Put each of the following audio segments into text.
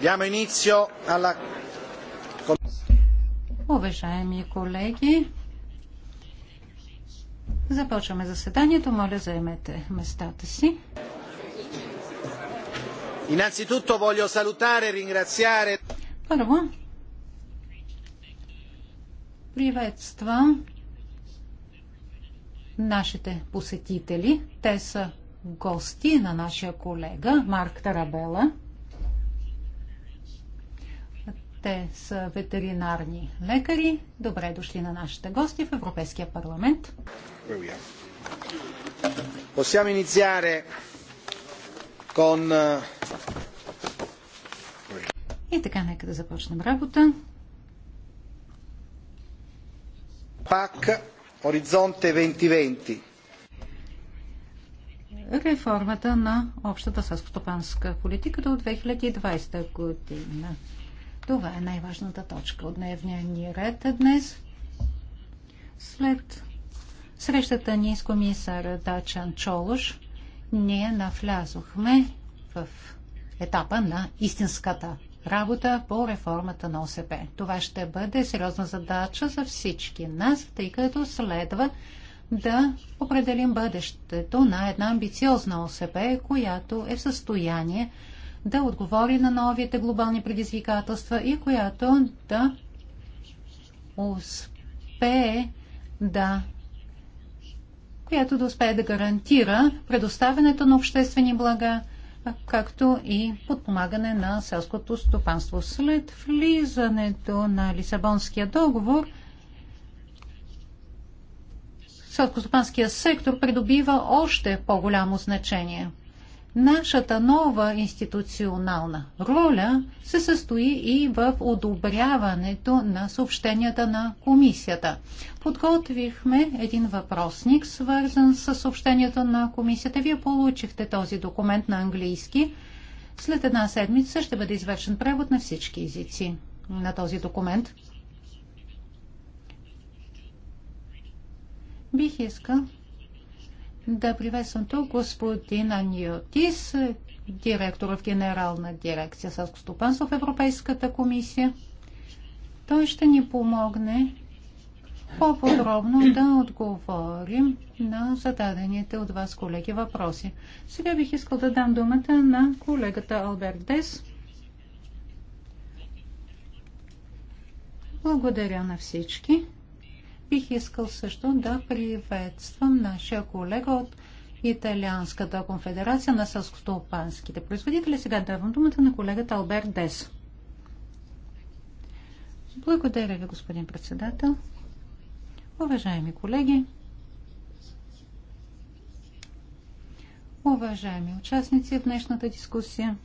Diamo inizio alla... Уважаеми колеги, започваме заседанието. Моля, заемете местата си. Innanzitutto voglio salutare e ringraziare... Първо, приветствам нашите посетители. Те са гости на нашия колега Марк Тарабела – те са ветеринарни лекари. Добре дошли на нашите гости в Европейския парламент. Possiamo iniziare con... Eh, и така, нека да започнем работа. Пак Оризонте 2020. Реформата на общата съскотопанска политика до 2020 година. Това е най-важната точка от дневния ни ред днес. След срещата ни с комисар Дачан Чолош, ние навлязохме в етапа на истинската работа по реформата на ОСП. Това ще бъде сериозна задача за всички нас, тъй като следва да определим бъдещето на една амбициозна ОСП, която е в състояние да отговори на новите глобални предизвикателства и която да успее да която да успее да гарантира предоставянето на обществени блага, както и подпомагане на селското стопанство. След влизането на Лисабонския договор, селскостопанския сектор придобива още по-голямо значение – Нашата нова институционална роля се състои и в одобряването на съобщенията на комисията. Подготвихме един въпросник, свързан с съобщението на комисията. Вие получихте този документ на английски. След една седмица ще бъде извършен превод на всички езици на този документ. Бих искал да приветствам тук господин Аниотис, директор в Генерална дирекция Селско стопанство в Европейската комисия. Той ще ни помогне по-подробно да отговорим на зададените от вас, колеги, въпроси. Сега бих искал да дам думата на колегата Алберт Дес. Благодаря на всички. Бих искал също да приветствам нашия колега от Италианската конфедерация на сълскостопанските производители. Сега давам думата на колегата Алберт Дес. Благодаря ви, господин председател. Уважаеми колеги, уважаеми участници в днешната дискусия,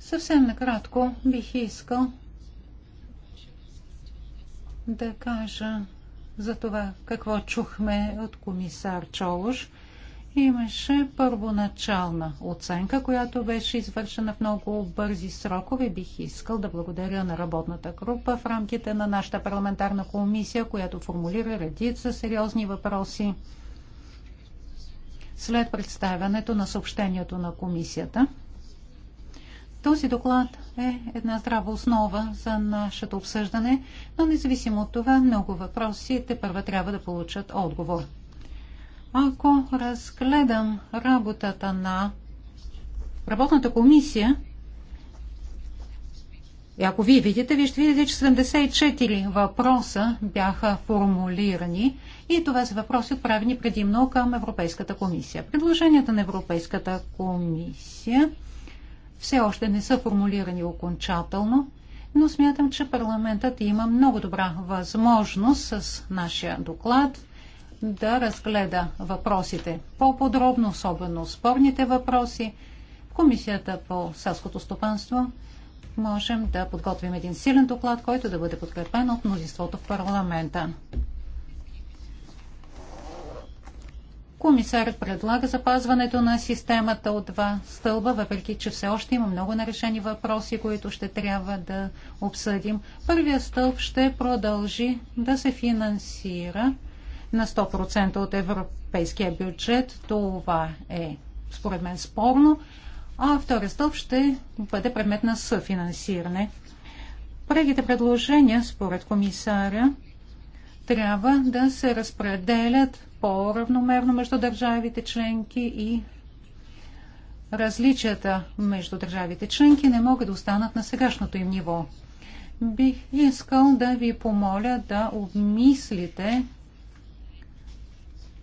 съвсем накратко бих искал да кажа за това какво чухме от комисар Чолош. Имаше първоначална оценка, която беше извършена в много бързи срокове. Бих искал да благодаря на работната група в рамките на нашата парламентарна комисия, която формулира редица сериозни въпроси. След представянето на съобщението на комисията – този доклад е една здрава основа за нашето обсъждане, но независимо от това, много въпроси те първа трябва да получат отговор. Ако разгледам работата на работната комисия, и ако вие видите, вие ще видите, че 74 въпроса бяха формулирани и това са въпроси отправени предимно към Европейската комисия. Предложенията на Европейската комисия все още не са формулирани окончателно, но смятам, че парламентът има много добра възможност с нашия доклад да разгледа въпросите по-подробно, особено спорните въпроси. В Комисията по селското стопанство можем да подготвим един силен доклад, който да бъде подкрепен от мнозинството в парламента. Комисарът предлага запазването на системата от два стълба, въпреки че все още има много нарешени въпроси, които ще трябва да обсъдим. Първият стълб ще продължи да се финансира на 100% от европейския бюджет. Това е според мен спорно. А втория стълб ще бъде предмет на съфинансиране. Прегите предложения, според комисаря, трябва да се разпределят по-равномерно между държавите членки и различията между държавите членки не могат да останат на сегашното им ниво. Бих искал да ви помоля да обмислите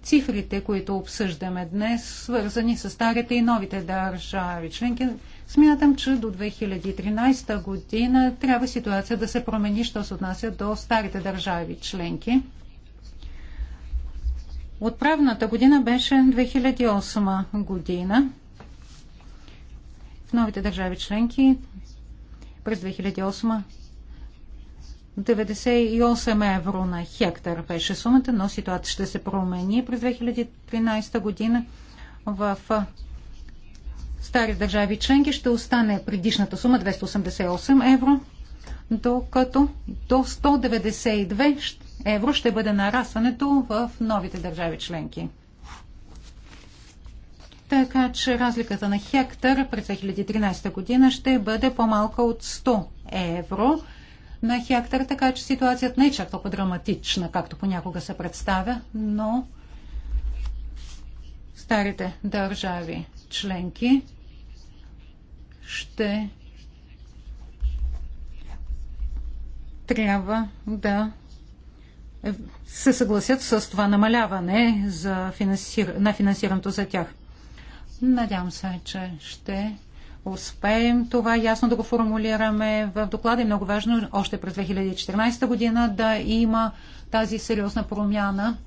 цифрите, които обсъждаме днес, свързани с старите и новите държави членки, Смятам, че до 2013 година трябва ситуация да се промени, що се отнася до старите държави членки. Отправната година беше 2008 година. В новите държави членки през 2008 98 евро на хектар беше сумата, но ситуацията ще се промени през 2013 година в стари държави членки ще остане предишната сума 288 евро, докато до 192 евро ще бъде нарастването в новите държави членки. Така че разликата на хектар през 2013 година ще бъде по-малка от 100 евро на хектар, така че ситуацията не е чак толкова драматична, както понякога се представя, но старите държави членки ще трябва да се съгласят с това намаляване за финансир... на финансирането за тях. Надявам се, че ще успеем това ясно да го формулираме в доклада. Е много важно още през 2014 година да има тази сериозна промяна.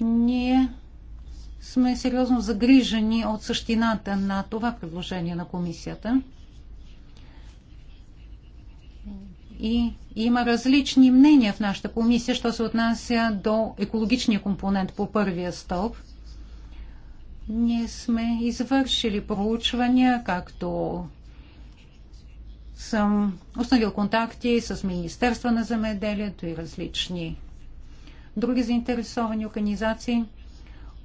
Ние сме сериозно загрижени от същината на това предложение на комисията. И има различни мнения в нашата комисия, що се отнася до екологичния компонент по първия стълб. Ние сме извършили проучвания, както съм установил контакти с Министерства на земеделието и различни други заинтересовани организации –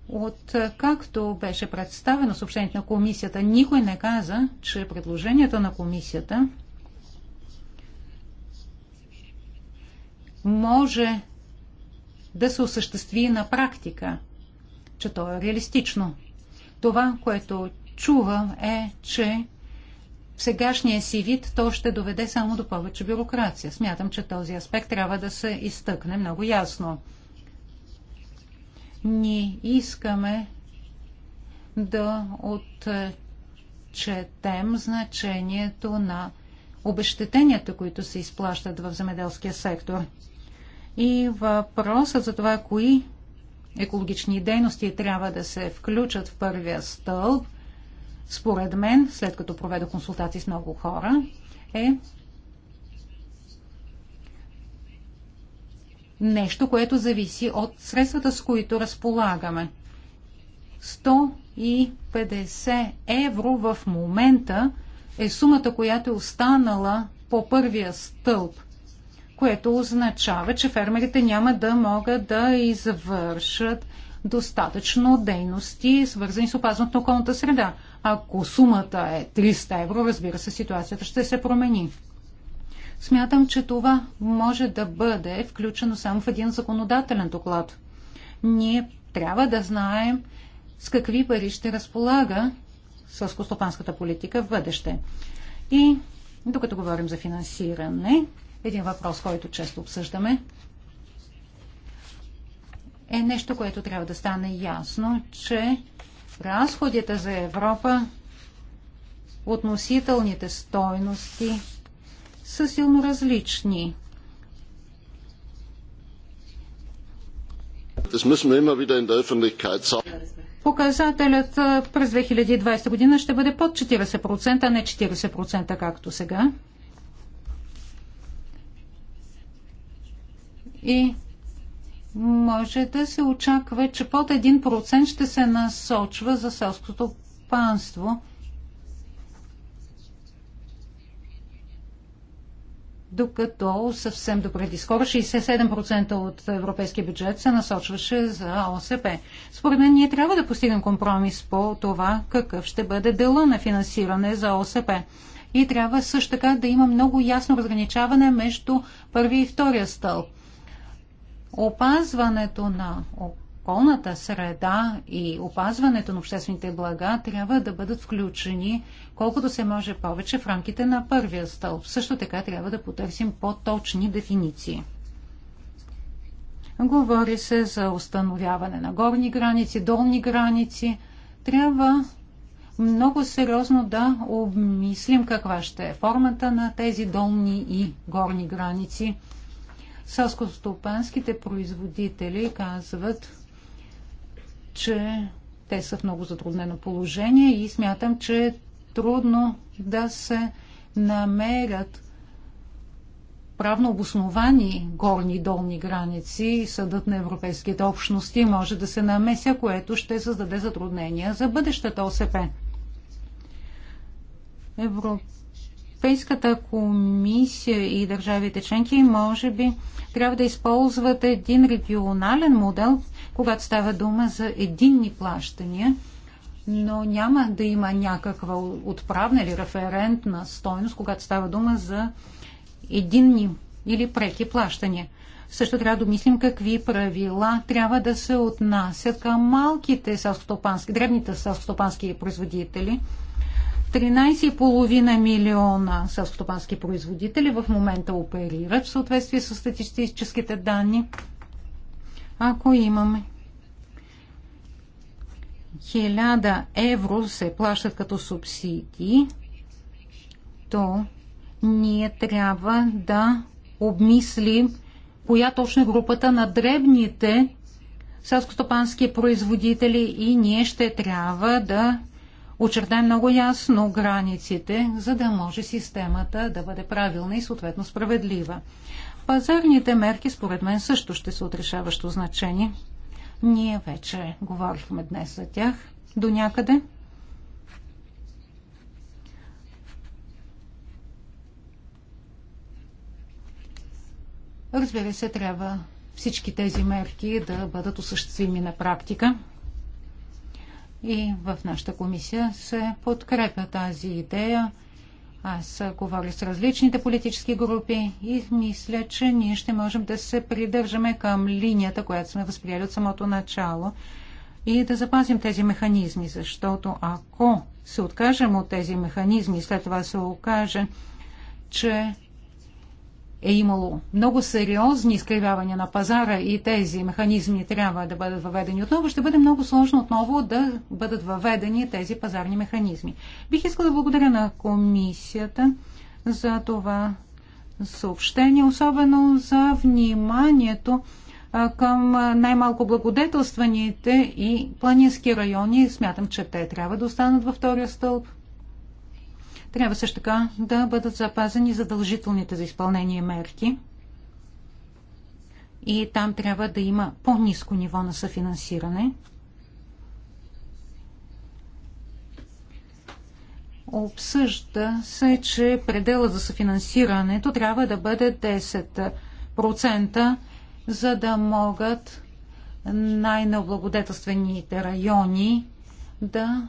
от е, както беше представено съобщението на комисията, никой не каза, че предложенията на комисията може да се осъществи на практика, че то е реалистично. Това, което чувам е, че в сегашния си вид то ще доведе само до повече бюрокрация. Смятам, че този аспект трябва да се изтъкне много ясно. Ние искаме да отчетем значението на обещетенията, които се изплащат в земеделския сектор. И въпросът за това, кои екологични дейности трябва да се включат в първия стълб, според мен, след като проведа консултации с много хора, е нещо, което зависи от средствата, с които разполагаме. 150 евро в момента е сумата, която е останала по първия стълб, което означава, че фермерите няма да могат да извършат достатъчно дейности, свързани с опазването на околната среда. Ако сумата е 300 евро, разбира се, ситуацията ще се промени. Смятам, че това може да бъде включено само в един законодателен доклад. Ние трябва да знаем с какви пари ще разполага сълскостопанската политика в бъдеще. И докато говорим за финансиране, един въпрос, който често обсъждаме, е нещо, което трябва да стане ясно, че разходите за Европа, относителните стойности са силно различни. Показателят през 2020 година ще бъде под 40%, а не 40%, както сега. И може да се очаква, че под 1% ще се насочва за селското панство. докато съвсем до преди скоро 67% от европейския бюджет се насочваше за ОСП. Според мен ние трябва да постигнем компромис по това какъв ще бъде дела на финансиране за ОСП. И трябва също така да има много ясно разграничаване между първи и втория стълб. Опазването на околната среда и опазването на обществените блага трябва да бъдат включени колкото се може повече в рамките на първия стълб. Също така трябва да потърсим по-точни дефиниции. Говори се за установяване на горни граници, долни граници. Трябва много сериозно да обмислим каква ще е формата на тези долни и горни граници. Селскостопанските производители казват, че те са в много затруднено положение и смятам, че е трудно да се намерят правно обосновани горни и долни граници и съдът на европейските общности може да се намеся, което ще създаде затруднения за бъдещата ОСП. Европейската комисия и държавите членки може би трябва да използват един регионален модел, когато става дума за единни плащания, но няма да има някаква отправна или референтна стойност, когато става дума за единни или преки плащания. Също трябва да мислим какви правила трябва да се отнасят към малките селскостопански, древните селскостопански производители. 13,5 милиона селскостопански производители в момента оперират в съответствие с статистическите данни. Ако имаме 1000 евро се плащат като субсидии, то ние трябва да обмислим коя точно е групата на дребните селскостопански производители и ние ще трябва да очертаем много ясно границите, за да може системата да бъде правилна и съответно справедлива. Пазарните мерки, според мен, също ще са отрешаващо значение. Ние вече говорихме днес за тях до някъде. Разбира се, трябва всички тези мерки да бъдат осъществими на практика. И в нашата комисия се подкрепя тази идея аз говоря с различните политически групи и мисля, че ние ще можем да се придържаме към линията, която сме възприели от самото начало и да запазим тези механизми, защото ако се откажем от тези механизми след това се окаже, че е имало много сериозни изкривявания на пазара и тези механизми трябва да бъдат въведени отново, ще бъде много сложно отново да бъдат въведени тези пазарни механизми. Бих искала да благодаря на комисията за това съобщение, особено за вниманието към най-малко благодетелстваните и планински райони. Смятам, че те трябва да останат във втория стълб. Трябва също така да бъдат запазени задължителните за изпълнение мерки и там трябва да има по-низко ниво на съфинансиране. Обсъжда се, че предела за съфинансирането трябва да бъде 10%, за да могат най-необлагодетелствените райони да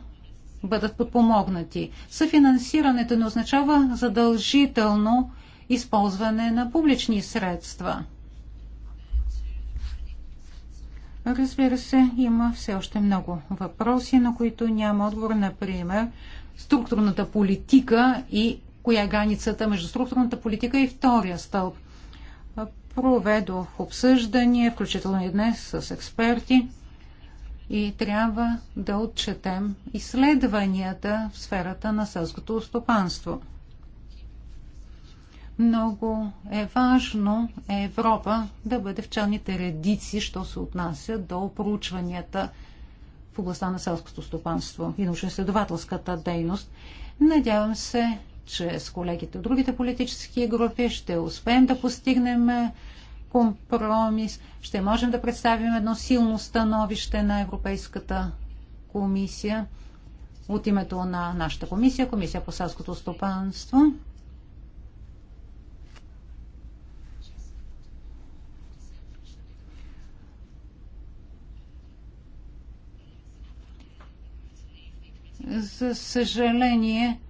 бъдат подпомогнати. Съфинансирането не означава задължително използване на публични средства. Разбира се, има все още много въпроси, на които няма отговор, например, структурната политика и коя е границата между структурната политика и втория стълб. Проведох обсъждания, включително и днес с експерти и трябва да отчетем изследванията в сферата на селското стопанство. Много е важно Европа да бъде в челните редици, що се отнася до проучванията в областта на селското стопанство и научно следователската дейност. Надявам се, че с колегите от другите политически групи ще успеем да постигнем компромис, ще можем да представим едно силно становище на Европейската комисия от името на нашата комисия, Комисия по селското стопанство. За съжаление,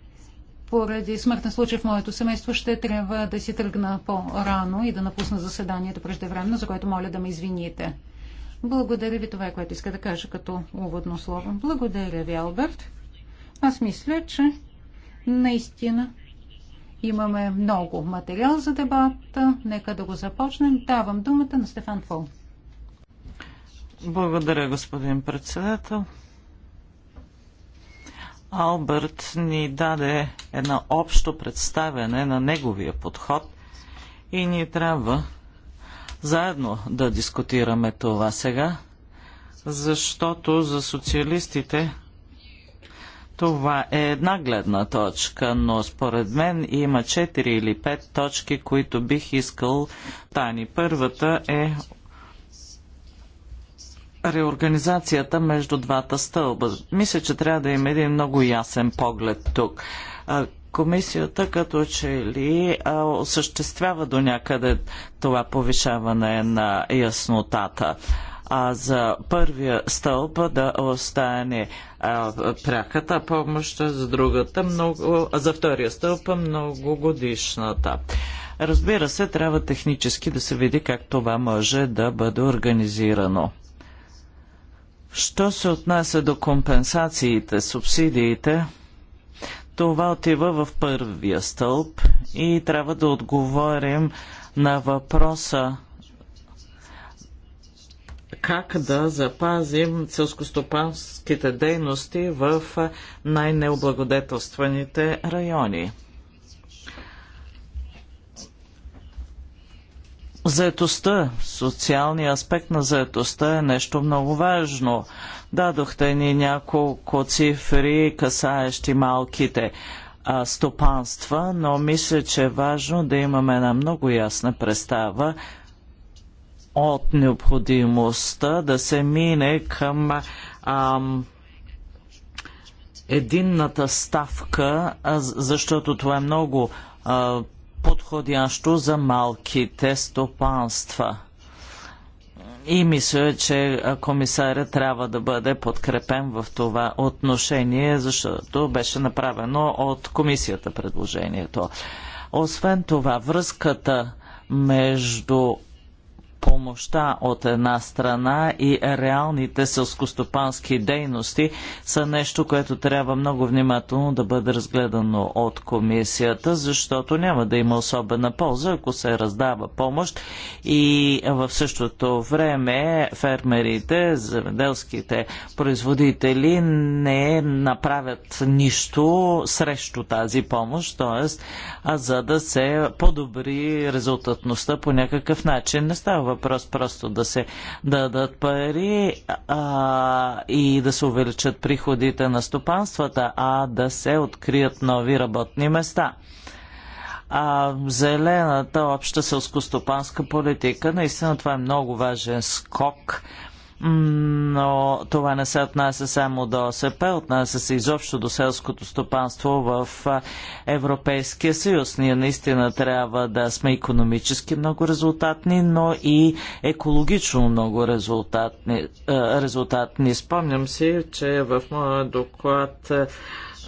поради смъртен случай в моето семейство ще трябва да си тръгна по-рано и да напусна заседанието преждевременно, за което моля да ме извините. Благодаря ви това, е, което иска да кажа като уводно слово. Благодаря ви, Алберт. Аз мисля, че наистина имаме много материал за дебата. Нека да го започнем. Давам думата на Стефан Фол. Благодаря, господин председател. Алберт ни даде едно общо представяне на неговия подход и ние трябва заедно да дискутираме това сега, защото за социалистите това е една гледна точка, но според мен има 4 или 5 точки, които бих искал тани. Първата е реорганизацията между двата стълба. Мисля, че трябва да има един много ясен поглед тук. Комисията като че ли осъществява до някъде това повишаване на яснотата а за първия стълб да остане а, пряката помощ, за другата много, а за втория стълб многогодишната. Разбира се, трябва технически да се види как това може да бъде организирано. Що се отнася до компенсациите, субсидиите, това отива в първия стълб и трябва да отговорим на въпроса как да запазим селскостопанските дейности в най-необлагодетелстваните райони. Заетостта, социалния аспект на заетостта е нещо много важно. Дадохте ни няколко цифри, касаещи малките а, стопанства, но мисля, че е важно да имаме една много ясна представа от необходимостта да се мине към ам, единната ставка, защото това е много а, подходящо за малките стопанства. И мисля, че комисарят трябва да бъде подкрепен в това отношение, защото беше направено от комисията предложението. Освен това, връзката между помощта от една страна и реалните селскостопански дейности са нещо, което трябва много внимателно да бъде разгледано от комисията, защото няма да има особена полза, ако се раздава помощ и в същото време фермерите, земеделските производители не направят нищо срещу тази помощ, т.е. за да се подобри резултатността по някакъв начин. Не става въпрос просто да се дадат пари а, и да се увеличат приходите на стопанствата, а да се открият нови работни места а, зелената обща селскостопанска политика. Наистина това е много важен скок но това не се отнася само до ОСП, отнася се изобщо до селското стопанство в Европейския съюз. Ние наистина трябва да сме економически много резултатни, но и екологично много резултатни. резултатни. Спомням си, че в моя доклад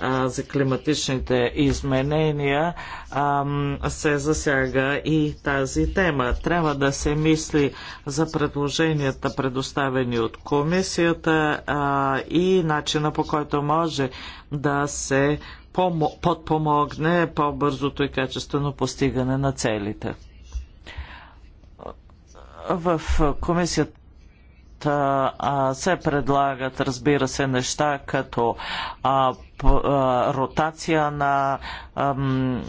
а, за климатичните изменения а, се засяга и тази тема. Трябва да се мисли за предложенията, предоставени от комисията а, и начина по който може да се подпомогне по-бързото и качествено постигане на целите. В комисията се предлагат, разбира се, неща като а, п, а, ротация на ам,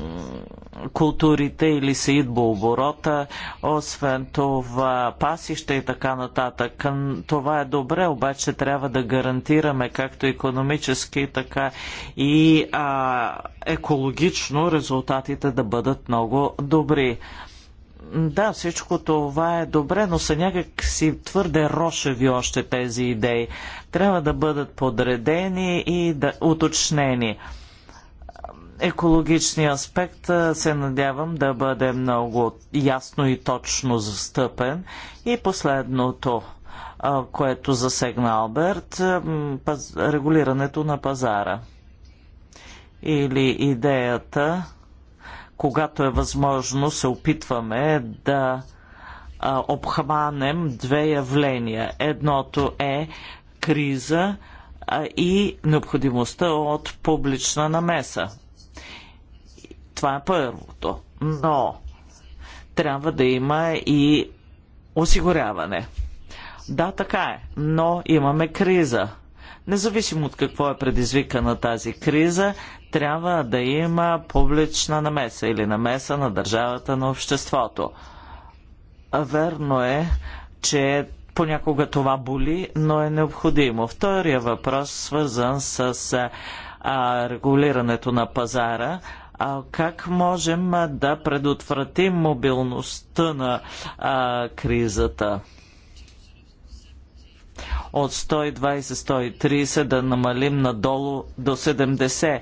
културите или сеидбооборота, освен това пасище и така нататък. Това е добре, обаче трябва да гарантираме както економически, така и а, екологично резултатите да бъдат много добри. Да, всичко това е добре, но са някак си твърде рошеви още тези идеи. Трябва да бъдат подредени и да уточнени. Екологичният аспект се надявам да бъде много ясно и точно застъпен. И последното, което засегна Алберт, регулирането на пазара. Или идеята когато е възможно, се опитваме да обхванем две явления. Едното е криза и необходимостта от публична намеса. Това е първото. Но трябва да има и осигуряване. Да, така е, но имаме криза. Независимо от какво е предизвикана тази криза, трябва да има публична намеса или намеса на държавата на обществото. Верно е, че понякога това боли, но е необходимо. Втория въпрос, свързан с а, регулирането на пазара, а, как можем да предотвратим мобилността на а, кризата? От 120-130 да намалим надолу до 70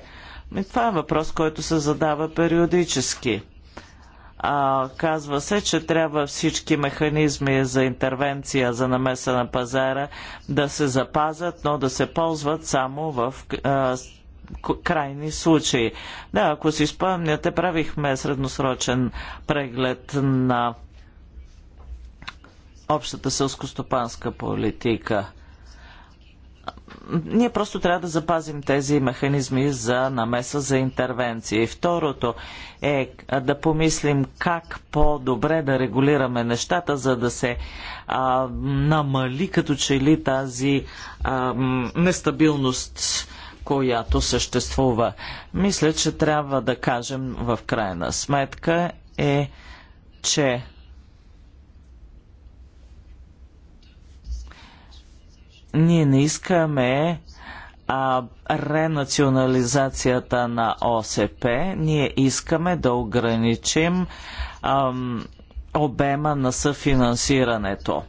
и това е въпрос, който се задава периодически. А, казва се, че трябва всички механизми за интервенция, за намеса на пазара да се запазят, но да се ползват само в а, крайни случаи. Да, ако си спомняте, правихме средносрочен преглед на общата селскостопанска политика – ние просто трябва да запазим тези механизми за намеса за И Второто е да помислим как по-добре да регулираме нещата, за да се а, намали като че ли тази а, нестабилност която съществува. Мисля, че трябва да кажем в крайна сметка е, че Ние не искаме а, ренационализацията на ОСП. Ние искаме да ограничим ам, обема на съфинансирането.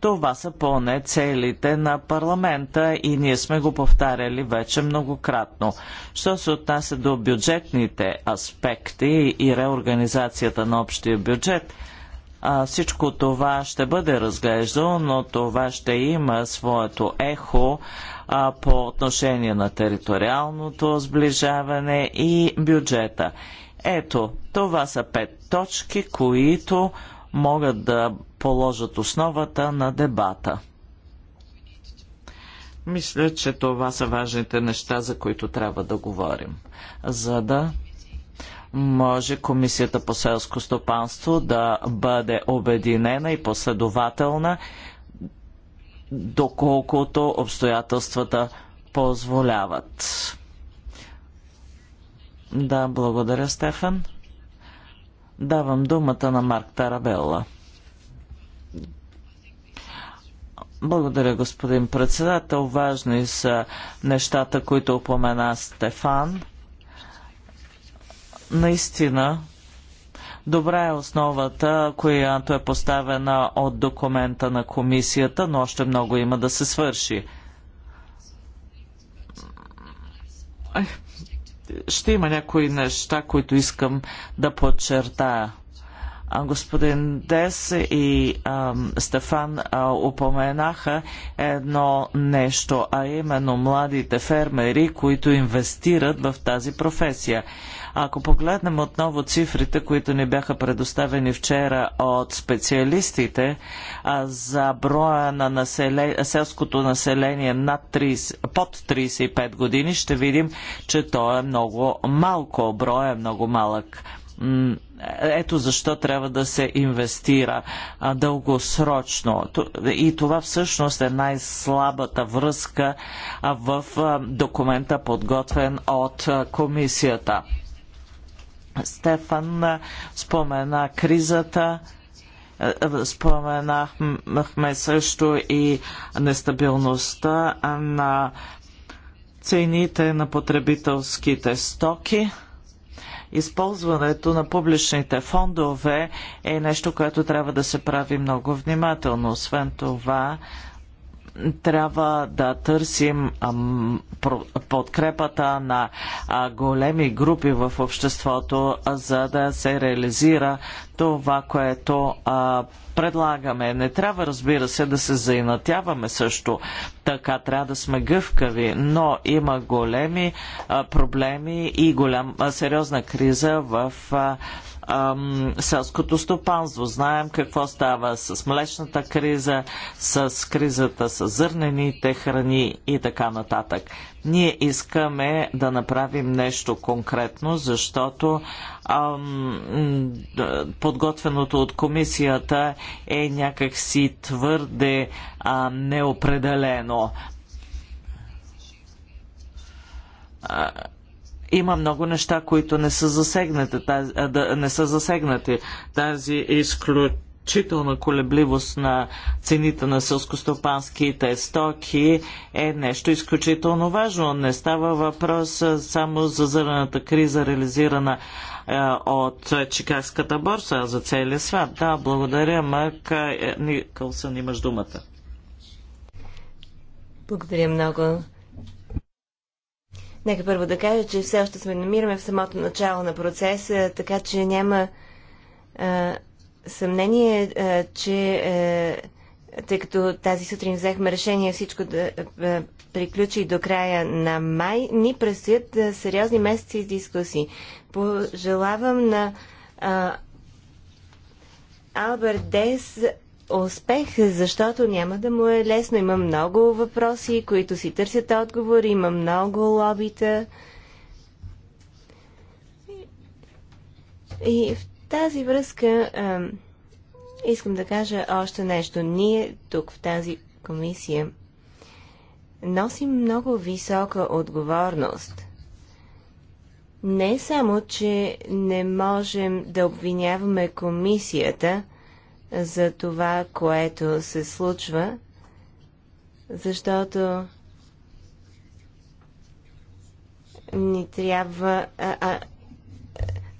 Това са поне целите на парламента и ние сме го повтаряли вече многократно. Що се отнася до бюджетните аспекти и реорганизацията на общия бюджет – а, всичко това ще бъде разглеждано, но това ще има своето ехо а, по отношение на териториалното сближаване и бюджета. Ето, това са пет точки, които могат да положат основата на дебата. Мисля, че това са важните неща, за които трябва да говорим, за да може Комисията по селско стопанство да бъде обединена и последователна, доколкото обстоятелствата позволяват. Да, благодаря, Стефан. Давам думата на Марк Тарабелла. Благодаря, господин председател. Важни са нещата, които упомена Стефан. Наистина, добра е основата, която е поставена от документа на комисията, но още много има да се свърши. Ще има някои неща, които искам да подчертая. Господин Дес и а, Стефан а, упоменаха едно нещо, а именно младите фермери, които инвестират в тази професия. Ако погледнем отново цифрите, които ни бяха предоставени вчера от специалистите а, за броя на населе... селското население над 30... под 35 години, ще видим, че то е много малко, броя е много малък. Ето защо трябва да се инвестира дългосрочно. И това всъщност е най-слабата връзка в документа, подготвен от комисията. Стефан спомена кризата, споменахме също и нестабилността на цените на потребителските стоки. Използването на публичните фондове е нещо, което трябва да се прави много внимателно. Освен това, трябва да търсим подкрепата на големи групи в обществото, за да се реализира това, което предлагаме. Не трябва, разбира се, да се заинатяваме също. Така трябва да сме гъвкави, но има големи проблеми и голям, сериозна криза в ам, селското стопанство. Знаем какво става с млечната криза, с кризата с зърнените храни и така нататък. Ние искаме да направим нещо конкретно, защото ам, подготвеното от комисията е някакси твърде а, неопределено. Има много неща, които не са засегнати. Тази, да, не са засегнати. тази изключителна колебливост на цените на сълскостопанските стоки е нещо изключително важно. Не става въпрос само за зърната криза, реализирана от Чикагската борса, а за целия свят. Да, благодаря, Мак е, Никълсън, имаш думата. Благодаря много. Нека първо да кажа, че все още сме намираме в самото начало на процеса, така че няма а, съмнение, а, че а, тъй като тази сутрин взехме решение всичко да а, приключи до края на май, ни предстоят а, сериозни месеци и дискусии. Пожелавам на а, Алберт Дес успех, защото няма да му е лесно. Има много въпроси, които си търсят отговори, има много лобита. И в тази връзка а, искам да кажа още нещо. Ние тук в тази комисия носим много висока отговорност. Не само, че не можем да обвиняваме комисията за това, което се случва, защото ни трябва. А, а,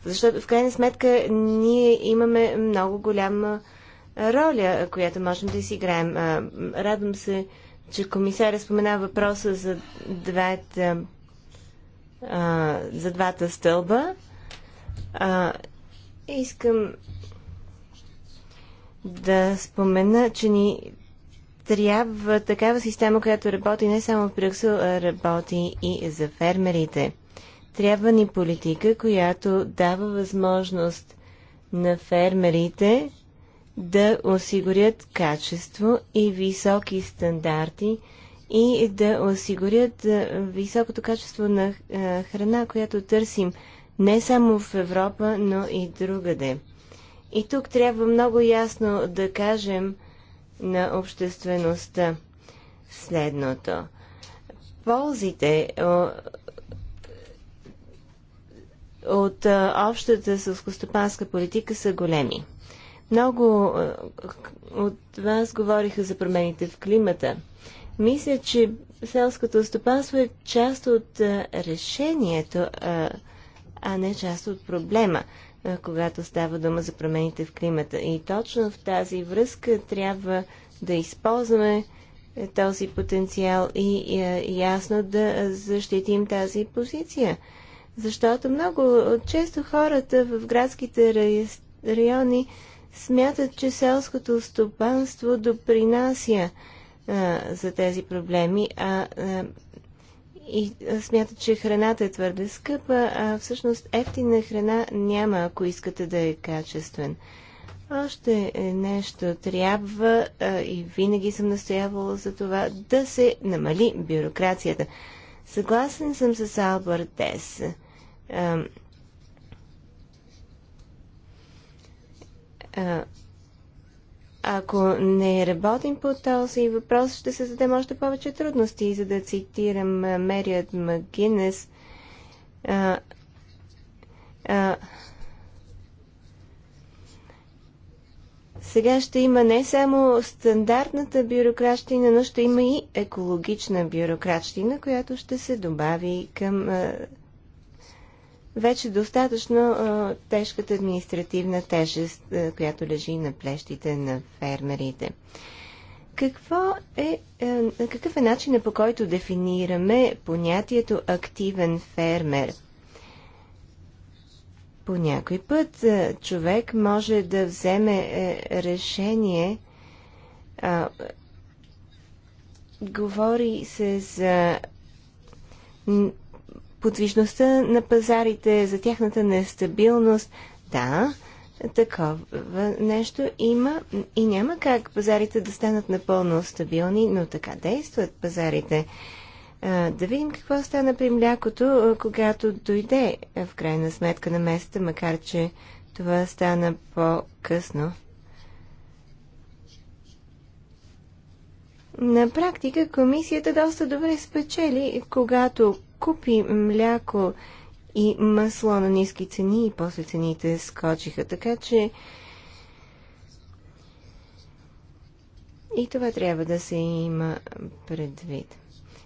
защото в крайна сметка ние имаме много голяма роля, която можем да изиграем. А, радвам се, че комисаря спомена въпроса за двете за двата стълба. А, искам да спомена, че ни трябва такава система, която работи не само в Брюксел, а работи и за фермерите. Трябва ни политика, която дава възможност на фермерите да осигурят качество и високи стандарти и да осигурят високото качество на храна, която търсим не само в Европа, но и другаде. И тук трябва много ясно да кажем на обществеността следното. Ползите от общата сълскостопанска политика са големи. Много от вас говориха за промените в климата. Мисля, че селското стопанство е част от решението, а не част от проблема когато става дума за промените в климата. И точно в тази връзка трябва да използваме е, този потенциал и ясно да защитим тази позиция. Защото много често хората в градските райони смятат, че селското стопанство допринася а, за тези проблеми, а, а и смятат, че храната е твърде скъпа, а всъщност ефтина храна няма, ако искате да е качествен. Още е нещо трябва и винаги съм настоявала за това да се намали бюрокрацията. Съгласен съм с Албърт Тес. а, ако не работим по този въпрос, ще се зададем още повече трудности. За да цитирам Мерият Магинес, сега ще има не само стандартната бюрократщина, но ще има и екологична бюрократщина, която ще се добави към а, вече достатъчно а, тежката административна тежест, а, която лежи на плещите на фермерите. Какво е, а, е, какъв е начинът по който дефинираме понятието активен фермер? По някой път а, е, човек може да вземе е, решение. А, говори се за подвижността на пазарите, за тяхната нестабилност. Да, такова нещо има и няма как пазарите да станат напълно стабилни, но така действат пазарите. Да видим какво стана при млякото, когато дойде в крайна сметка на места, макар че това стана по-късно. На практика комисията доста добре спечели, когато купи мляко и масло на ниски цени и после цените скочиха. Така че и това трябва да се има предвид.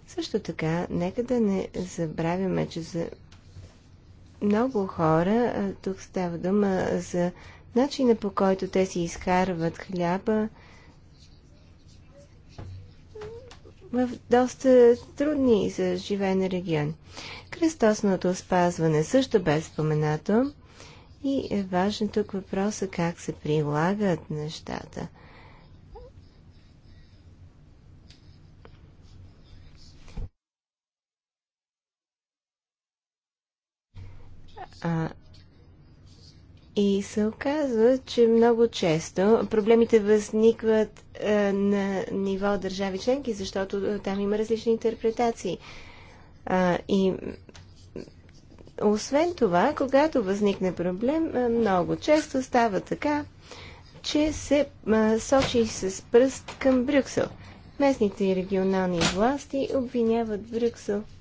Също така, нека да не забравяме, че за много хора тук става дума за начина по който те си изкарват хляба, в доста трудни за живеене регион. Кръстосното спазване също бе споменато и е важен тук въпроса е как се прилагат нещата. А, и се оказва, че много често проблемите възникват е, на ниво държави членки, защото е, там има различни интерпретации. А, и освен това, когато възникне проблем, е, много често става така, че се а, сочи с пръст към Брюксел. Местните и регионални власти обвиняват Брюксел –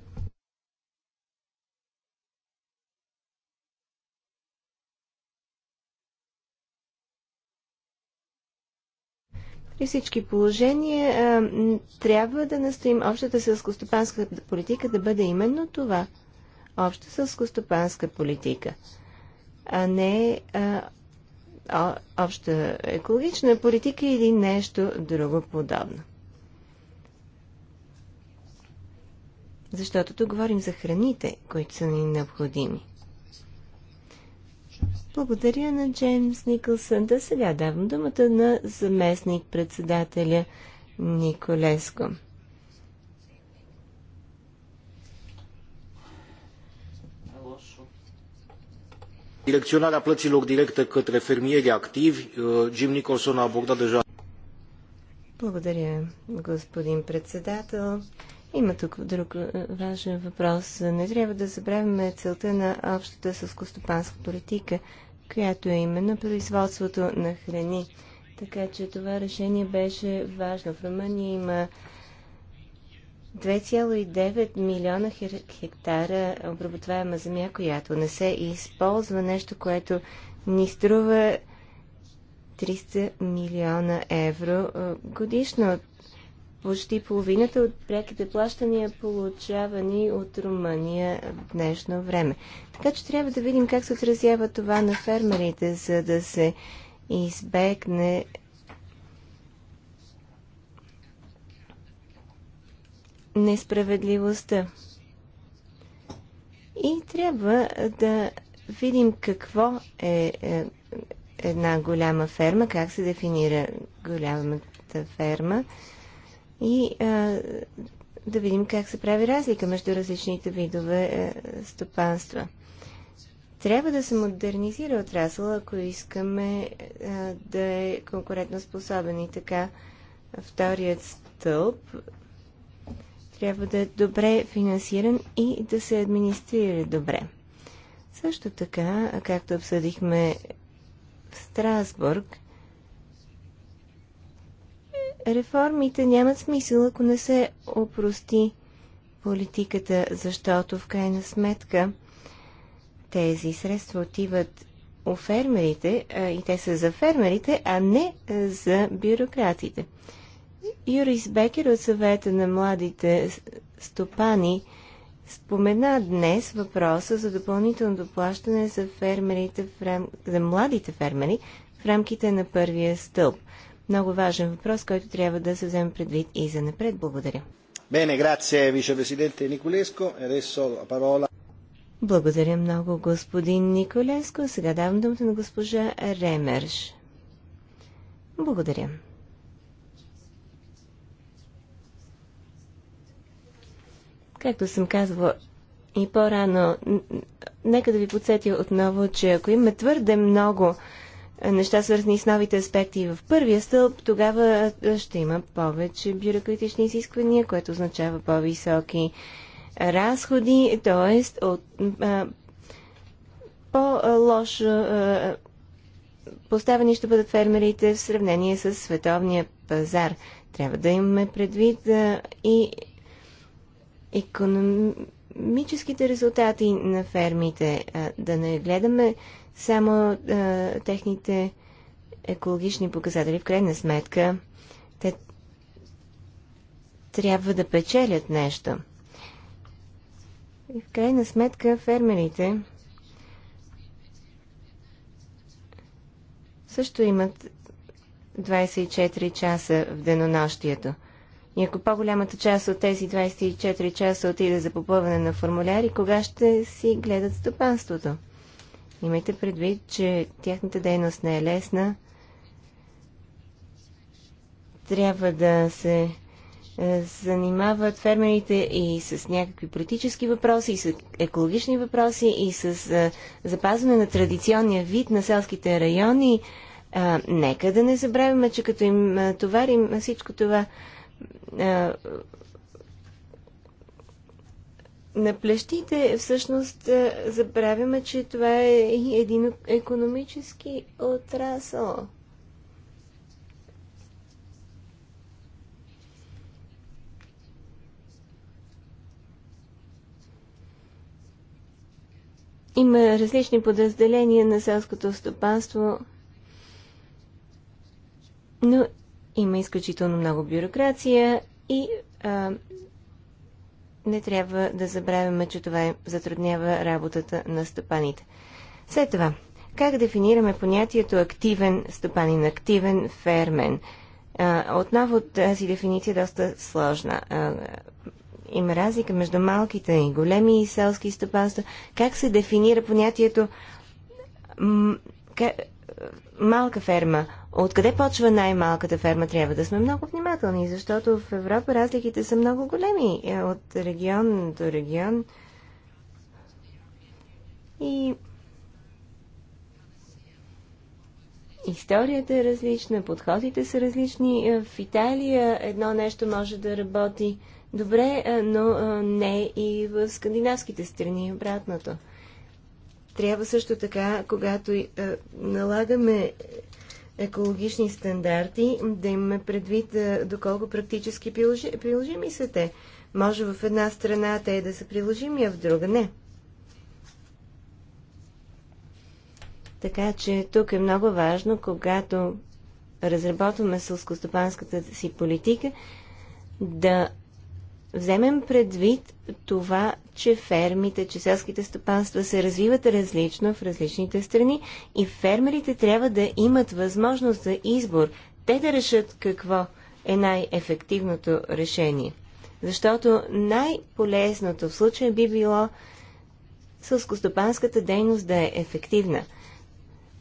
При всички положения трябва да настоим общата селскостопанска политика да бъде именно това. Обща селскостопанска политика, а не а, обща екологична политика или нещо друго подобно. Защото тук говорим за храните, които са ни необходими. Благодаря на Джеймс Никълсън. Да сега давам думата на заместник председателя Николеско. Direcționarea plăților directe către fermierii activi, uh, Jim Nicholson a abordat deja. Благодаря, господин председател. Има тук друг е, важен въпрос. Не трябва да забравяме целта на общата сълскостопанска политика, която е именно производството на храни. Така че това решение беше важно. В Румъния има 2,9 милиона хектара обработваема земя, която не се използва нещо, което ни струва 300 милиона евро е, годишно почти половината от преките плащания, получавани от Румъния в днешно време. Така че трябва да видим как се отразява това на фермерите, за да се избегне несправедливостта. И трябва да видим какво е, е една голяма ферма, как се дефинира голямата ферма и а, да видим как се прави разлика между различните видове а, стопанства. Трябва да се модернизира отрасъл, ако искаме а, да е конкурентоспособен и така вторият стълб трябва да е добре финансиран и да се администрира добре. Също така, както обсъдихме в Страсбург, реформите нямат смисъл, ако не се опрости политиката, защото в крайна сметка тези средства отиват у фермерите, и те са за фермерите, а не за бюрократите. Юрис Бекер от съвета на младите стопани спомена днес въпроса за допълнително доплащане за, фермерите в рам... за младите фермери в рамките на първия стълб – много важен въпрос, който трябва да се вземе предвид и за напред. Благодаря. Bene, grazie vicepresidente Niculesco. E adesso la parola. Благодаря много, господин Николеско. Сега давам думата на госпожа Ремерш. Благодаря. Както съм казвала и по-рано, нека да ви подсетя отново, че ако има твърде много неща, свързани с новите аспекти в първия стълб, тогава ще има повече бюрократични изисквания, което означава по-високи разходи, т.е. от по-лошо поставени ще бъдат фермерите в сравнение с световния пазар. Трябва да имаме предвид а, и економическите резултати на фермите, а, да не гледаме само а, техните екологични показатели. В крайна сметка, те трябва да печелят нещо. И в крайна сметка, фермерите също имат 24 часа в денонощието. И ако по-голямата част от тези 24 часа отиде за попълване на формуляри, кога ще си гледат стопанството? Имайте предвид, че тяхната дейност не е лесна. Трябва да се е, занимават фермерите и с някакви политически въпроси, и с екологични въпроси, и с е, запазване на традиционния вид на селските райони. А, нека да не забравяме, че като им е, товарим всичко това а, на плещите, всъщност е, забравяме, че това е един економически отрасъл. Има различни подразделения на селското стопанство, но има изключително много бюрокрация и а, не трябва да забравяме, че това е- затруднява работата на стопаните. След това, как дефинираме понятието активен стопанин, активен фермен? Отново тази дефиниция е доста сложна. Има разлика между малките и големи и селски стопанства. Как се дефинира понятието малка ферма, Откъде почва най-малката ферма? Трябва да сме много внимателни, защото в Европа разликите са много големи е, от регион до регион. И историята е различна, подходите са различни. Е, в Италия едно нещо може да работи добре, е, но не и в скандинавските страни, обратното. Трябва също така, когато налагаме екологични стандарти, да имаме предвид доколко практически приложими са те. Може в една страна те да са приложими, а в друга не. Така че тук е много важно, когато разработваме сълскостопанската си политика, да вземем предвид това, че фермите, че селските стопанства се развиват различно в различните страни и фермерите трябва да имат възможност за избор, те да решат какво е най-ефективното решение. Защото най-полезното в случая би било сълскостопанската дейност да е ефективна.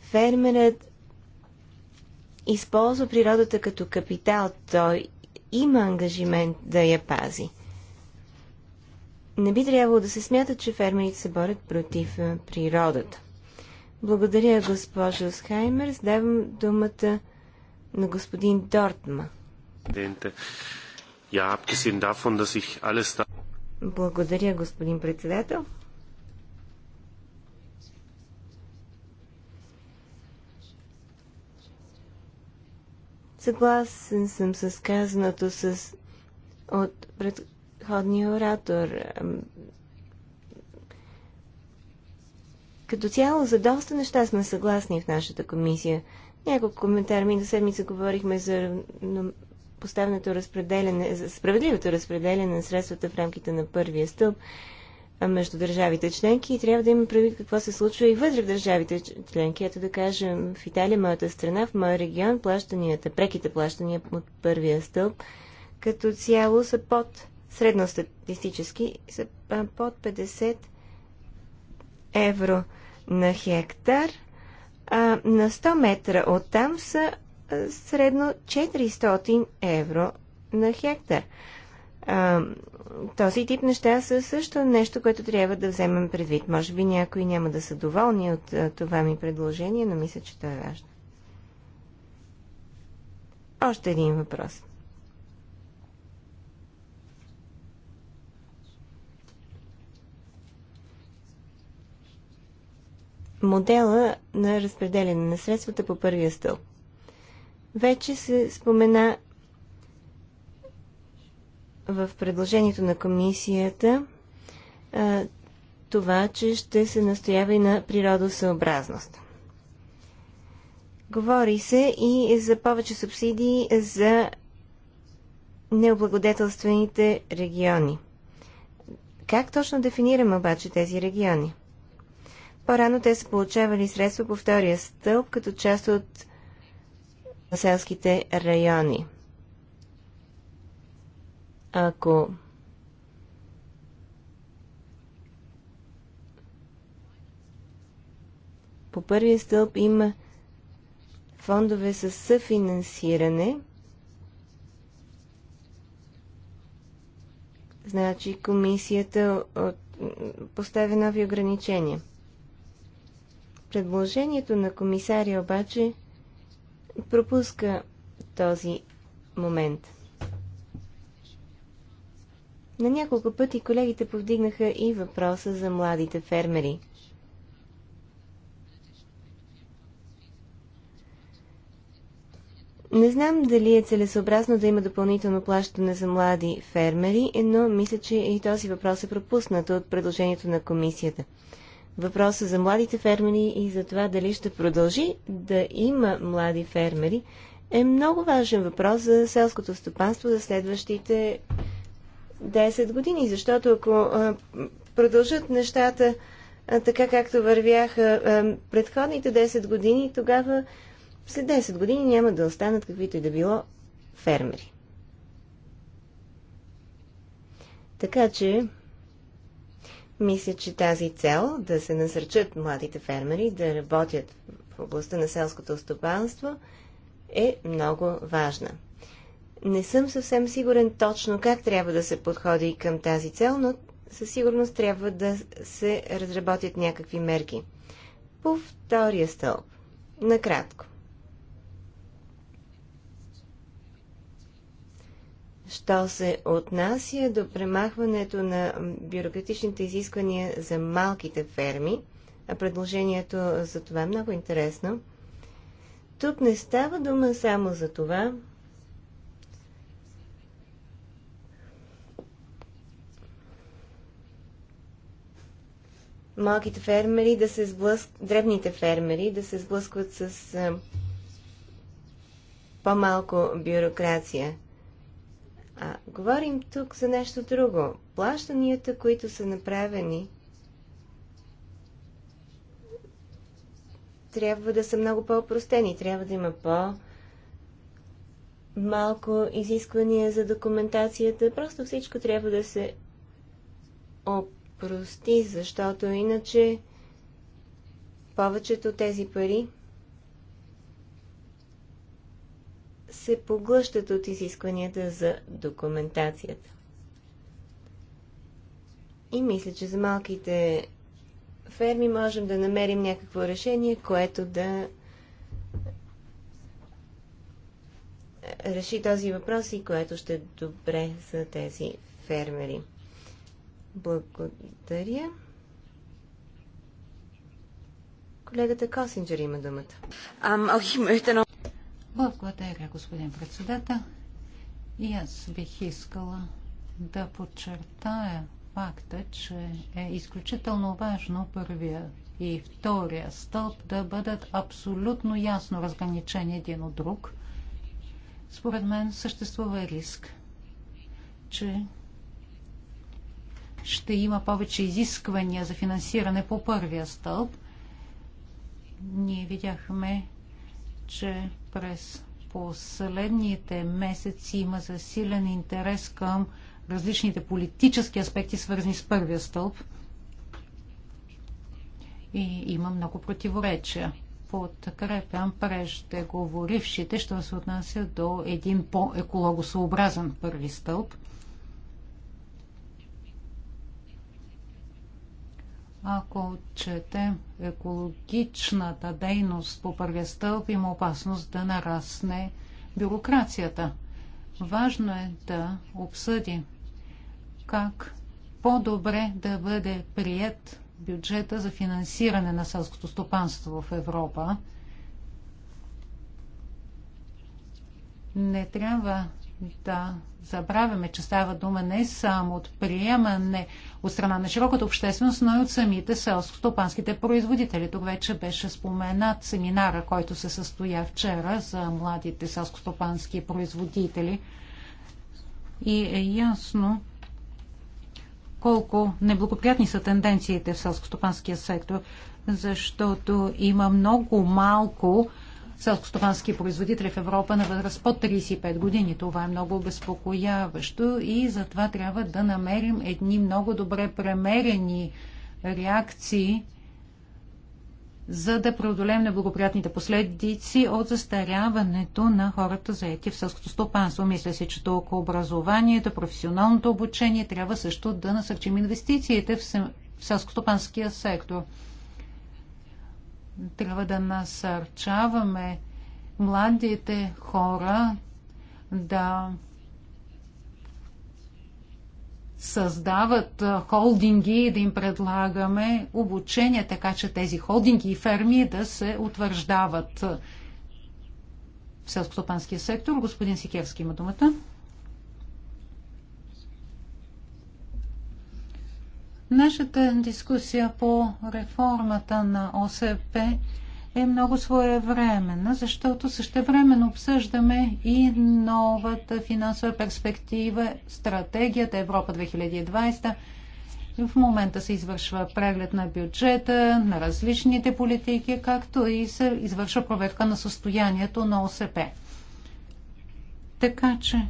Фермерът използва природата като капитал, той има ангажимент да я пази. Не би трябвало да се смята, че фермерите се борят против природата. Благодаря, госпожо Схаймер. Сдавам думата на господин Дортма. Благодаря, господин председател. Съгласен съм с казаното с... от пред предходния оратор. Като цяло за доста неща сме съгласни в нашата комисия. Няколко коментар ми до седмица говорихме за поставеното разпределяне, за справедливото разпределяне на средствата в рамките на първия стълб между държавите членки и трябва да има предвид какво се случва и вътре в държавите членки. Ето да кажем, в Италия, моята страна, в моя регион, плащанията, преките плащания от първия стълб като цяло са под средностатистически са под 50 евро на хектар, а на 100 метра от там са средно 400 евро на хектар. А, този тип неща са също нещо, което трябва да вземем предвид. Може би някои няма да са доволни от а, това ми предложение, но мисля, че то е важно. Още един въпрос. модела на разпределение на средствата по първия стълб. Вече се спомена в предложението на комисията а, това, че ще се настоява и на природосъобразност. Говори се и за повече субсидии за необлагодетелствените региони. Как точно дефинираме обаче тези региони? По-рано те са получавали средства по втория стълб като част от селските райони. Ако по първия стълб има фондове с съфинансиране, значи комисията поставя нови ограничения – Предложението на комисаря обаче пропуска този момент. На няколко пъти колегите повдигнаха и въпроса за младите фермери. Не знам дали е целесообразно да има допълнително плащане за млади фермери, но мисля, че и този въпрос е пропуснат от предложението на комисията въпроса за младите фермери и за това дали ще продължи да има млади фермери е много важен въпрос за селското стопанство за следващите 10 години, защото ако продължат нещата така както вървяха предходните 10 години, тогава след 10 години няма да останат каквито и да било фермери. Така че мисля, че тази цел да се насърчат младите фермери да работят в областта на селското стопанство е много важна. Не съм съвсем сигурен точно как трябва да се подходи към тази цел, но със сигурност трябва да се разработят някакви мерки. По втория стълб. Накратко. Що се отнася до премахването на бюрократичните изисквания за малките ферми, а предложението за това е много интересно, тук не става дума само за това, малките фермери да се сблъскват, дребните фермери да се сблъскват с по-малко бюрокрация – а говорим тук за нещо друго. Плащанията, които са направени, трябва да са много по-простени. Трябва да има по- малко изисквания за документацията. Просто всичко трябва да се опрости, защото иначе повечето тези пари се поглъщат от изискванията за документацията. И мисля, че за малките ферми можем да намерим някакво решение, което да реши този въпрос и което ще е добре за тези фермери. Благодаря. Колегата Косинджер има думата. Благодаря, господин председател. И аз бих искала да подчертая факта, че е изключително важно първия и втория стълб да бъдат абсолютно ясно разграничени един от друг. Според мен съществува риск, че ще има повече изисквания за финансиране по първия стълб. Ние видяхме, че през последните месеци има засилен интерес към различните политически аспекти, свързани с първия стълб. И има много противоречия. Подкрепям преждеговорившите, що се отнася до един по-екологосообразен първи стълб – ако отчетем екологичната дейност по първия стълб, има опасност да нарасне бюрокрацията. Важно е да обсъдим как по-добре да бъде прият бюджета за финансиране на селското стопанство в Европа. Не трябва да забравяме, че става дума не само от приемане от страна на широката общественост, но и от самите селско-стопанските производители. Тук вече беше споменат семинара, който се състоя вчера за младите селско-стопански производители. И е ясно колко неблагоприятни са тенденциите в селско-стопанския сектор, защото има много малко селскостопански производители в Европа на възраст под 35 години. Това е много обезпокояващо и затова трябва да намерим едни много добре премерени реакции, за да преодолеем неблагоприятните последици от застаряването на хората заети в сълското стопанство. Мисля се, че толкова образованието, професионалното обучение трябва също да насърчим инвестициите в селскостопанския сектор трябва да насърчаваме младите хора да създават холдинги и да им предлагаме обучение, така че тези холдинги и ферми да се утвърждават в селскостопанския сектор. Господин Сикерски има думата. Нашата дискусия по реформата на ОСП е много своевременна, защото същевременно обсъждаме и новата финансова перспектива, стратегията Европа 2020. В момента се извършва преглед на бюджета, на различните политики, както и се извършва проверка на състоянието на ОСП. Така че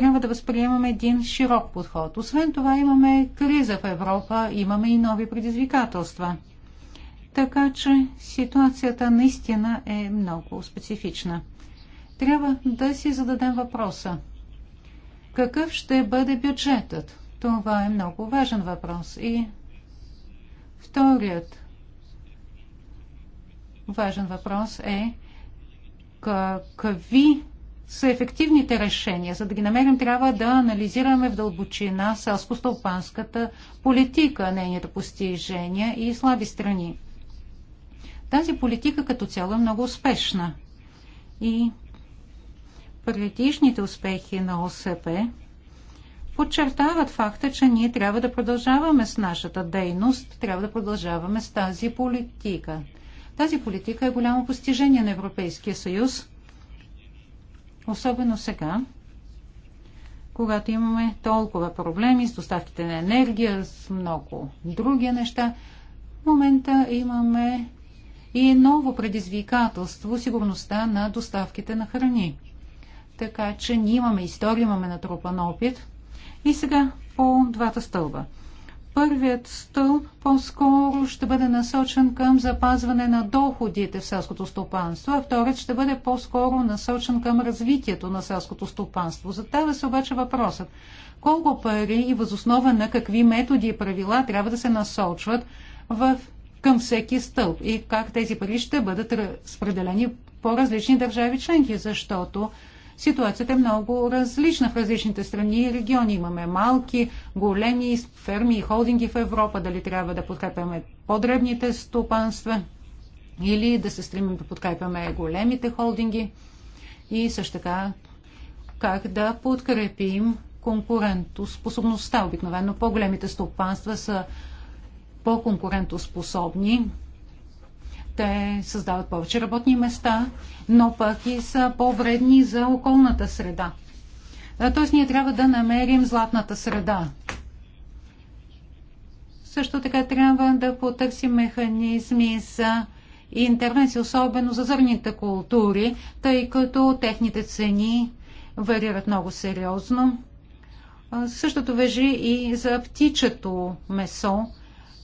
трябва да възприемаме един широк подход. Освен това имаме криза в Европа, имаме и нови предизвикателства. Така че ситуацията наистина е много специфична. Трябва да си зададем въпроса. Какъв ще бъде бюджетът? Това е много важен въпрос. И вторият важен въпрос е какви са ефективните решения. За да ги намерим, трябва да анализираме в дълбочина селско-стопанската политика, нейните постижения и слаби страни. Тази политика като цяло е много успешна. И предишните успехи на ОСП подчертават факта, че ние трябва да продължаваме с нашата дейност, трябва да продължаваме с тази политика. Тази политика е голямо постижение на Европейския съюз – Особено сега, когато имаме толкова проблеми с доставките на енергия, с много други неща, в момента имаме и ново предизвикателство сигурността на доставките на храни. Така че ние имаме история, имаме натрупан опит. И сега по двата стълба – Първият стълб по-скоро ще бъде насочен към запазване на доходите в селското стопанство, а вторият ще бъде по-скоро насочен към развитието на селското стопанство. Затава се обаче въпросът колко пари и възоснова на какви методи и правила трябва да се насочват в, към всеки стълб и как тези пари ще бъдат разпределени по различни държави членки, защото Ситуацията е много различна в различните страни и региони. Имаме малки, големи ферми и холдинги в Европа. Дали трябва да подкрепяме по-дребните стопанства или да се стремим да подкрепяме големите холдинги и също така как да подкрепим конкурентоспособността. Обикновено по-големите стопанства са по-конкурентоспособни те създават повече работни места, но пък и са по-вредни за околната среда. Тоест ние трябва да намерим златната среда. Също така трябва да потърсим механизми за интервенция, особено за зърните култури, тъй като техните цени варират много сериозно. Същото вежи и за птичето месо.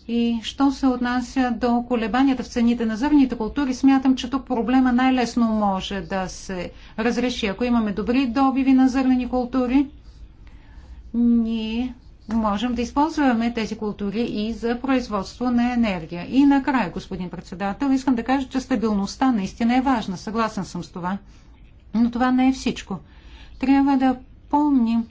И що се отнася до колебанията в цените на зърните култури, смятам, че тук проблема най-лесно може да се разреши. Ако имаме добри добиви на зърнени култури, ние можем да използваме тези култури и за производство на енергия. И накрая, господин председател, искам да кажа, че стабилността наистина е важна. Съгласен съм с това. Но това не е всичко. Трябва да помним,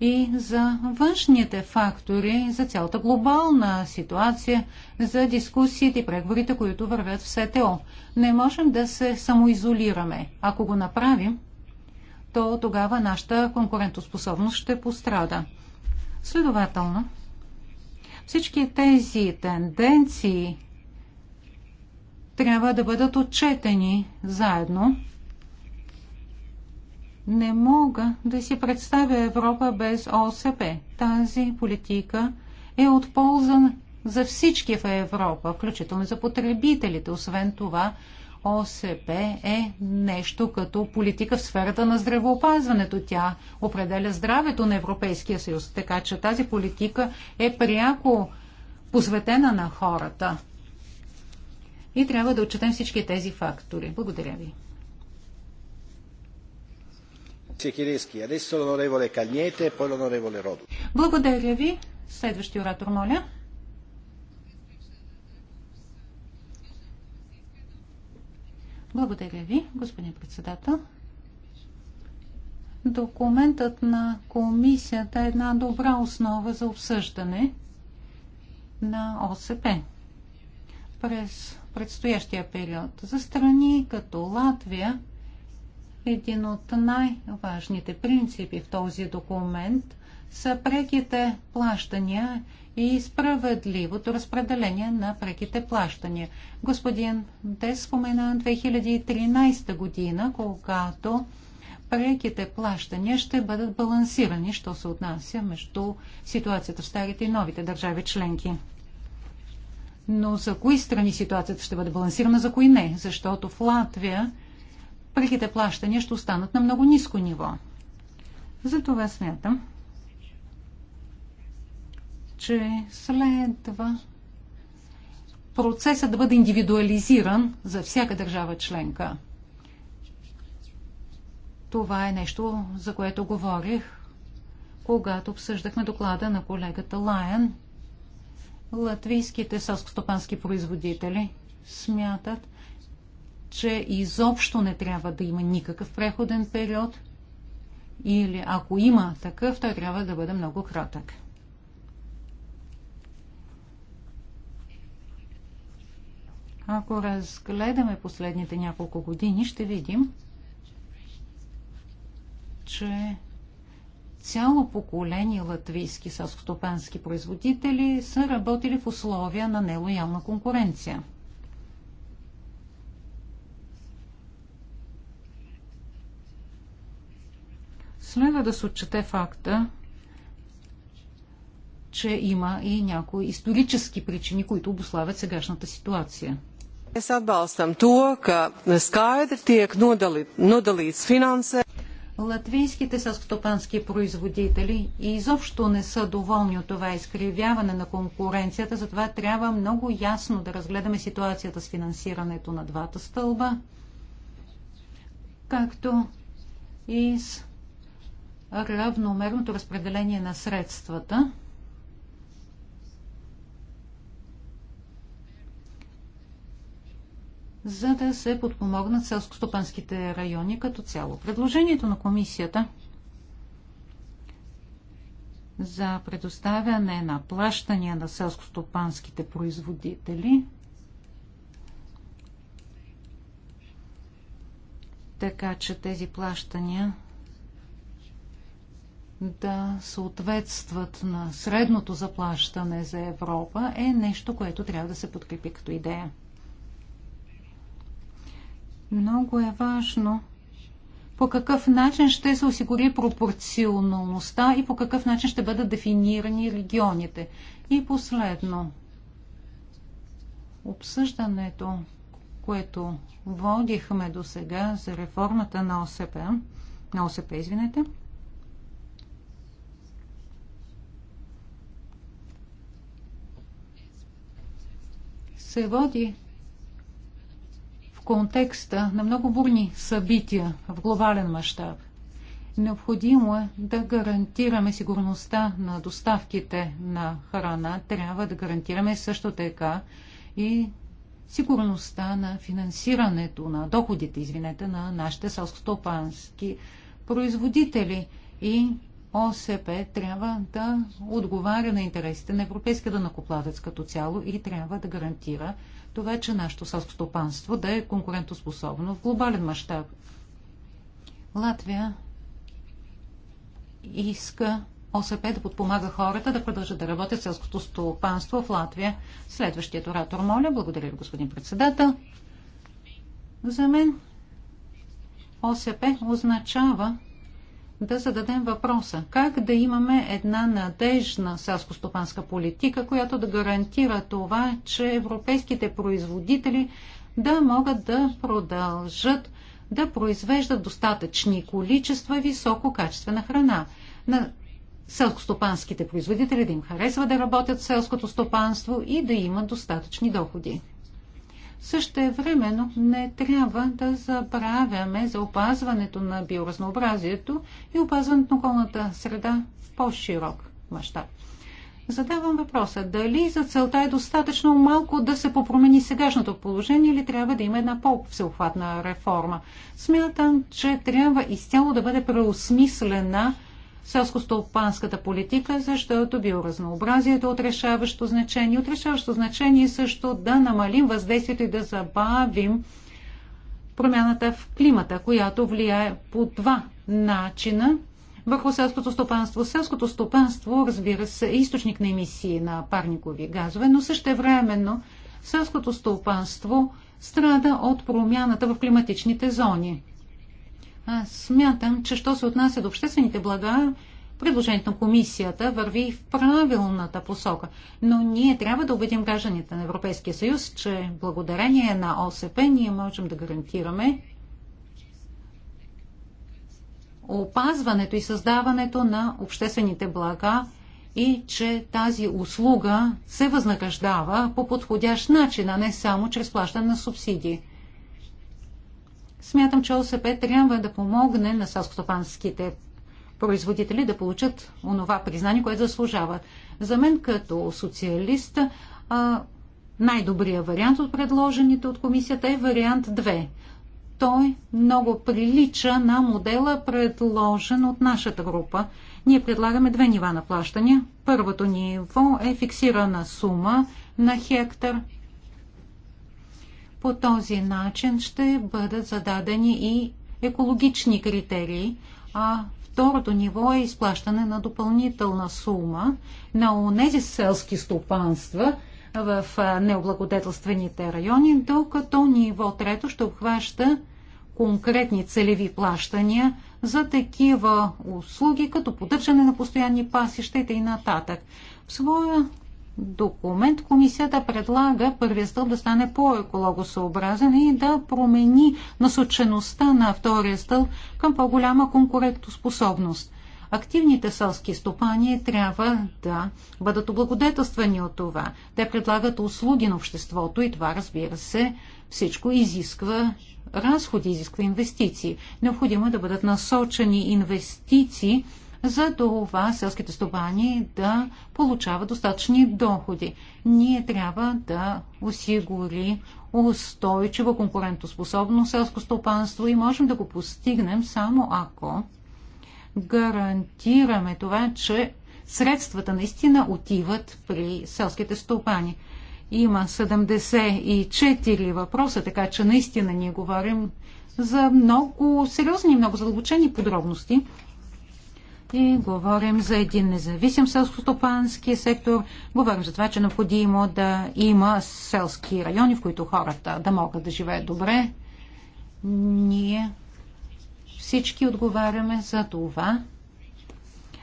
и за външните фактори, за цялата глобална ситуация, за дискусиите и преговорите, които вървят в СТО. Не можем да се самоизолираме. Ако го направим, то тогава нашата конкурентоспособност ще пострада. Следователно, всички тези тенденции трябва да бъдат отчетени заедно не мога да си представя Европа без ОСП. Тази политика е от полза за всички в Европа, включително за потребителите. Освен това, ОСП е нещо като политика в сферата на здравеопазването. Тя определя здравето на Европейския съюз, така че тази политика е пряко посветена на хората. И трябва да отчетем всички тези фактори. Благодаря ви. E Благодаря ви. Следващия оратор, моля. Благодаря ви, господин председател. Документът на комисията е една добра основа за обсъждане на ОСП през предстоящия период. За страни като Латвия, един от най-важните принципи в този документ са преките плащания и справедливото разпределение на преките плащания. Господин Дес спомена 2013 година, когато преките плащания ще бъдат балансирани, що се отнася между ситуацията в старите и новите държави членки. Но за кои страни ситуацията ще бъде балансирана, за кои не? Защото в Латвия преките плащания ще останат на много ниско ниво. Затова смятам, че следва процесът да бъде индивидуализиран за всяка държава членка. Това е нещо, за което говорих, когато обсъждахме доклада на колегата Лайен. Латвийските селскостопански производители смятат, че изобщо не трябва да има никакъв преходен период или ако има такъв, той трябва да бъде много кратък. Ако разгледаме последните няколко години, ще видим, че цяло поколение латвийски селскостопански производители са работили в условия на нелоялна конкуренция – Следва да се отчете факта, че има и някои исторически причини, които обославят сегашната ситуация. Es atbalstam to, ka skaidri tiek nodalīts финансе. Латвийските съскотопански производители изобщо не са доволни от това изкривяване на конкуренцията, затова трябва много ясно да разгледаме ситуацията с финансирането на двата стълба, както и с равномерното разпределение на средствата. за да се подпомогнат селскостопанските райони като цяло. Предложението на комисията за предоставяне на плащания на селскостопанските производители, така че тези плащания да съответстват на средното заплащане за Европа е нещо, което трябва да се подкрепи като идея. Много е важно по какъв начин ще се осигури пропорционалността и по какъв начин ще бъдат дефинирани регионите. И последно, обсъждането, което водихме до сега за реформата на ОСП, на ОСП, извинете, се води в контекста на много бурни събития в глобален мащаб. Необходимо е да гарантираме сигурността на доставките на храна. Трябва да гарантираме също така и сигурността на финансирането, на доходите, извинете, на нашите селскостопански производители и ОСП трябва да отговаря на интересите на европейския данакоплатец като цяло и трябва да гарантира това, че нашето селско стопанство да е конкурентоспособно в глобален мащаб. Латвия иска ОСП да подпомага хората да продължат да работят селското стопанство в Латвия. Следващият оратор, моля. Благодаря ви, господин председател. За мен ОСП означава да зададем въпроса как да имаме една надежна селскостопанска политика, която да гарантира това, че европейските производители да могат да продължат да произвеждат достатъчни количества висококачествена храна. На селскостопанските производители да им харесва да работят в селското стопанство и да имат достатъчни доходи. Също времено не трябва да забравяме за опазването на биоразнообразието и опазването на околната среда в по-широк мащаб. Задавам въпроса, дали за целта е достатъчно малко да се попромени сегашното положение или трябва да има една по-всеохватна реформа? Смятам, че трябва изцяло да бъде преосмислена селско столпанската политика, защото биоразнообразието е от решаващо значение. От решаващо значение е също да намалим въздействието и да забавим промяната в климата, която влияе по два начина върху селското стопанство. Селското стопанство, разбира се, е източник на емисии на парникови газове, но също времено селското стопанство страда от промяната в климатичните зони. Аз смятам, че що се отнася до обществените блага, предложението на комисията върви в правилната посока. Но ние трябва да убедим гражданите на Европейския съюз, че благодарение на ОСП ние можем да гарантираме опазването и създаването на обществените блага и че тази услуга се възнаграждава по подходящ начин, а не само чрез плащане на субсидии. Смятам, че ОСП трябва да помогне на селскостопанските производители да получат онова признание, което заслужават. За мен като социалист най-добрият вариант от предложените от комисията е вариант 2. Той много прилича на модела, предложен от нашата група. Ние предлагаме две нива на плащания. Първото ниво е фиксирана сума на хектар – по този начин ще бъдат зададени и екологични критерии, а второто ниво е изплащане на допълнителна сума на тези селски стопанства в необлагодетелствените райони, докато ниво трето ще обхваща конкретни целеви плащания за такива услуги, като поддържане на постоянни пасища и нататък. В своя документ комисията предлага първия стълб да стане по-екологосъобразен и да промени насочеността на втория стълб към по-голяма конкурентоспособност. Активните селски стопани трябва да бъдат облагодетелствани от това. Те предлагат услуги на обществото и това, разбира се, всичко изисква разходи, изисква инвестиции. Необходимо е да бъдат насочени инвестиции – за това селските стопани да получават достатъчни доходи. Ние трябва да осигури устойчиво конкурентоспособно селско стопанство и можем да го постигнем само ако гарантираме това, че средствата наистина отиват при селските стопани. Има 74 въпроса, така че наистина ние говорим за много сериозни и много задълбочени подробности дебати, говорим за един независим селскостопански сектор, говорим за това, че е необходимо да има селски райони, в които хората да могат да живеят добре. Ние всички отговаряме за това.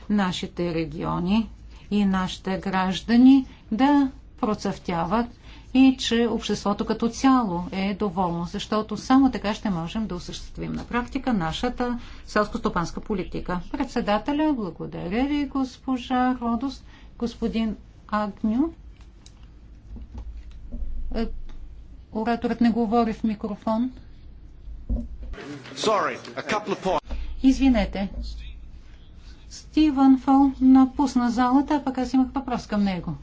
Нашите региони и нашите граждани да процъфтяват и че обществото като цяло е доволно, защото само така ще можем да осъществим на практика нашата селско-стопанска политика. Председателя, благодаря ви, госпожа Родост, господин Агню. Е, ораторът не говори в микрофон. Извинете. Стивън Фол напусна залата, а пък аз имах въпрос към него.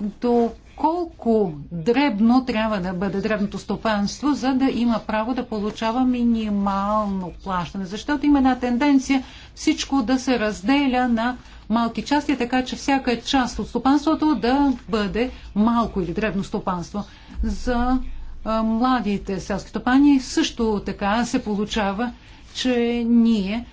До колко дребно трябва да бъде дребното стопанство, за да има право да получава минимално плащане. Защото има една тенденция всичко да се разделя на малки части, така че всяка част от стопанството да бъде малко или дребно стопанство. За младите селски стопани също така се получава, че ние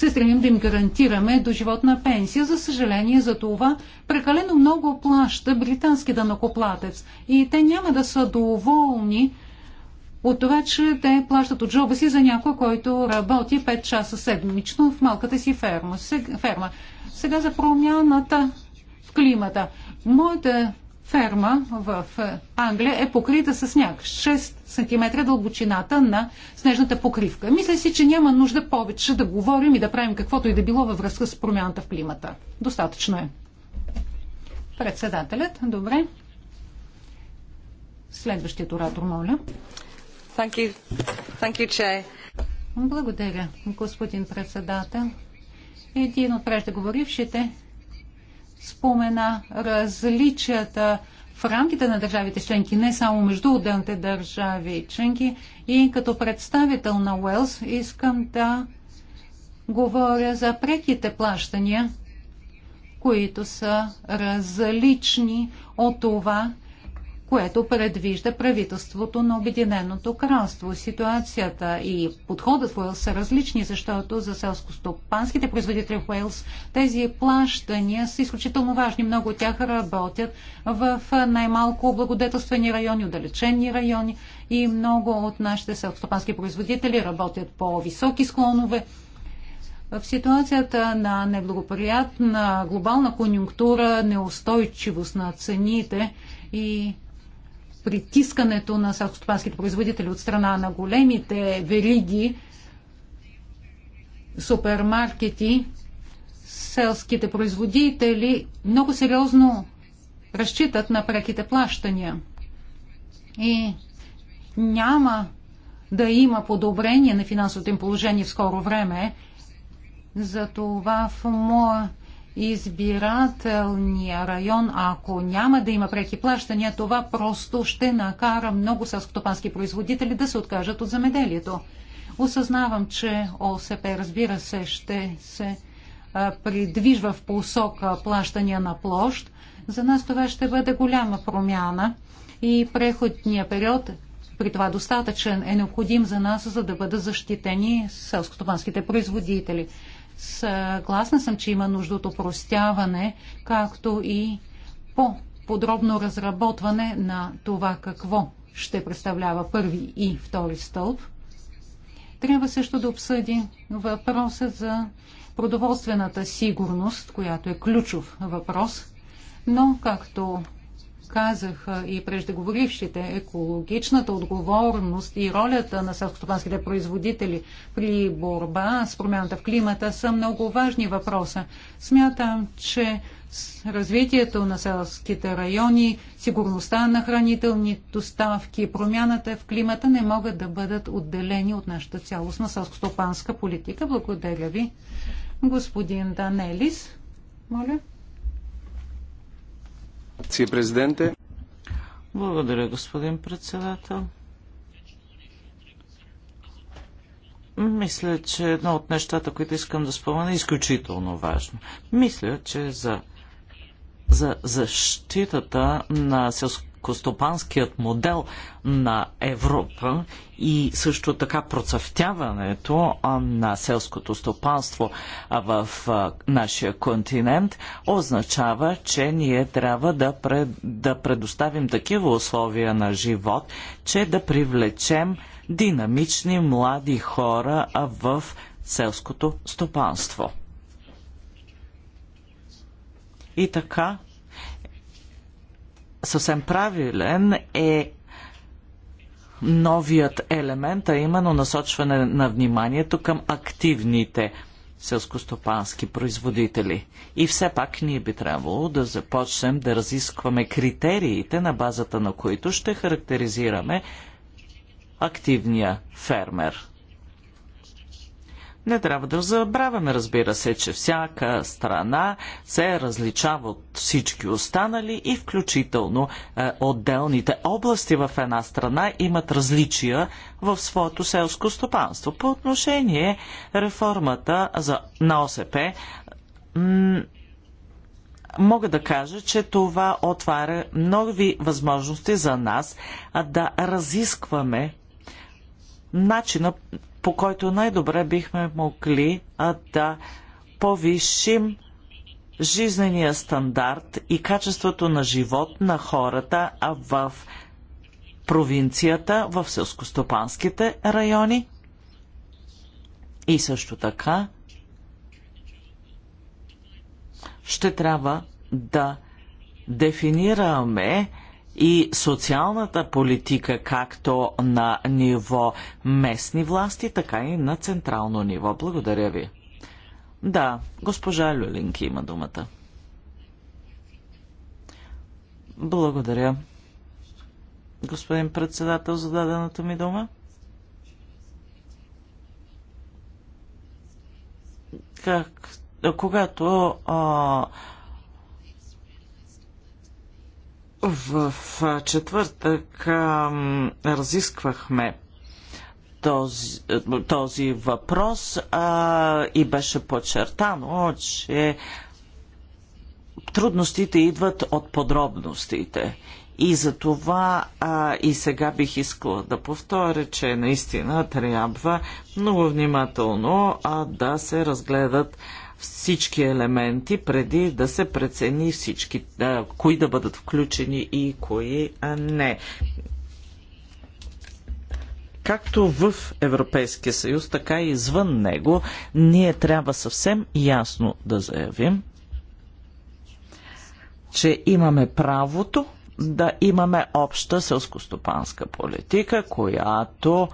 се стремим да им гарантираме до животна пенсия. За съжаление, за това прекалено много плаща британски данокоплатец и те няма да са доволни от това, че те плащат от джоба си за някой, който работи 5 часа седмично в малката си ферма. Сега, ферма. Сега за промяната в климата. Моята ферма в е, Англия е покрита с сняг. 6 см дълбочината на снежната покривка. Мисля си, че няма нужда повече да говорим и да правим каквото и да било във връзка с промяната в климата. Достатъчно е. Председателят, добре. Следващият оратор, моля. Thank you. Thank you, Chair. Благодаря, господин председател. Един от преждеговорившите спомена различията в рамките на държавите членки, не само между отделните държави членки. И като представител на Уелс искам да говоря за преките плащания, които са различни от това, което предвижда правителството на Обединеното кралство. Ситуацията и подходът в Уелс са различни, защото за селско-стопанските производители в Уелс тези плащания са изключително важни. Много от тях работят в най-малко облагодетелствени райони, отдалечени райони и много от нашите селто-стопански производители работят по високи склонове. В ситуацията на неблагоприятна глобална конюнктура, неустойчивост на цените и притискането на селскостопанските производители от страна на големите вериги, супермаркети, селските производители много сериозно разчитат на преките плащания. И няма да има подобрение на финансовото им положение в скоро време. Затова в моя избирателния район, ако няма да има преки плащания, това просто ще накара много селскотопански производители да се откажат от замеделието. Осъзнавам, че ОСП, разбира се, ще се придвижва в посока плащания на площ. За нас това ще бъде голяма промяна и преходният период при това достатъчен е необходим за нас, за да бъдат защитени селскотопанските производители. Съгласна съм, че има нужда от опростяване, както и по-подробно разработване на това какво ще представлява първи и втори стълб. Трябва също да обсъди въпроса за продоволствената сигурност, която е ключов въпрос, но както казаха и преждеговорившите, екологичната отговорност и ролята на селскостопанските производители при борба с промяната в климата са много важни въпроса. Смятам, че с развитието на селските райони, сигурността на хранителни доставки, промяната в климата не могат да бъдат отделени от нашата цялостна селскостопанска политика. Благодаря ви, господин Данелис. Моля. Благодаря, господин председател. Мисля, че едно от нещата, които искам да спомена, е изключително важно. Мисля, че за, за защитата на селско селскостопанският модел на Европа и също така процъфтяването на селското стопанство в нашия континент означава, че ние трябва да, пред, да предоставим такива условия на живот, че да привлечем динамични млади хора в селското стопанство. И така, съвсем правилен е новият елемент, а именно насочване на вниманието към активните селскостопански производители. И все пак ние би трябвало да започнем да разискваме критериите, на базата на които ще характеризираме активния фермер. Не трябва да забравяме, разбира се, че всяка страна се различава от всички останали и включително е, отделните области в една страна имат различия в своето селско стопанство. По отношение реформата за, на ОСП, мога да кажа, че това отваря нови възможности за нас да разискваме начина по който най-добре бихме могли а, да повишим жизнения стандарт и качеството на живот на хората в провинцията, в селскостопанските райони и също така ще трябва да дефинираме и социалната политика както на ниво местни власти, така и на централно ниво. Благодаря ви. Да, госпожа Люлинки има думата. Благодаря. Господин председател, за дадената ми дума. Как, когато а, в четвъртък разисквахме този, е, този въпрос а, и беше подчертано, че трудностите идват от подробностите. И за това а, и сега бих искала да повторя, че наистина трябва много внимателно а, да се разгледат всички елементи, преди да се прецени всички, а, кои да бъдат включени и кои не. Както в Европейския съюз, така и извън него, ние трябва съвсем ясно да заявим, че имаме правото да имаме обща селскостопанска политика, която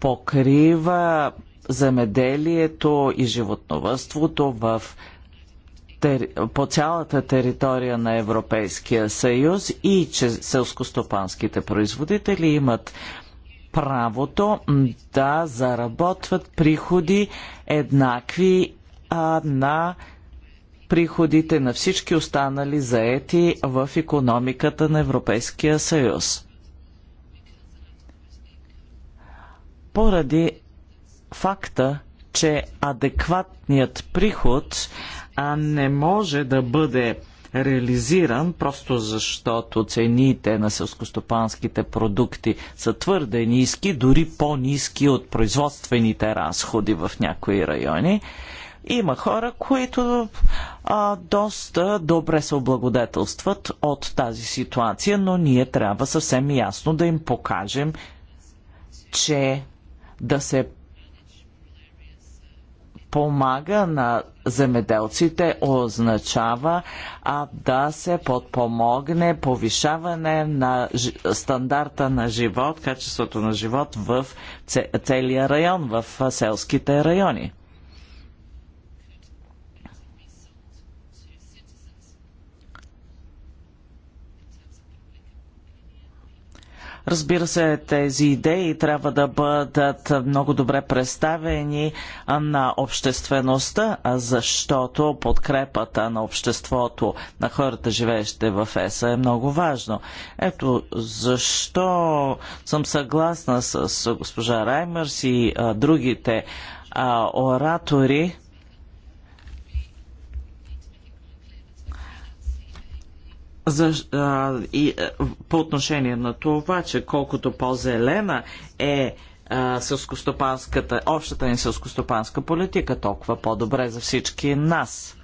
покрива земеделието и животновътството в по цялата територия на Европейския съюз и че селскостопанските производители имат правото да заработват приходи еднакви а, на приходите на всички останали заети в економиката на Европейския съюз. Поради факта, че адекватният приход а не може да бъде реализиран, просто защото цените на селскостопанските продукти са твърде ниски, дори по-ниски от производствените разходи в някои райони. Има хора, които а, доста добре се облагодетелстват от тази ситуация, но ние трябва съвсем ясно да им покажем, че да се помага на земеделците означава а да се подпомогне повишаване на стандарта на живот, качеството на живот в целия район, в селските райони. Разбира се, тези идеи трябва да бъдат много добре представени на обществеността, защото подкрепата на обществото, на хората, живеещи в ЕСА, е много важно. Ето защо съм съгласна с госпожа Раймърс и другите оратори, за, а, и, по отношение на това, че колкото по-зелена е а, общата ни селскостопанска политика, толкова по-добре за всички нас.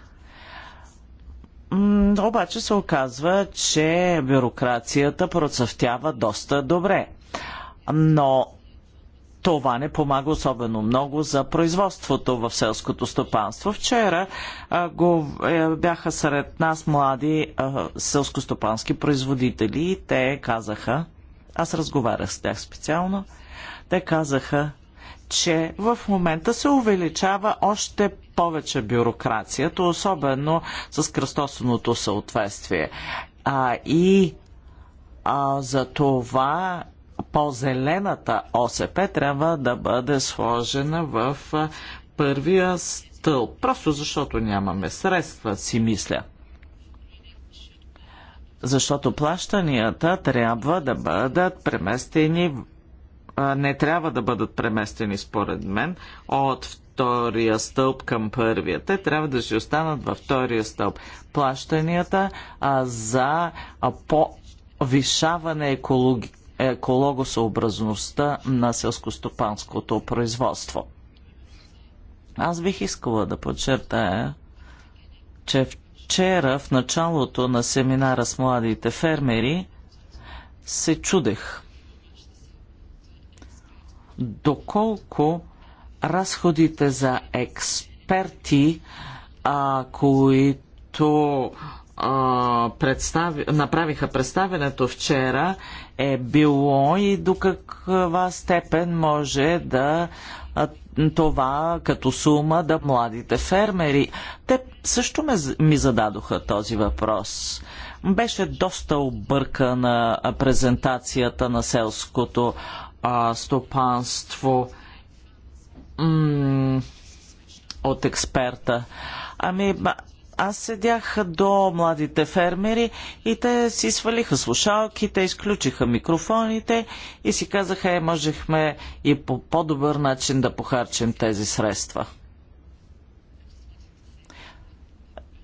обаче се оказва, че бюрокрацията процъфтява доста добре. Но това не помага особено много за производството в селското стопанство. Вчера а, го, е, бяха сред нас млади а, селскостопански производители и те казаха, аз разговарях с тях специално, те казаха, че в момента се увеличава още повече бюрокрацията, особено с кръстосаното съответствие. А, и а, за това по-зелената ОСП трябва да бъде сложена в първия стълб. Просто защото нямаме средства, си мисля. Защото плащанията трябва да бъдат преместени, не трябва да бъдат преместени според мен от втория стълб към първия. Те трябва да си останат във втория стълб. Плащанията за по повишаване екологи екологосъобразността на селскостопанското производство. Аз бих искала да подчертая, че вчера в началото на семинара с младите фермери се чудех доколко разходите за експерти, а, които представи, направиха представенето вчера, е било и до каква степен може да това като сума да младите фермери. Те също ме, ми зададоха този въпрос. Беше доста объркана презентацията на селското а, стопанство от експерта. Ами, аз седях до младите фермери и те си свалиха слушалките, изключиха микрофоните и си казаха, е, можехме и по по-добър начин да похарчим тези средства.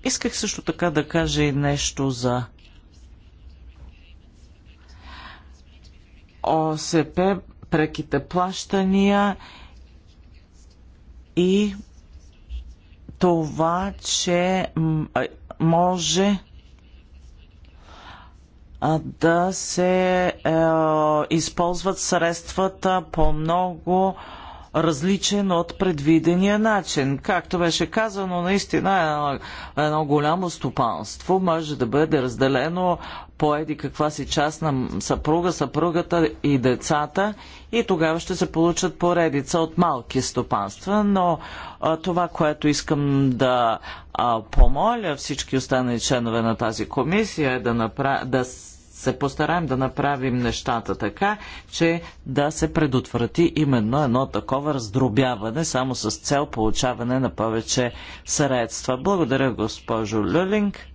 Исках също така да кажа и нещо за ОСП, преките плащания и това, че може да се е, използват средствата по много е, различен от предвидения начин. Както беше казано, наистина е едно, едно голямо стопанство може да бъде разделено по еди каква си част на съпруга, съпругата и децата и тогава ще се получат поредица от малки стопанства, но а, това, което искам да а, помоля всички останали членове на тази комисия е да, направ... да се постараем да направим нещата така, че да се предотврати именно едно такова раздробяване, само с цел получаване на повече средства. Благодаря, госпожо Люлинг.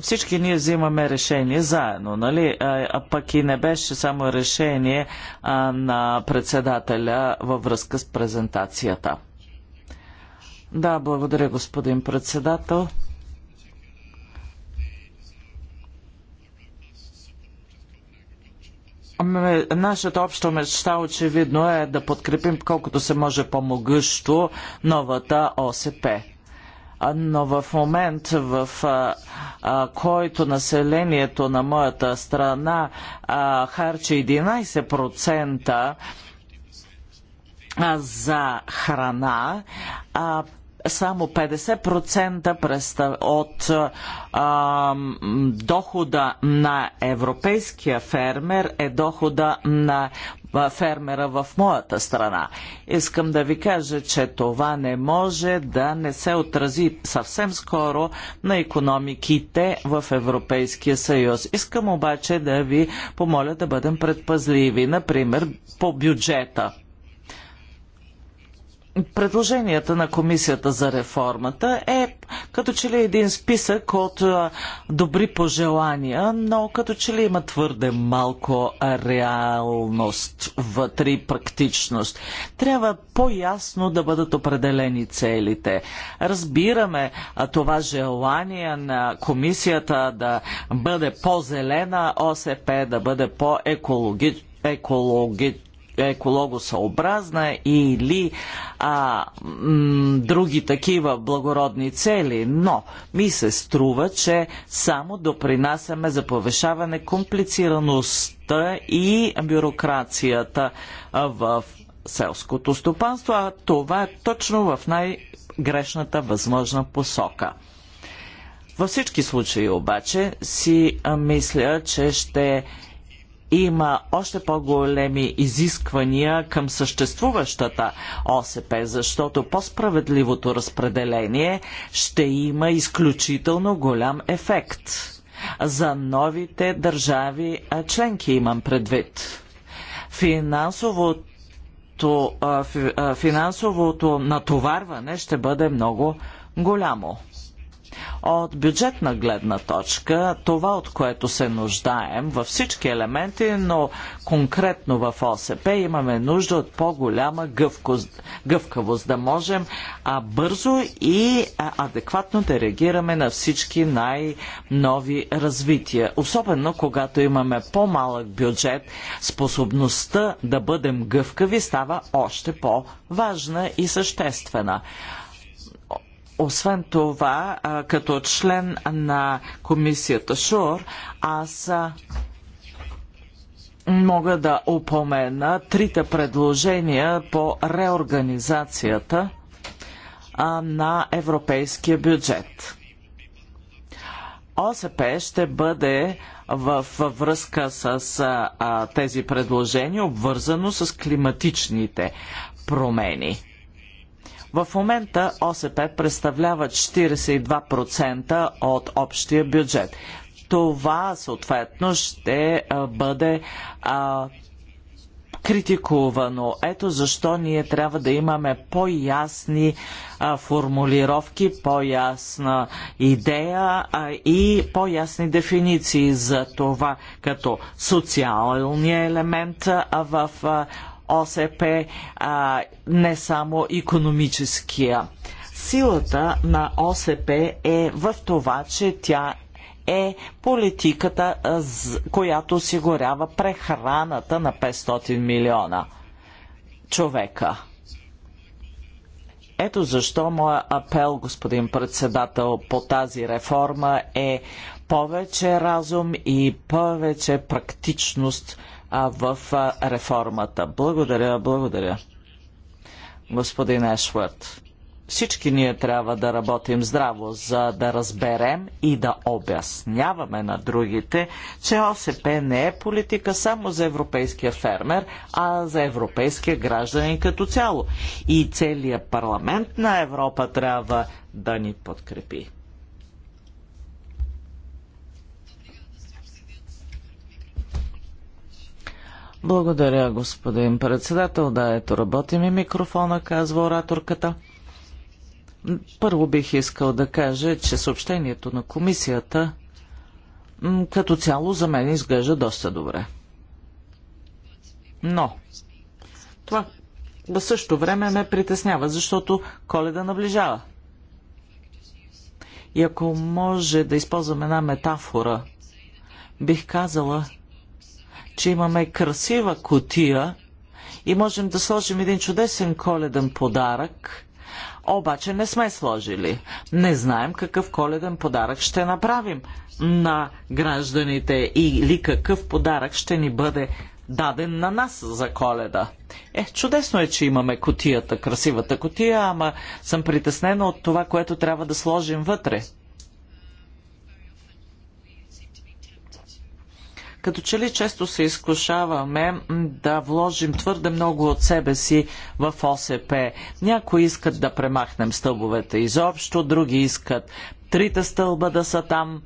Всички ние взимаме решение заедно, нали? А пък и не беше само решение а, на председателя във връзка с презентацията. Да, благодаря, господин председател. Ами, нашата обща мечта очевидно е да подкрепим колкото се може по-могъщо новата ОСП. Но в момент, в а, а, който населението на моята страна а, харчи 11% за храна, а само 50% от а, дохода на европейския фермер е дохода на фермера в моята страна. Искам да ви кажа, че това не може да не се отрази съвсем скоро на економиките в Европейския съюз. Искам обаче да ви помоля да бъдем предпазливи, например по бюджета предложенията на комисията за реформата е като че ли един списък от добри пожелания, но като че ли има твърде малко реалност вътре и практичност. Трябва по-ясно да бъдат определени целите. Разбираме това желание на комисията да бъде по-зелена ОСП, да бъде по-екологична екологич екологосъобразна или а, м, други такива благородни цели, но ми се струва, че само допринасяме за повишаване комплицираността и бюрокрацията в селското стопанство, а това е точно в най-грешната възможна посока. Във всички случаи обаче си мисля, че ще има още по-големи изисквания към съществуващата ОСП, защото по-справедливото разпределение ще има изключително голям ефект за новите държави членки имам предвид. Финансовото, финансовото натоварване ще бъде много голямо. От бюджетна гледна точка, това от което се нуждаем във всички елементи, но конкретно в ОСП имаме нужда от по-голяма гъвкавост, да можем а, бързо и а, адекватно да реагираме на всички най-нови развития. Особено когато имаме по-малък бюджет, способността да бъдем гъвкави става още по-важна и съществена. Освен това, като член на комисията ШОР, аз мога да упомена трите предложения по реорганизацията на европейския бюджет. ОСП ще бъде в връзка с а, тези предложения, обвързано с климатичните промени. В момента ОСП представлява 42% от общия бюджет. Това съответно ще бъде а, критикувано. Ето защо ние трябва да имаме по-ясни формулировки, по-ясна идея а, и по-ясни дефиниции за това като социалния елемент а, в а, ОСП, а, не само економическия. Силата на ОСП е в това, че тя е политиката, която осигурява прехраната на 500 милиона човека. Ето защо моя апел, господин председател, по тази реформа е повече разум и повече практичност в реформата. Благодаря, благодаря. Господин Ешвард, всички ние трябва да работим здраво, за да разберем и да обясняваме на другите, че ОСП не е политика само за европейския фермер, а за европейския гражданин като цяло. И целият парламент на Европа трябва да ни подкрепи. Благодаря, господин председател. Да, ето работи ми микрофона, казва ораторката. Първо бих искал да кажа, че съобщението на комисията като цяло за мен изглежда доста добре. Но това в същото време ме притеснява, защото коледа наближава. И ако може да използвам една метафора, бих казала – че имаме красива котия и можем да сложим един чудесен коледен подарък, обаче не сме сложили. Не знаем какъв коледен подарък ще направим на гражданите или какъв подарък ще ни бъде даден на нас за коледа. Е, чудесно е, че имаме котията, красивата котия, ама съм притеснена от това, което трябва да сложим вътре. Като че ли често се изкушаваме да вложим твърде много от себе си в ОСП. Някои искат да премахнем стълбовете изобщо, други искат трите стълба да са там.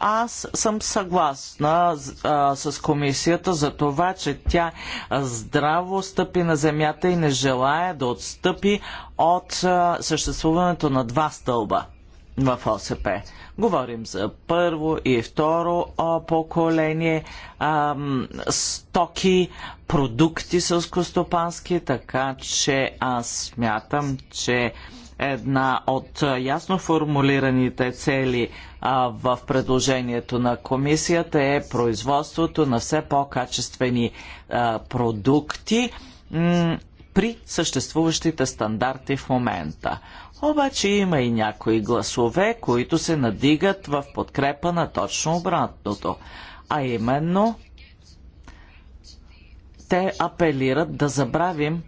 Аз съм съгласна а, с комисията за това, че тя здраво стъпи на земята и не желая да отстъпи от а, съществуването на два стълба в ОСП. Говорим за първо и второ поколение ам, стоки, продукти сълскостопански, така че аз смятам, че една от ясно формулираните цели а, в предложението на комисията е производството на все по-качествени продукти при съществуващите стандарти в момента. Обаче има и някои гласове, които се надигат в подкрепа на точно обратното. А именно, те апелират да забравим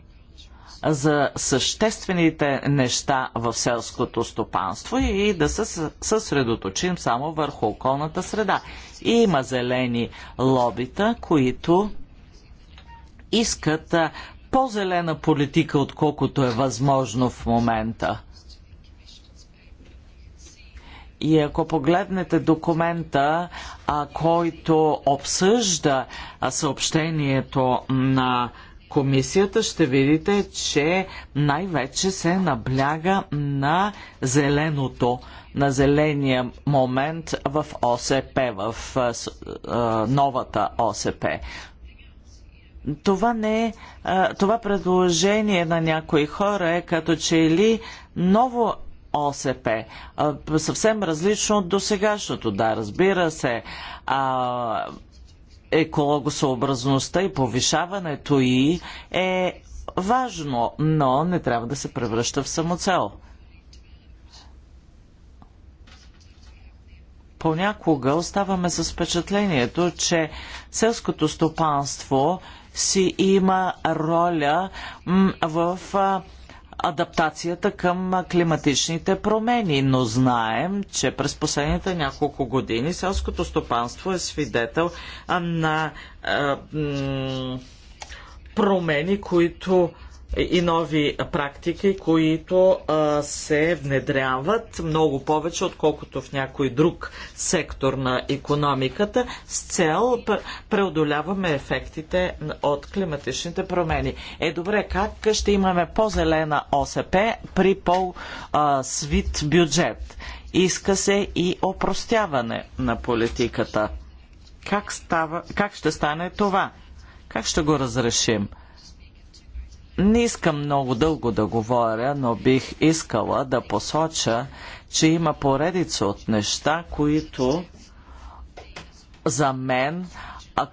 за съществените неща в селското стопанство и да се съсредоточим само върху околната среда. И има зелени лобита, които искат по-зелена политика, отколкото е възможно в момента. И ако погледнете документа, а, който обсъжда съобщението на комисията, ще видите, че най-вече се набляга на зеленото, на зеления момент в ОСП, в а, новата ОСП. Това не е, а, това предложение на някои хора е като че е ли ново ОСП. съвсем различно от досегашното, да, разбира се. А, екологосъобразността и повишаването и е важно, но не трябва да се превръща в самоцел. Понякога оставаме с впечатлението, че селското стопанство си има роля в адаптацията към климатичните промени, но знаем, че през последните няколко години селското стопанство е свидетел на промени, които и нови практики, които а, се внедряват много повече, отколкото в някой друг сектор на економиката, с цел преодоляваме ефектите от климатичните промени. Е добре, как ще имаме по-зелена ОСП при по-свит бюджет? Иска се и опростяване на политиката. Как, става, как ще стане това? Как ще го разрешим? Не искам много дълго да говоря, но бих искала да посоча, че има поредица от неща, които за мен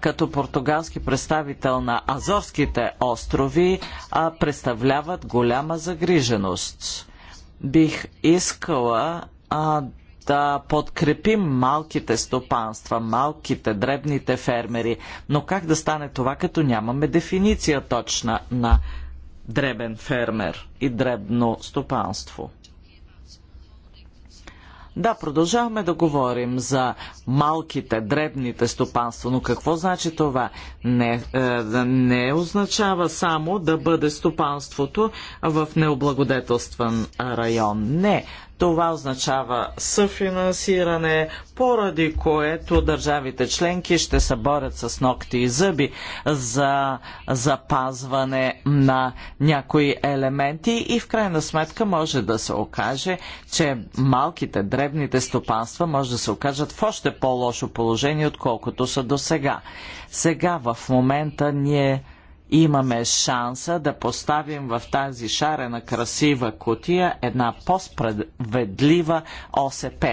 като португалски представител на Азорските острови представляват голяма загриженост. Бих искала а, да подкрепим малките стопанства, малките, дребните фермери. Но как да стане това, като нямаме дефиниция точна на дребен фермер и дребно стопанство. Да, продължаваме да говорим за малките, дребните стопанства, но какво значи това? Не, е, не означава само да бъде стопанството в необлагодетелстван район. Не, това означава съфинансиране, поради което държавите членки ще се борят с ногти и зъби за запазване на някои елементи и в крайна сметка може да се окаже, че малките, дребните стопанства може да се окажат в още по-лошо положение, отколкото са до сега. Сега в момента ние имаме шанса да поставим в тази шарена красива котия една по-справедлива ОСП.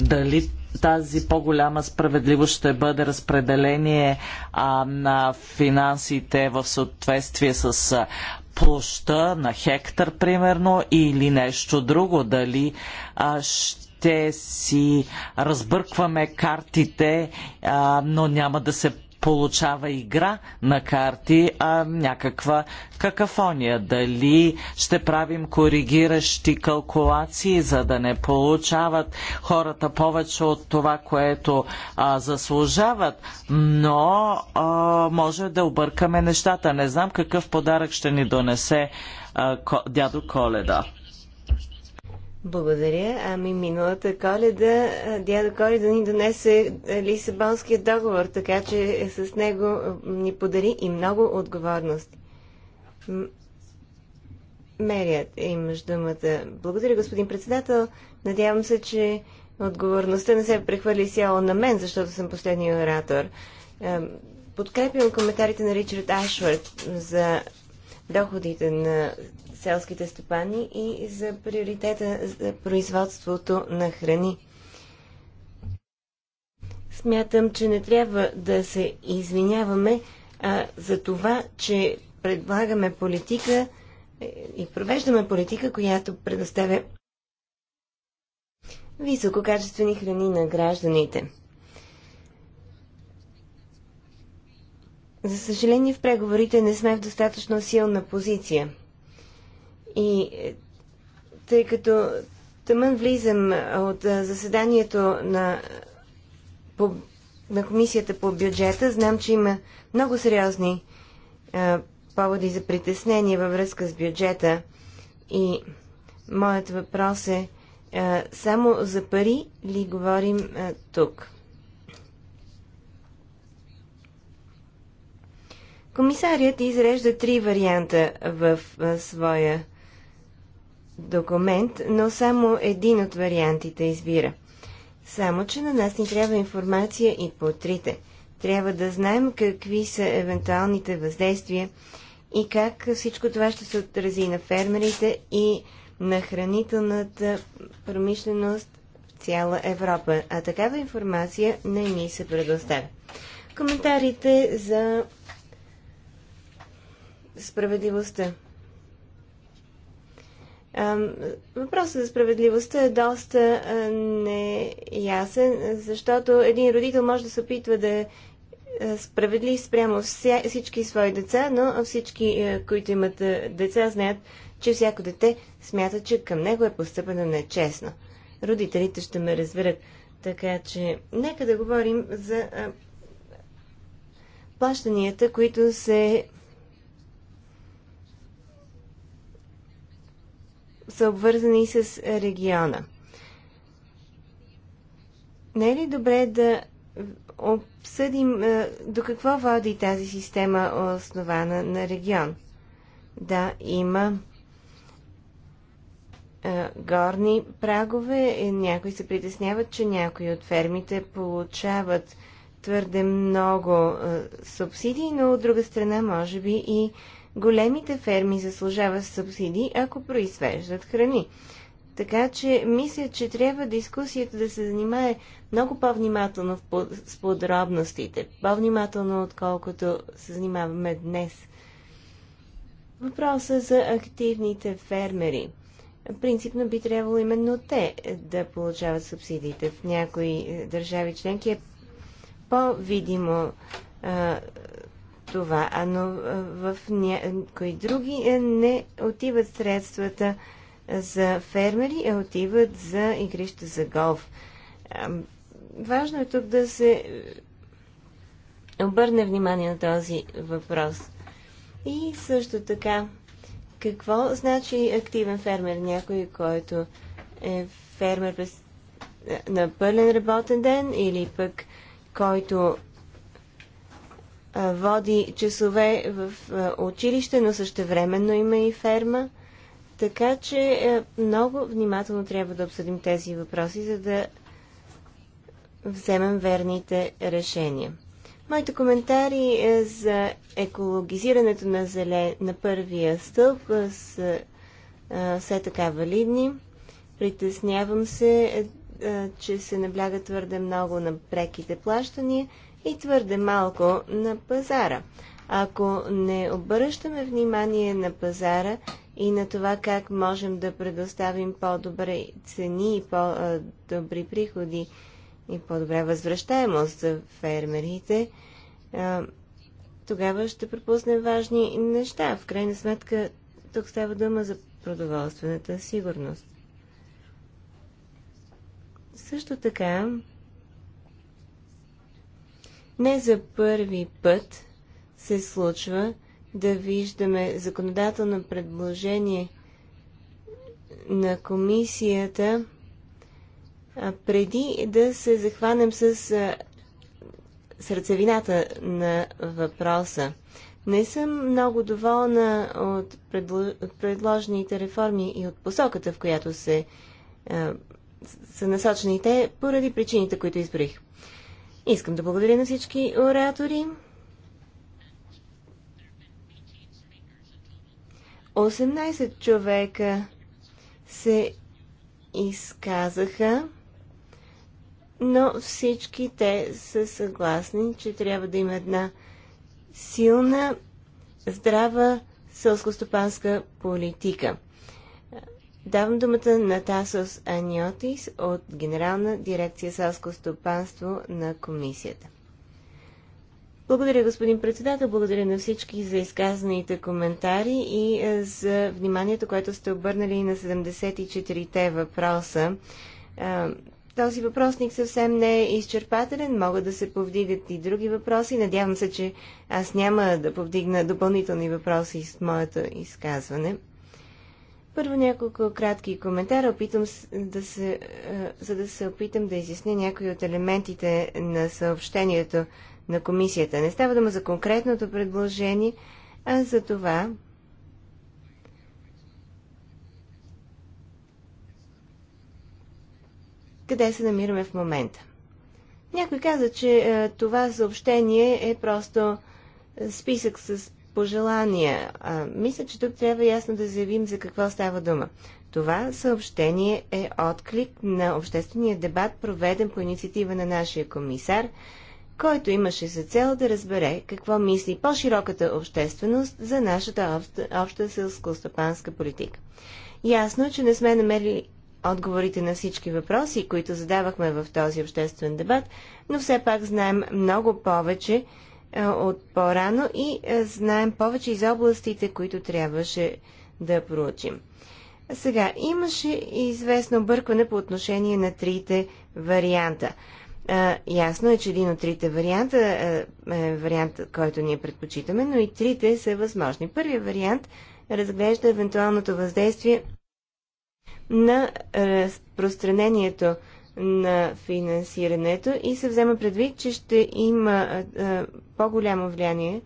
Дали тази по-голяма справедливост ще бъде разпределение а, на финансите в съответствие с а, площа на хектар, примерно, или нещо друго. Дали а, ще си разбъркваме картите, а, но няма да се получава игра на карти, а някаква какафония. Дали ще правим коригиращи калкулации, за да не получават хората повече от това, което а, заслужават, но а, може да объркаме нещата. Не знам какъв подарък ще ни донесе а, ко, дядо Коледа. Благодаря. Ами миналата коледа, дядо Коледа ни донесе Лисабонския договор, така че с него ни подари и много отговорности. Мерият имаш думата. Благодаря, господин председател. Надявам се, че отговорността не се прехвърли сяло на мен, защото съм последния оратор. Подкрепям коментарите на Ричард Ашвард за доходите на селските стопани и за приоритета за производството на храни. Смятам, че не трябва да се извиняваме а, за това, че предлагаме политика е, и провеждаме политика, която предоставя висококачествени храни на гражданите. За съжаление, в преговорите не сме в достатъчно силна позиция – и е, тъй като тъмън влизам от е, заседанието на, по, на комисията по бюджета, знам, че има много сериозни а, е, поводи за притеснение във връзка с бюджета. И моят въпрос е, а, само за пари ли говорим а, тук? Комисарият изрежда три варианта в а, своя документ, но само един от вариантите избира. Само, че на нас ни трябва информация и по трите. Трябва да знаем какви са евентуалните въздействия и как всичко това ще се отрази на фермерите и на хранителната промишленост в цяла Европа. А такава информация не ни се предоставя. Коментарите за справедливостта. Въпросът за справедливостта е доста неясен, защото един родител може да се опитва да е справедлив спрямо всички свои деца, но всички, които имат деца, знаят, че всяко дете смята, че към него е постъпено нечестно. Родителите ще ме разберат. Така че, нека да говорим за плащанията, които се са обвързани с региона. Не е ли добре да обсъдим е, до какво води тази система основана на регион? Да, има е, горни прагове. Е, някои се притесняват, че някои от фермите получават твърде много субсидии, но от друга страна може би и големите ферми заслужават субсидии, ако произвеждат храни. Така че мисля, че трябва дискусията да се занимае много по-внимателно с подробностите, по-внимателно отколкото се занимаваме днес. Въпросът за активните фермери. Принципно би трябвало именно те да получават субсидиите. В някои е, държави членки е по-видимо това, а но в някои други е, не отиват средствата за фермери, а отиват за игрища за голф. Важно е тук да се обърне внимание на този въпрос. И също така, какво значи активен фермер? Някой, който е фермер на пълен работен ден или пък който води часове в училище, но същевременно има и ферма. Така че много внимателно трябва да обсъдим тези въпроси, за да вземем верните решения. Моите коментари е за екологизирането на, зеле на първия стълб са все така валидни. Притеснявам се, че се набляга твърде много на преките плащания – и твърде малко на пазара. Ако не обръщаме внимание на пазара и на това как можем да предоставим по-добре цени и по-добри приходи и по-добра възвръщаемост за фермерите, тогава ще пропуснем важни неща. В крайна сметка, тук става дума за продоволствената сигурност. Също така, не за първи път се случва да виждаме законодателно предложение на комисията преди да се захванем с сърцевината на въпроса. Не съм много доволна от предложените реформи и от посоката, в която се, а, са насочени те, поради причините, които изброих. Искам да благодаря на всички оратори. 18 човека се изказаха, но всички те са съгласни, че трябва да има една силна, здрава сълскостопанска политика. Давам думата на Тасос Аниотис от Генерална дирекция селско стопанство на комисията. Благодаря, господин председател. Благодаря на всички за изказаните коментари и е, за вниманието, което сте обърнали на 74-те въпроса. Е, този въпросник съвсем не е изчерпателен. Могат да се повдигат и други въпроси. Надявам се, че аз няма да повдигна допълнителни въпроси с моето изказване. Първо няколко кратки коментара, опитам да се, е, за да се опитам да изясня някои от елементите на съобщението на комисията. Не става дума за конкретното предложение, а за това, къде се намираме в момента. Някой каза, че е, това съобщение е просто списък с пожелания. А, мисля, че тук трябва ясно да заявим за какво става дума. Това съобщение е отклик на обществения дебат, проведен по инициатива на нашия комисар, който имаше за цел да разбере какво мисли по-широката общественост за нашата обща, обща селско-стопанска политика. Ясно, е, че не сме намерили отговорите на всички въпроси, които задавахме в този обществен дебат, но все пак знаем много повече от по-рано и знаем повече из областите, които трябваше да проучим. Сега, имаше известно объркване по отношение на трите варианта. А, ясно е, че един от трите варианта е вариант, който ние предпочитаме, но и трите са възможни. Първият вариант разглежда евентуалното въздействие на разпространението на финансирането и се взема предвид, че ще има по-голямо влияние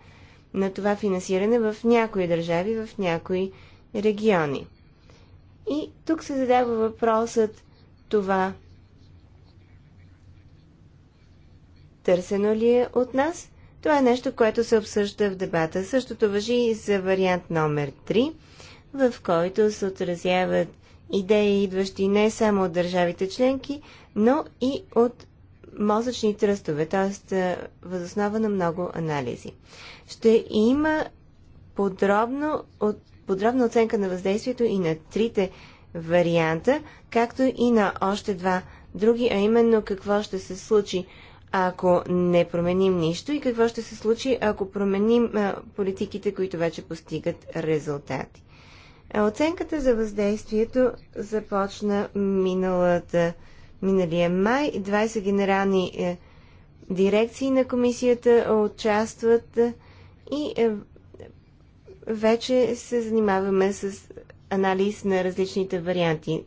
на това финансиране в някои държави, в някои региони. И тук се задава въпросът това търсено ли е от нас? Това е нещо, което се обсъжда в дебата. Същото въжи и за вариант номер 3, в който се отразяват идеи, идващи не само от държавите членки, но и от мозъчни тръстове, т.е. Е, възоснова на много анализи. Ще има подробно, от, подробна оценка на въздействието и на трите варианта, както и на още два други, а именно какво ще се случи ако не променим нищо и какво ще се случи, ако променим а, е, политиките, които вече постигат резултати. Е, оценката за въздействието започна миналата миналия май. 20 генерални е, дирекции на комисията е, участват е, и вече се занимаваме с анализ на различните варианти.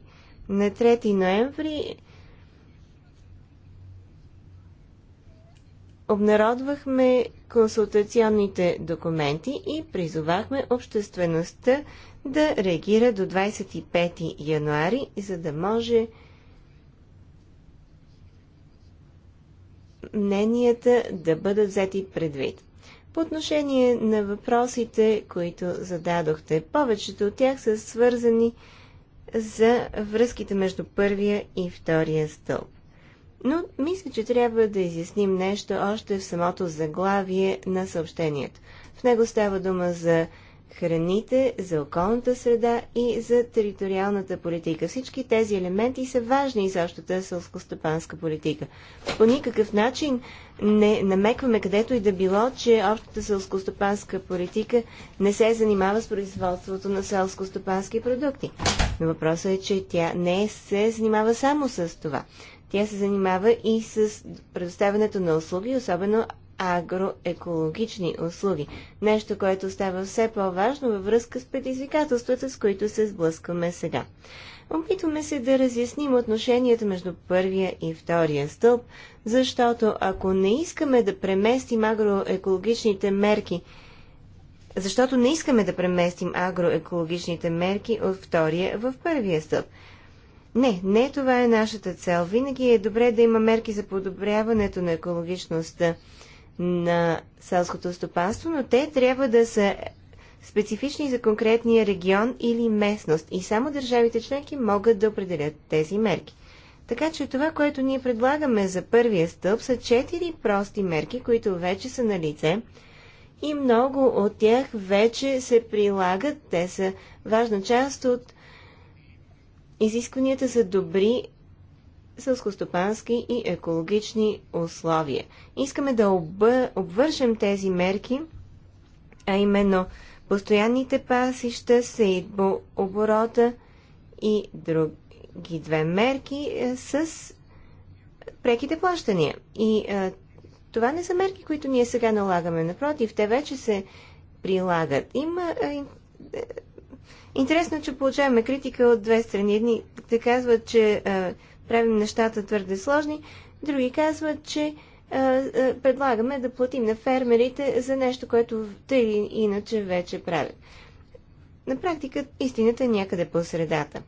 На 3 ноември обнародвахме консултационните документи и призовахме обществеността да реагира до 25 януари, за да може мненията да бъдат взети предвид. По отношение на въпросите, които зададохте, повечето от тях са свързани за връзките между първия и втория стълб. Но мисля, че трябва да изясним нещо още в самото заглавие на съобщението. В него става дума за храните, за околната среда и за териториалната политика. Всички тези елементи са важни за общата стопанска политика. По никакъв начин не намекваме където и да било, че общата селско-стопанска политика не се занимава с производството на селско-стопански продукти. Но въпросът е, че тя не се занимава само с това. Тя се занимава и с предоставянето на услуги, особено агроекологични услуги. Нещо, което става все по-важно във връзка с предизвикателствата, с които се сблъскваме сега. Опитваме се да разясним отношенията между първия и втория стълб, защото ако не искаме да преместим агроекологичните мерки, защото не искаме да преместим агроекологичните мерки от втория в първия стълб. Не, не това е нашата цел. Винаги е добре да има мерки за подобряването на екологичността на селското стопанство, но те трябва да са специфични за конкретния регион или местност и само държавите членки могат да определят тези мерки. Така че това, което ние предлагаме за първия стълб, са четири прости мерки, които вече са на лице и много от тях вече се прилагат. Те са важна част от изискванията за добри селскостопански и екологични условия. Искаме да обвържем тези мерки, а именно постоянните пасища, сейдбо, оборота и други две мерки е, с преките плащания. И а, е, това не са мерки, които ние сега налагаме. Напротив, те вече се прилагат. Има а, е, Интересно, че получаваме критика от две страни. Едни те казват, че а, правим нещата твърде сложни. Други казват, че а, а, предлагаме да платим на фермерите за нещо, което те или иначе вече правят. На практика истината е някъде по средата.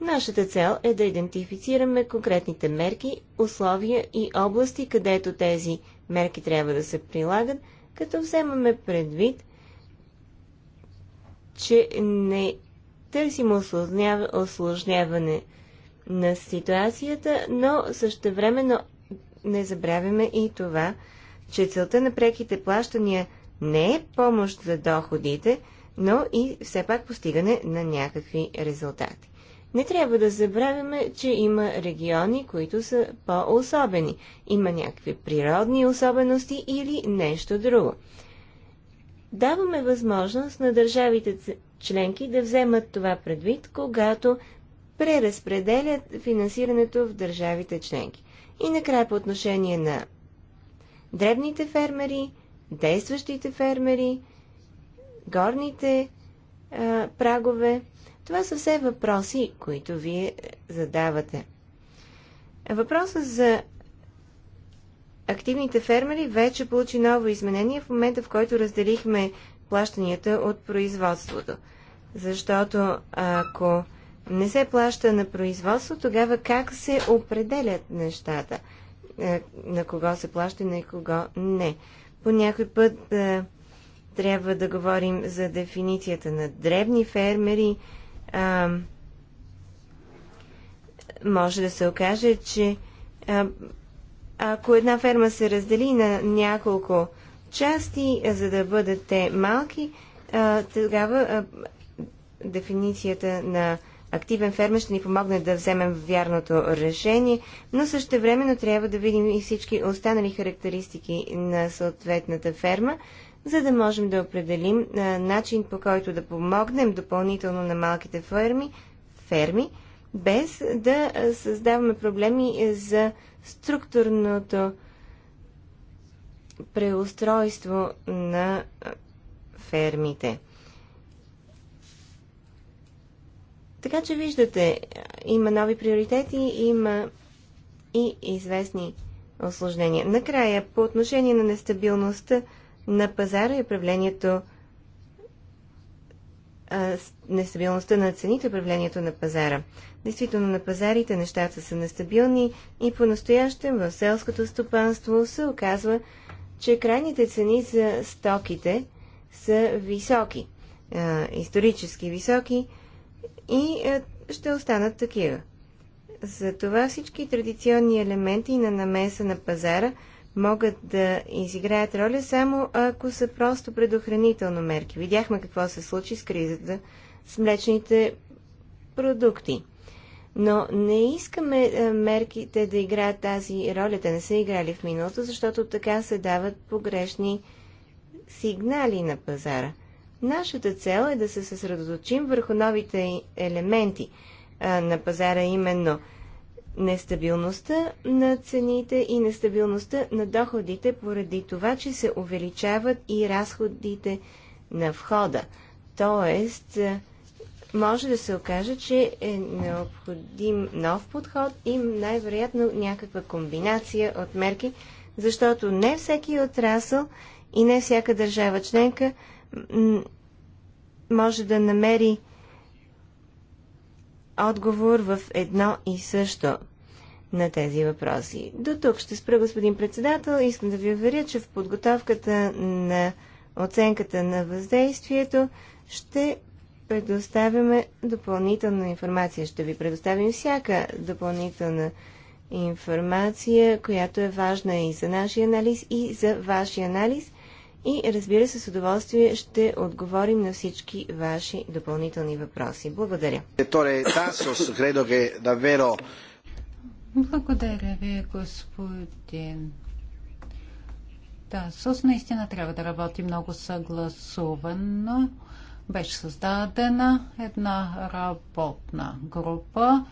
Нашата цел е да идентифицираме конкретните мерки, условия и области, където тези мерки трябва да се прилагат, като вземаме предвид, че не търсим осложняване на ситуацията, но същевременно не забравяме и това, че целта на преките плащания не е помощ за доходите, но и все пак постигане на някакви резултати. Не трябва да забравяме, че има региони, които са по-особени. Има някакви природни особености или нещо друго. Даваме възможност на държавите членки да вземат това предвид, когато преразпределят финансирането в държавите членки. И накрая по отношение на дребните фермери, действащите фермери, горните а, прагове. Това са все въпроси, които вие задавате. Въпросът за активните фермери вече получи ново изменение в момента, в който разделихме плащанията от производството. Защото ако не се плаща на производство, тогава как се определят нещата? Е, на кого се плаща и на кого не? По някой път е, трябва да говорим за дефиницията на дребни фермери. А, е, може да се окаже, че а, ако една ферма се раздели на няколко части, за да бъдат те малки, а, тогава а, дефиницията на активен фермер ще ни помогне да вземем вярното решение, но също времено трябва да видим и всички останали характеристики на съответната ферма, за да можем да определим начин по който да помогнем допълнително на малките ферми, ферми без да създаваме проблеми за структурното преустройство на фермите. Така че виждате, има нови приоритети, има и известни осложнения. Накрая, по отношение на нестабилността на пазара и управлението нестабилността на цените, управлението на пазара. Действително на пазарите нещата са нестабилни и по-настоящем в селското стопанство се оказва, че крайните цени за стоките са високи, исторически високи, и е, ще останат такива. Затова всички традиционни елементи на намеса на пазара могат да изиграят роля само ако са просто предохранително мерки. Видяхме какво се случи с кризата с млечните продукти. Но не искаме е, мерките да играят тази роля. Те не са играли в миналото, защото така се дават погрешни сигнали на пазара – Нашата цел е да се съсредоточим върху новите елементи на пазара, именно нестабилността на цените и нестабилността на доходите, поради това, че се увеличават и разходите на входа. Тоест, може да се окаже, че е необходим нов подход и най-вероятно някаква комбинация от мерки, защото не всеки отрасъл и не всяка държава членка може да намери отговор в едно и също на тези въпроси. До тук ще спра, господин председател. Искам да ви уверя, че в подготовката на оценката на въздействието ще предоставяме допълнителна информация. Ще ви предоставим всяка допълнителна информация, която е важна и за нашия анализ, и за вашия анализ. И разбира се, с удоволствие ще отговорим на всички ваши допълнителни въпроси. Благодаря. Благодаря ви, господин Тасос. Наистина трябва да работи много съгласувано. Беше създадена една работна група.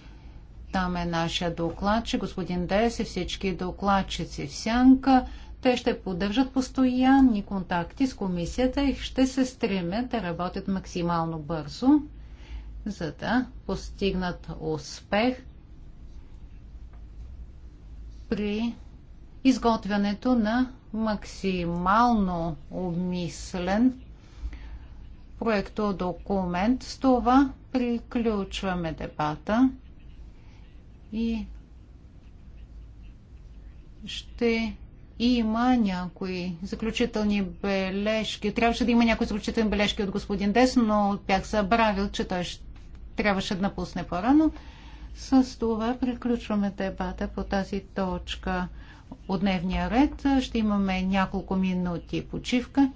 Там е нашия докладчик, господин Дес и всички докладчици в сянка. Те ще поддържат постоянни контакти с комисията и ще се стремят да работят максимално бързо, за да постигнат успех при изготвянето на максимално обмислен проекто документ. С това приключваме дебата и ще има някои заключителни бележки. Трябваше да има някои заключителни бележки от господин Дес, но бях забравил, че той трябваше да напусне по-рано. С това приключваме дебата по тази точка от дневния ред. Ще имаме няколко минути почивка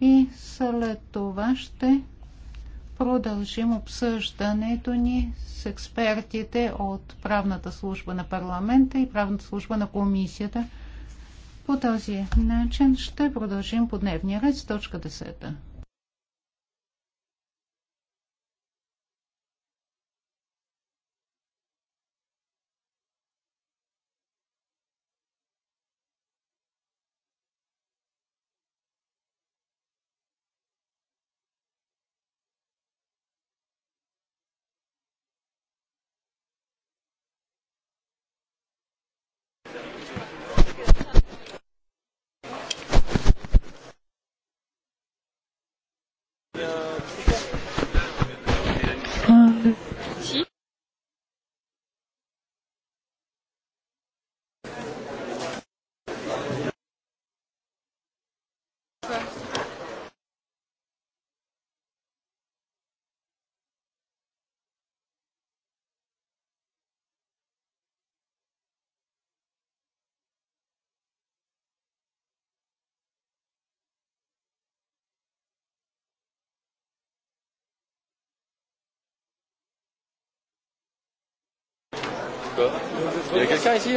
и след това ще продължим обсъждането ни с експертите от правната служба на парламента и правната служба на комисията. По този начин ще продължим по дневния ред с точка 10. Il y a quelqu'un ici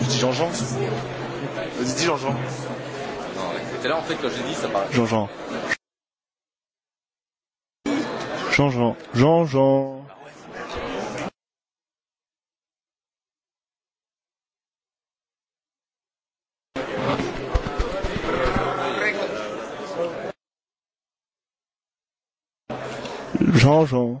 Je dis Jean-Jean Vas-y, dis Jean-Jean. Non, c'était là en fait, quand j'ai dit, ça paraît. Jean-Jean. Jean-Jean. Jean-Jean. Jean-Jean.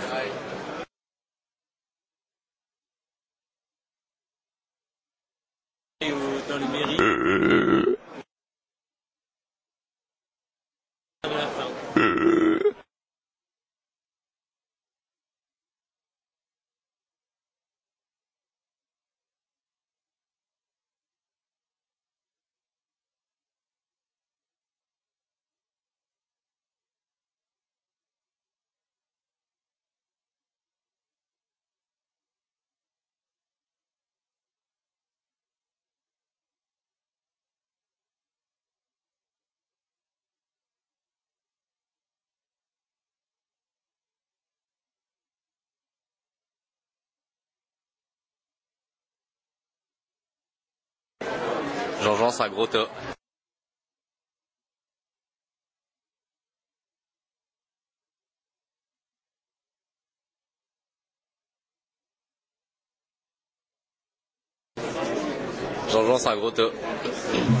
Jean-Jean Sagrota. Jean-Jean Sagrota.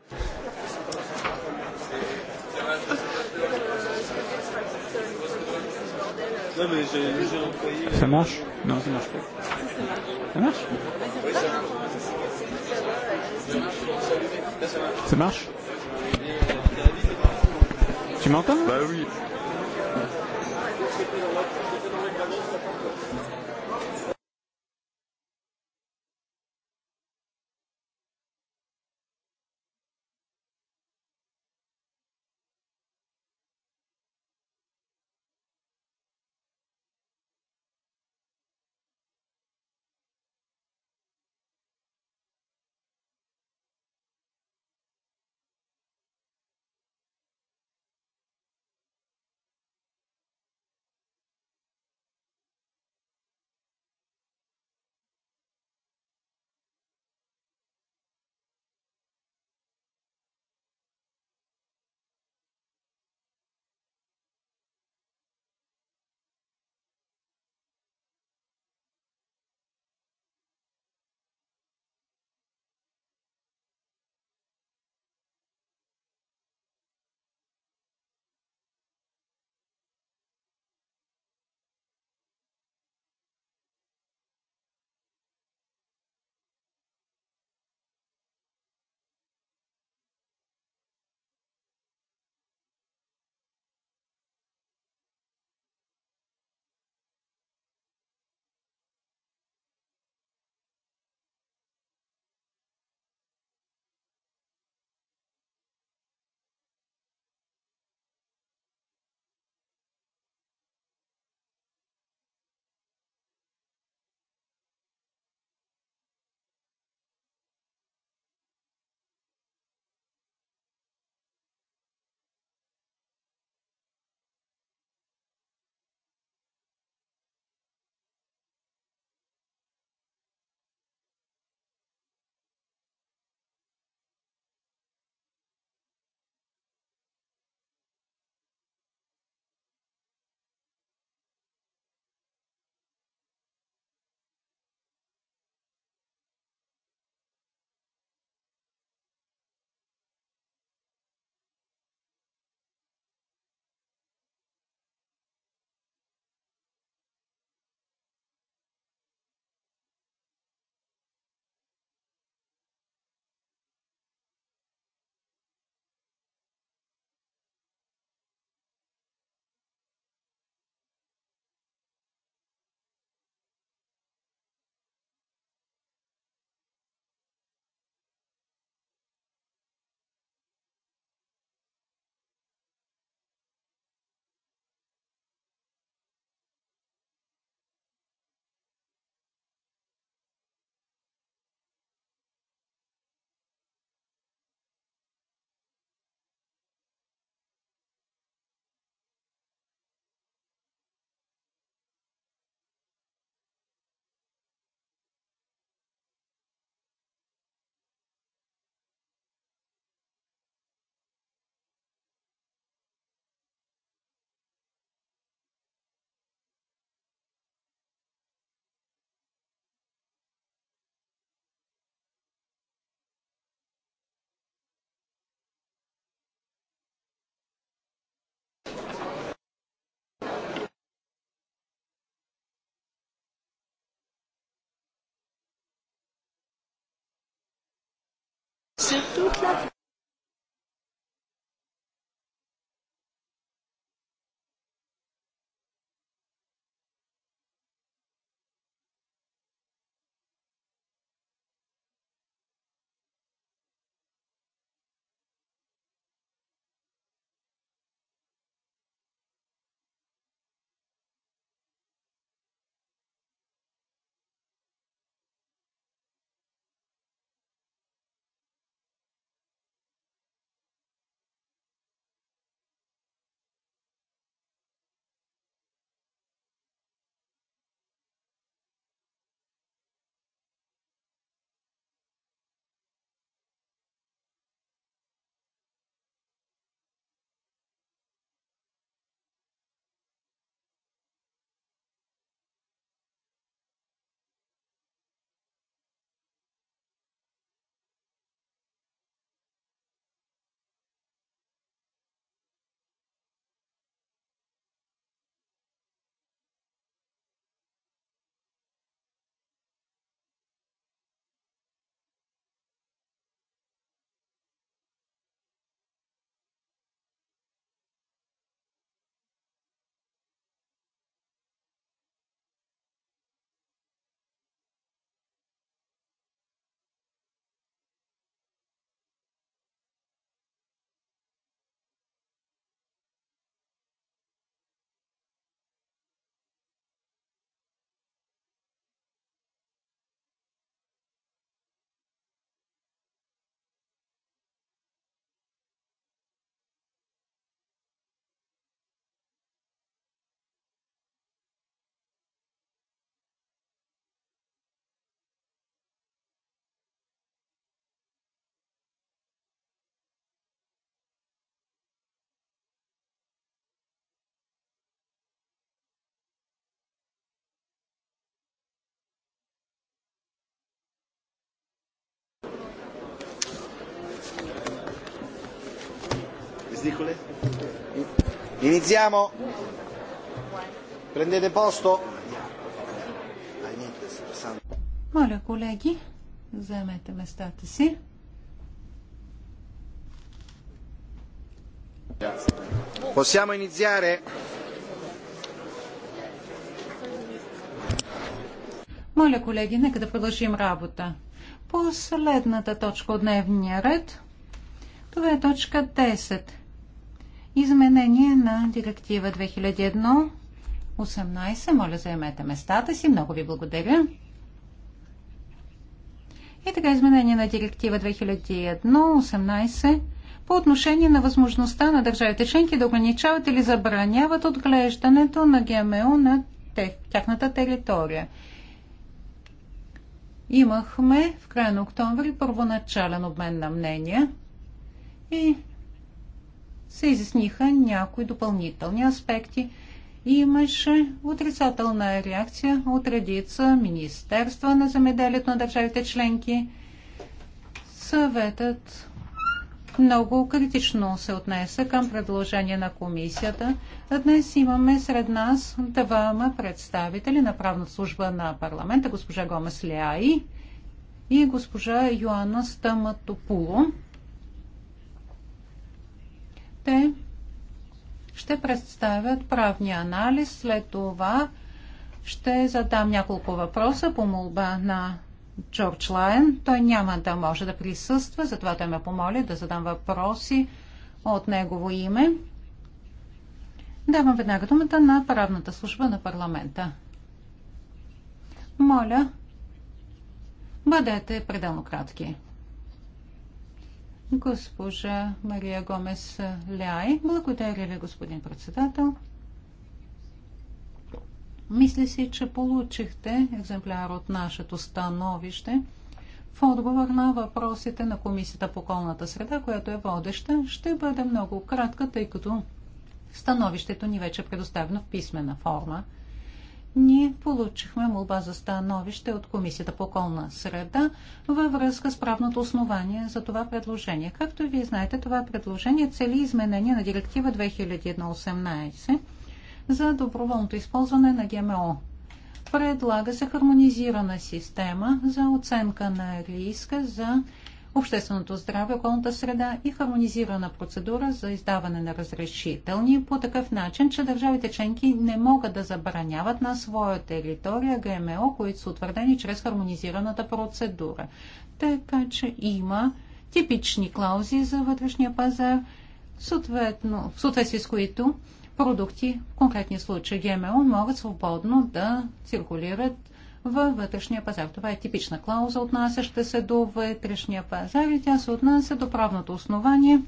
Non, mais j'ai employé. Ça marche Non, ça marche pas. Ça marche Ça marche Tu m'entends Bah oui. sur toute la Iniziamo. Prendete posto. Моля, колеги, заемете местата си. Possiamo iniziare? Моля, колеги, нека да продължим работа. Последната точка от дневния ред, това е точка 10 изменение на директива 2001-18. Моля, заемете местата си. Много ви благодаря. И така, изменение на директива 2001-18 по отношение на възможността на държавите членки да ограничават или забраняват отглеждането на ГМО на тяхната територия. Имахме в края на октомври първоначален обмен на мнения и се изясниха някои допълнителни аспекти. И имаше отрицателна реакция от редица Министерства на земеделието на държавите членки. Съветът много критично се отнесе към предложение на комисията. Днес имаме сред нас двама представители на правна служба на парламента, госпожа Гомес Леаи и госпожа Йоанна Стаматопуло. Те ще представят правния анализ, след това ще задам няколко въпроса по молба на Джордж Лайен. Той няма да може да присъства, затова той ме помоли да задам въпроси от негово име. Давам веднага думата на правната служба на парламента. Моля, бъдете пределно кратки госпожа Мария Гомес Ляй. Благодаря ви, господин председател. Мисля си, че получихте екземпляр от нашето становище в отговор на въпросите на Комисията по околната среда, която е водеща. Ще бъде много кратка, тъй като становището ни вече е предоставено в писмена форма ние получихме молба за становище от Комисията по околна среда във връзка с правното основание за това предложение. Както вие знаете, това предложение цели изменение на директива 2018 за доброволното използване на ГМО. Предлага се хармонизирана система за оценка на риска за общественото здраве, околната среда и хармонизирана процедура за издаване на разрешителни по такъв начин, че държавите членки не могат да забраняват на своя територия ГМО, които са утвърдени чрез хармонизираната процедура. Така че има типични клаузи за вътрешния пазар, съответно, в съответствие с които продукти, в конкретния случай ГМО, могат свободно да циркулират във вътрешния пазар. Това е типична клауза, отнасяща се до вътрешния пазар и тя се отнася до правното основание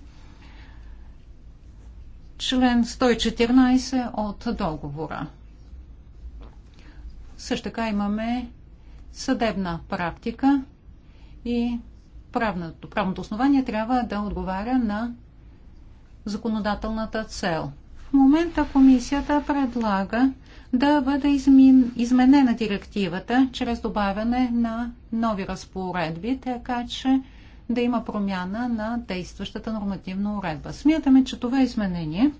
член 114 от договора. Също така имаме съдебна практика и правното, правното основание трябва да отговаря на законодателната цел. В момента комисията предлага да бъде изменена директивата чрез добавяне на нови разпоредби, така че да има промяна на действащата нормативна уредба. Смятаме, че това изменение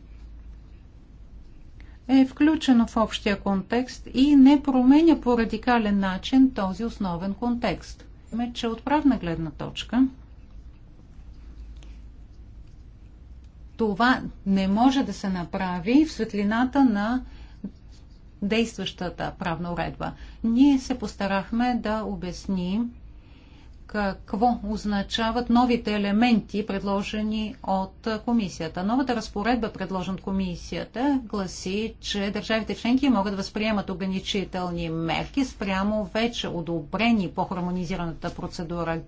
е включено в общия контекст и не променя по радикален начин този основен контекст. Смятаме, че от правна гледна точка това не може да се направи в светлината на действащата правна уредба. Ние се постарахме да обясним какво означават новите елементи, предложени от комисията. Новата разпоредба, предложена от комисията, гласи, че държавите членки могат да възприемат ограничителни мерки спрямо вече одобрени по хармонизираната процедура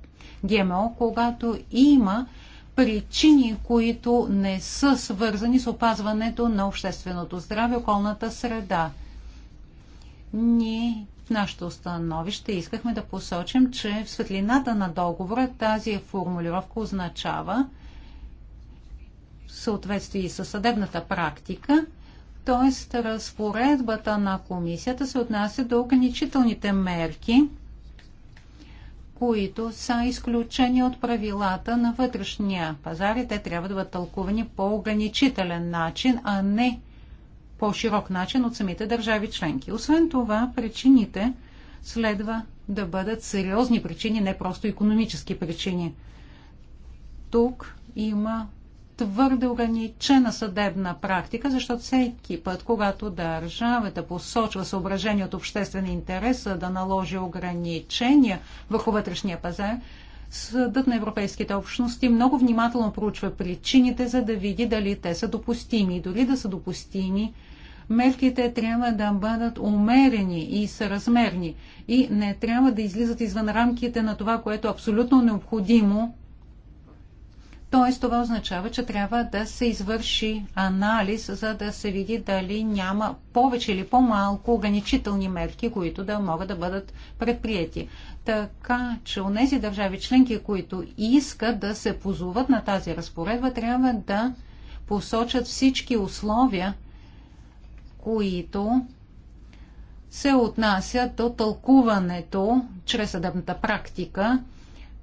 ГМО, когато има причини, които не са свързани с опазването на общественото здраве околната среда ние в нашето установище искахме да посочим, че в светлината на договора тази формулировка означава в съответствие с съдебната практика, т.е. разпоредбата на комисията се отнася до ограничителните мерки, които са изключени от правилата на вътрешния пазар и те трябва да бъдат тълкувани по ограничителен начин, а не – по-широк начин от самите държави членки. Освен това, причините следва да бъдат сериозни причини, не просто економически причини. Тук има твърде ограничена съдебна практика, защото всеки път, когато държавата посочва съображение от обществен интерес да наложи ограничения върху вътрешния пазар, Съдът на европейските общности много внимателно проучва причините, за да види дали те са допустими. И Дори да са допустими, мерките трябва да бъдат умерени и съразмерни и не трябва да излизат извън рамките на това, което е абсолютно необходимо Тоест, това означава, че трябва да се извърши анализ, за да се види дали няма повече или по-малко ограничителни мерки, които да могат да бъдат предприяти. Така че у нези държави членки, които искат да се позуват на тази разпоредба, трябва да посочат всички условия, които се отнасят до тълкуването чрез съдебната практика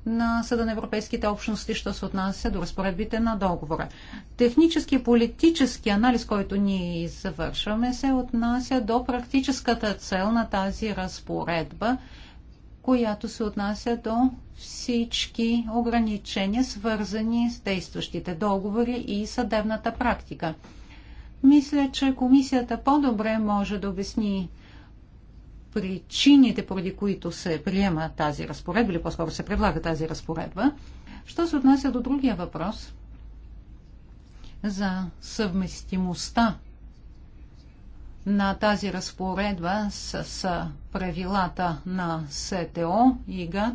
на Съда на Европейските общности, що се отнася до разпоредбите на договора. Технически и политически анализ, който ние завършваме, се отнася до практическата цел на тази разпоредба, която се отнася до всички ограничения, свързани с действащите договори и съдебната практика. Мисля, че комисията по-добре може да обясни причините, поради които се приема тази разпоредба, или по-скоро се предлага тази разпоредба. Що се отнася до другия въпрос за съвместимостта на тази разпоредба с, с правилата на СТО и ГАД,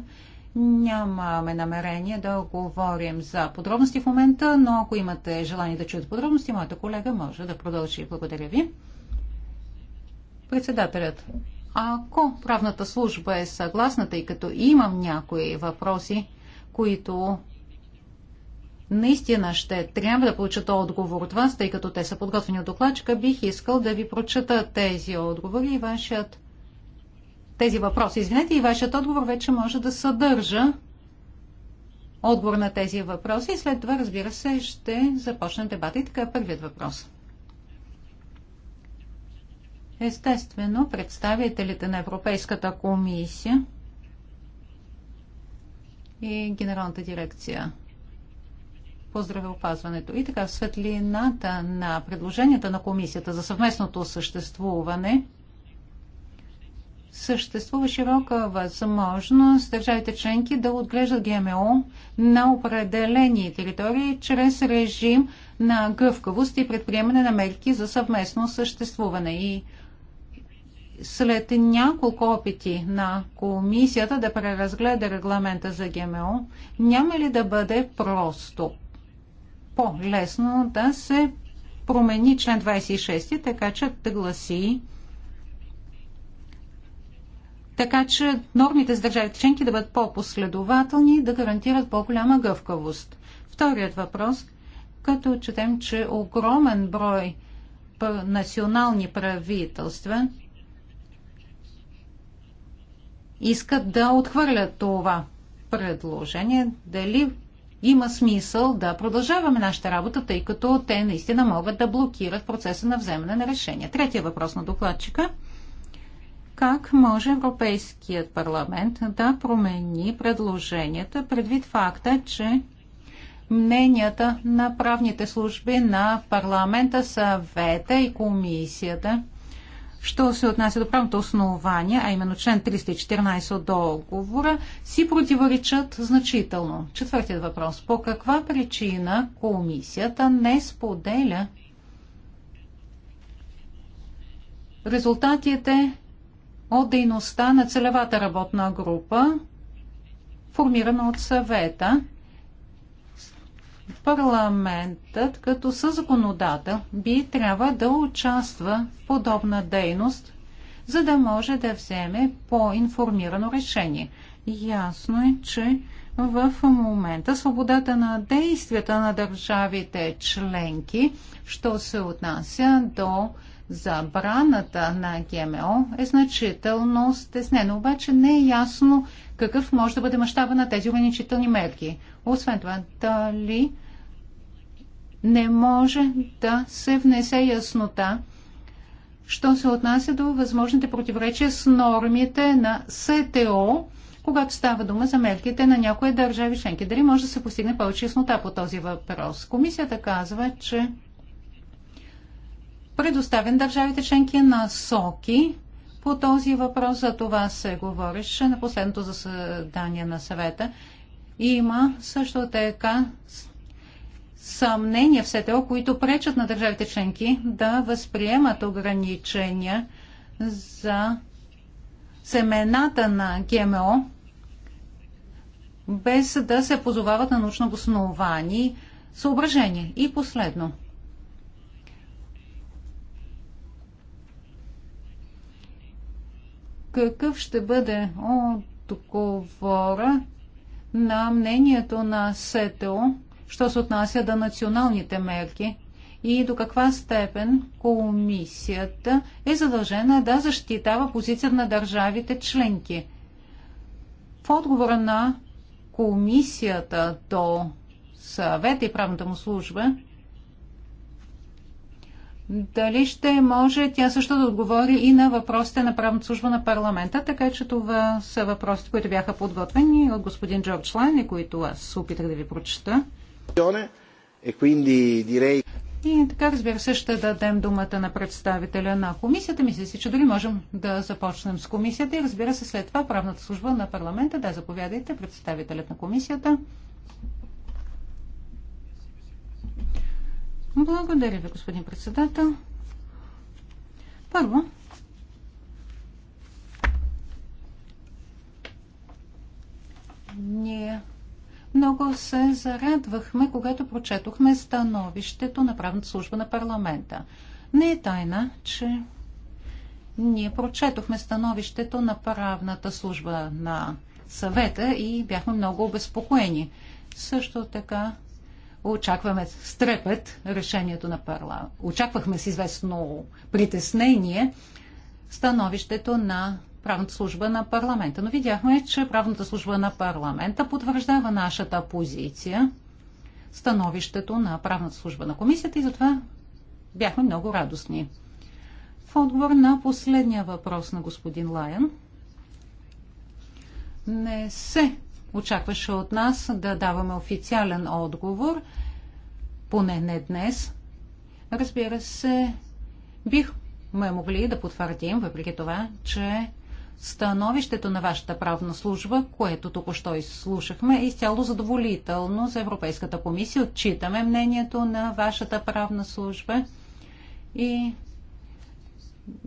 Нямаме намерение да говорим за подробности в момента, но ако имате желание да чуете подробности, моята колега може да продължи. Благодаря ви. Председателят ако правната служба е съгласна, тъй като имам някои въпроси, които наистина ще трябва да получат отговор от вас, тъй като те са подготвени от докладчика, бих искал да ви прочета тези отговори и вашият тези въпроси. Извинете, и вашият отговор вече може да съдържа отговор на тези въпроси и след това, разбира се, ще започне дебата. И така, първият въпрос. Естествено, представителите на Европейската комисия и Генералната дирекция по здравеопазването. И така, в светлината на предложенията на комисията за съвместното съществуване съществува широка възможност държавите членки да отглеждат ГМО на определени територии чрез режим на гъвкавост и предприемане на мерки за съвместно съществуване. И след няколко опити на комисията да преразгледа регламента за ГМО, няма ли да бъде просто по-лесно да се промени член 26, така че да гласи така че нормите за държавите членки да бъдат по-последователни и да гарантират по-голяма гъвкавост. Вторият въпрос, като четем, че огромен брой национални правителства искат да отхвърлят това предложение. Дали има смисъл да продължаваме нашата работа, тъй като те наистина могат да блокират процеса на вземане на решения. Третия въпрос на докладчика. Как може Европейският парламент да промени предложенията предвид факта, че мненията на правните служби на парламента, съвета и комисията – Що се отнася до правното основание, а именно член 314 от договора, си противоречат значително. Четвъртият въпрос. По каква причина комисията не споделя резултатите от дейността на целевата работна група, формирана от съвета парламентът като съзаконодател би трябва да участва в подобна дейност, за да може да вземе по-информирано решение. Ясно е, че в момента свободата на действията на държавите членки, що се отнася до забраната на ГМО, е значително стеснена. Обаче не е ясно какъв може да бъде мащаба на тези ограничителни мерки. Освен това, дали не може да се внесе яснота, що се отнася до възможните противоречия с нормите на СТО, когато става дума за мерките на някои държави членки. Дали може да се постигне повече яснота по този въпрос? Комисията казва, че предоставен държавите членки е на СОКИ по този въпрос. За това се говореше на последното заседание на съвета. Има също така съмнения в СТО, които пречат на държавите членки да възприемат ограничения за семената на ГМО, без да се позовават на научно обосновани съображения. И последно – какъв ще бъде отговора на мнението на СТО, що се отнася до националните мерки и до каква степен комисията е задължена да защитава позицията на държавите членки. В отговора на комисията до съвета и правната му служба дали ще може тя също да отговори и на въпросите на правната служба на парламента, така че това са въпросите, които бяха подготвени от господин Джордж Лайн и които аз се опитах да ви прочета. Е, и така, разбира се, ще дадем думата на представителя на комисията. Мисля си, че дори можем да започнем с комисията и разбира се, след това правната служба на парламента. Да, заповядайте, представителят на комисията. Благодаря ви, господин председател. Първо, ние много се зарадвахме, когато прочетохме становището на правната служба на парламента. Не е тайна, че ние прочетохме становището на правната служба на съвета и бяхме много обезпокоени. Също така очакваме с трепет решението на парламента. Очаквахме с известно притеснение становището на правната служба на парламента. Но видяхме, че правната служба на парламента потвърждава нашата позиция, становището на правната служба на комисията и затова бяхме много радостни. В отговор на последния въпрос на господин Лайен, не се очакваше от нас да даваме официален отговор, поне не днес. Разбира се, бихме могли да потвърдим, въпреки това, че становището на вашата правна служба, което току-що изслушахме, е изцяло задоволително за Европейската комисия. Отчитаме мнението на вашата правна служба и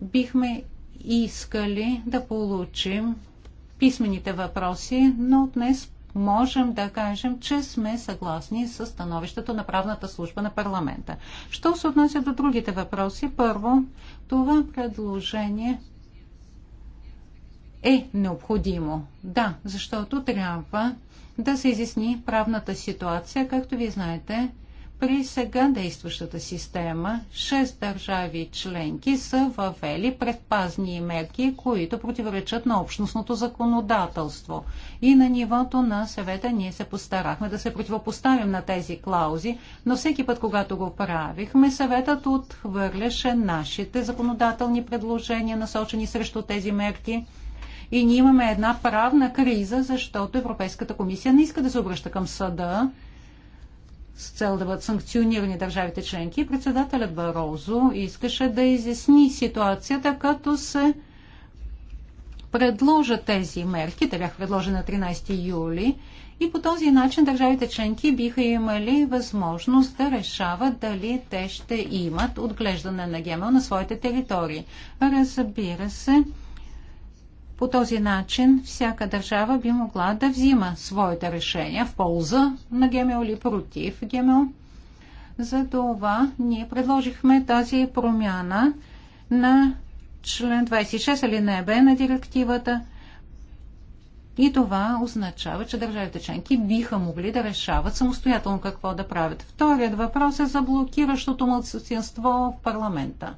бихме искали да получим писмените въпроси, но днес можем да кажем, че сме съгласни с становището на правната служба на парламента. Що се отнася до другите въпроси? Първо, това предложение е необходимо. Да, защото трябва да се изясни правната ситуация. Както ви знаете, при сега действащата система 6 държави членки са въвели предпазни мерки, които противоречат на общностното законодателство. И на нивото на съвета ние се постарахме да се противопоставим на тези клаузи, но всеки път, когато го правихме, съветът отхвърляше нашите законодателни предложения, насочени срещу тези мерки. И ние имаме една правна криза, защото Европейската комисия не иска да се обръща към съда, с цел да бъдат санкционирани държавите членки. Председателят Барозо искаше да изясни ситуацията, като се предложат тези мерки. Те бяха предложени на 13 юли и по този начин държавите членки биха имали възможност да решават дали те ще имат отглеждане на ГМО на своите територии. Разбира се, по този начин всяка държава би могла да взима своите решения в полза на ГМО или против ГМО. Затова ние предложихме тази промяна на член 26 или не бе на директивата. И това означава, че държавите членки биха могли да решават самостоятелно какво да правят. Вторият въпрос е за блокиращото младсинство в парламента.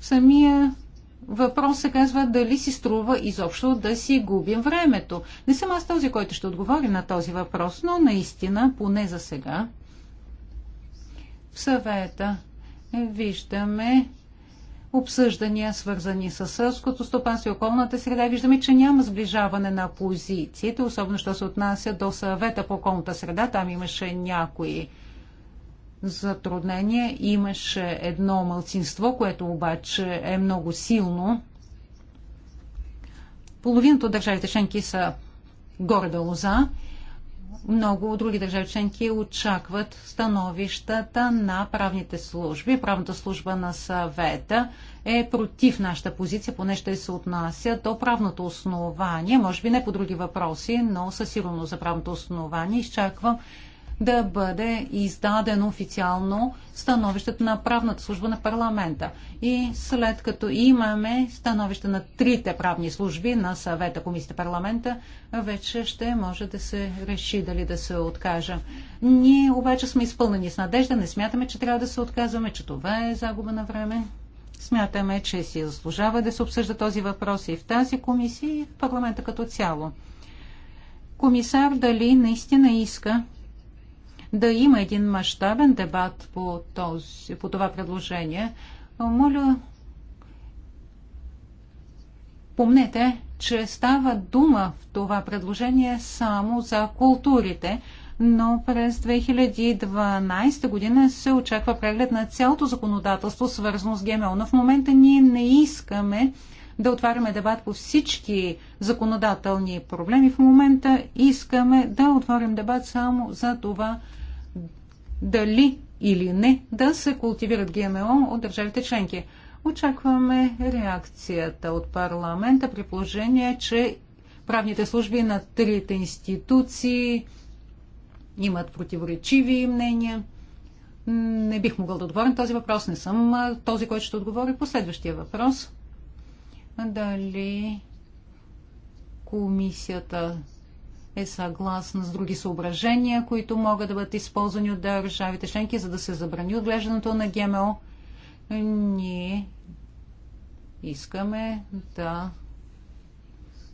Самия въпрос се казва дали си струва изобщо да си губим времето. Не съм аз този, който ще отговори на този въпрос, но наистина, поне за сега, в съвета виждаме обсъждания, свързани с сълското стопанство и околната среда. Виждаме, че няма сближаване на позициите, особено що се отнася до съвета по околната среда. Там имаше някои затруднения. Имаше едно мълцинство, което обаче е много силно. Половината от държавите членки са горда лоза. Много други държави членки очакват становищата на правните служби. Правната служба на съвета е против нашата позиция, поне ще се отнася до правното основание, може би не по други въпроси, но със сигурност за правното основание. Изчаквам да бъде издадено официално становището на правната служба на парламента. И след като имаме становище на трите правни служби на съвета, комисията, парламента, вече ще може да се реши дали да се откажа. Ние обаче сме изпълнени с надежда, не смятаме, че трябва да се отказваме, че това е загуба на време. Смятаме, че си заслужава да се обсъжда този въпрос и в тази комисия, и в парламента като цяло. Комисар дали наистина иска да има един мащабен дебат по, този, по това предложение. Моля, помнете, че става дума в това предложение само за културите, но през 2012 година се очаква преглед на цялото законодателство, свързано с ГМО. Но в момента ние не искаме да отваряме дебат по всички законодателни проблеми. В момента искаме да отворим дебат само за това дали или не да се култивират ГМО от държавите членки. Очакваме реакцията от парламента при положение, че правните служби на трите институции имат противоречиви мнения. Не бих могъл да отговоря на този въпрос. Не съм този, който ще отговори. Последващия въпрос. Дали комисията е съгласна с други съображения, които могат да бъдат използвани от държавите членки, за да се забрани отглеждането на ГМО. Ние искаме да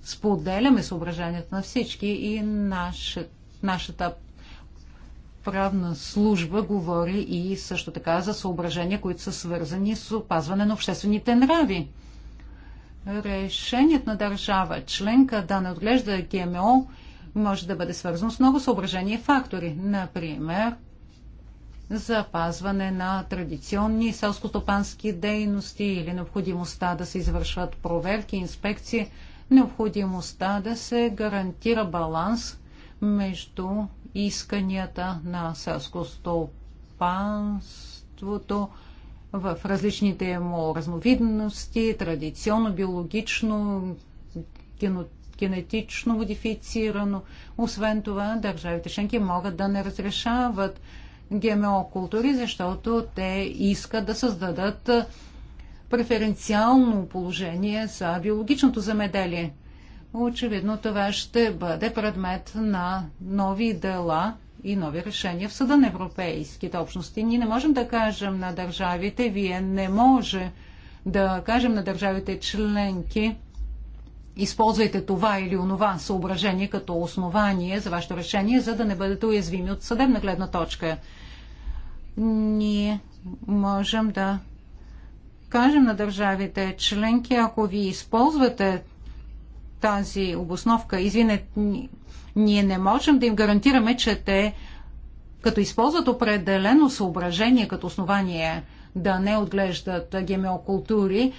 споделяме съображенията на всички и нашата, нашата правна служба говори и също така за съображения, които са свързани с опазване на обществените нрави. Решението на държава членка да не отглежда ГМО може да бъде свързано с много съображения и фактори. Например, запазване на традиционни селскостопански дейности или необходимостта да се извършват проверки, инспекции, необходимостта да се гарантира баланс между исканията на селскостопанството в различните му разновидности, традиционно, биологично, генотипно генетично модифицирано. Освен това, държавите членки могат да не разрешават ГМО култури, защото те искат да създадат преференциално положение за биологичното замеделие. Очевидно това ще бъде предмет на нови дела и нови решения в Съда на Европейските общности. Ние не можем да кажем на държавите, вие не може да кажем на държавите членки, използвайте това или онова съображение като основание за вашето решение, за да не бъдете уязвими от съдебна гледна точка. Ние можем да кажем на държавите членки, ако ви използвате тази обосновка, извинете, ние не можем да им гарантираме, че те като използват определено съображение като основание да не отглеждат ГМО култури,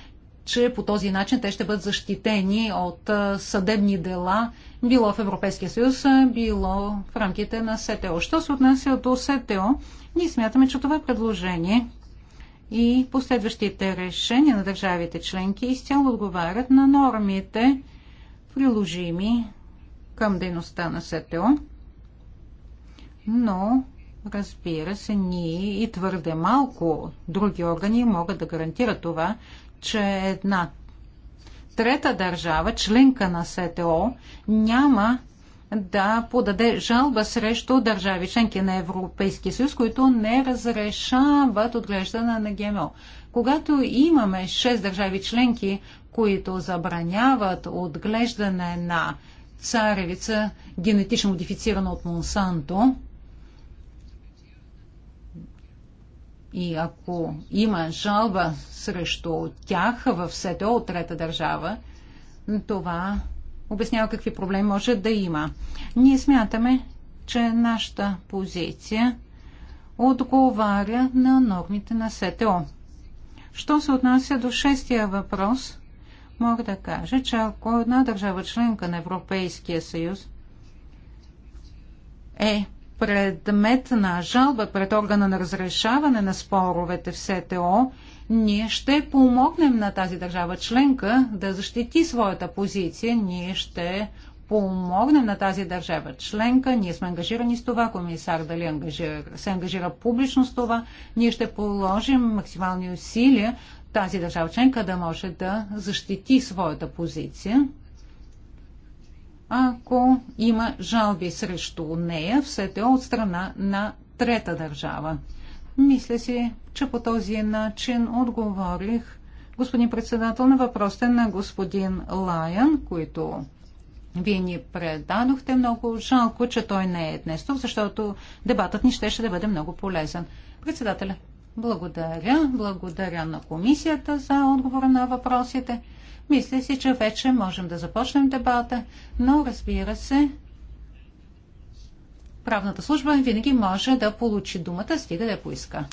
че по този начин те ще бъдат защитени от съдебни дела, било в Европейския съюз, било в рамките на СТО. Що се отнася до СТО, ние смятаме, че това е предложение и последващите решения на държавите членки изцяло отговарят на нормите, приложими към дейността на СТО. Но, разбира се, ние и твърде малко други органи могат да гарантират това, че една трета държава, членка на СТО, няма да подаде жалба срещу държави, членки на Европейския съюз, които не разрешават отглеждане на ГМО. Когато имаме 6 държави членки, които забраняват отглеждане на царевица, генетично модифицирана от Монсанто, И ако има жалба срещу тях в СЕДО от трета държава, това обяснява какви проблеми може да има. Ние смятаме, че нашата позиция отговаря на нормите на СТО. Що се отнася до шестия въпрос, мога да кажа, че ако една държава членка на Европейския съюз е предмет на жалба пред органа на разрешаване на споровете в СТО, ние ще помогнем на тази държава членка да защити своята позиция, ние ще помогнем на тази държава членка, ние сме ангажирани с това, комисар дали ангажира, се ангажира публично с това, ние ще положим максимални усилия тази държава членка да може да защити своята позиция ако има жалби срещу нея в СТО от страна на трета държава. Мисля си, че по този начин отговорих господин председател на въпросите на господин Лайан, които вие ни предадохте. Много жалко, че той не е днес тук, защото дебатът ни ще, ще да бъде много полезен. Председателя, благодаря. Благодаря на комисията за отговора на въпросите. Мисля си, че вече можем да започнем дебата, но разбира се, правната служба винаги може да получи думата, стига да я поиска.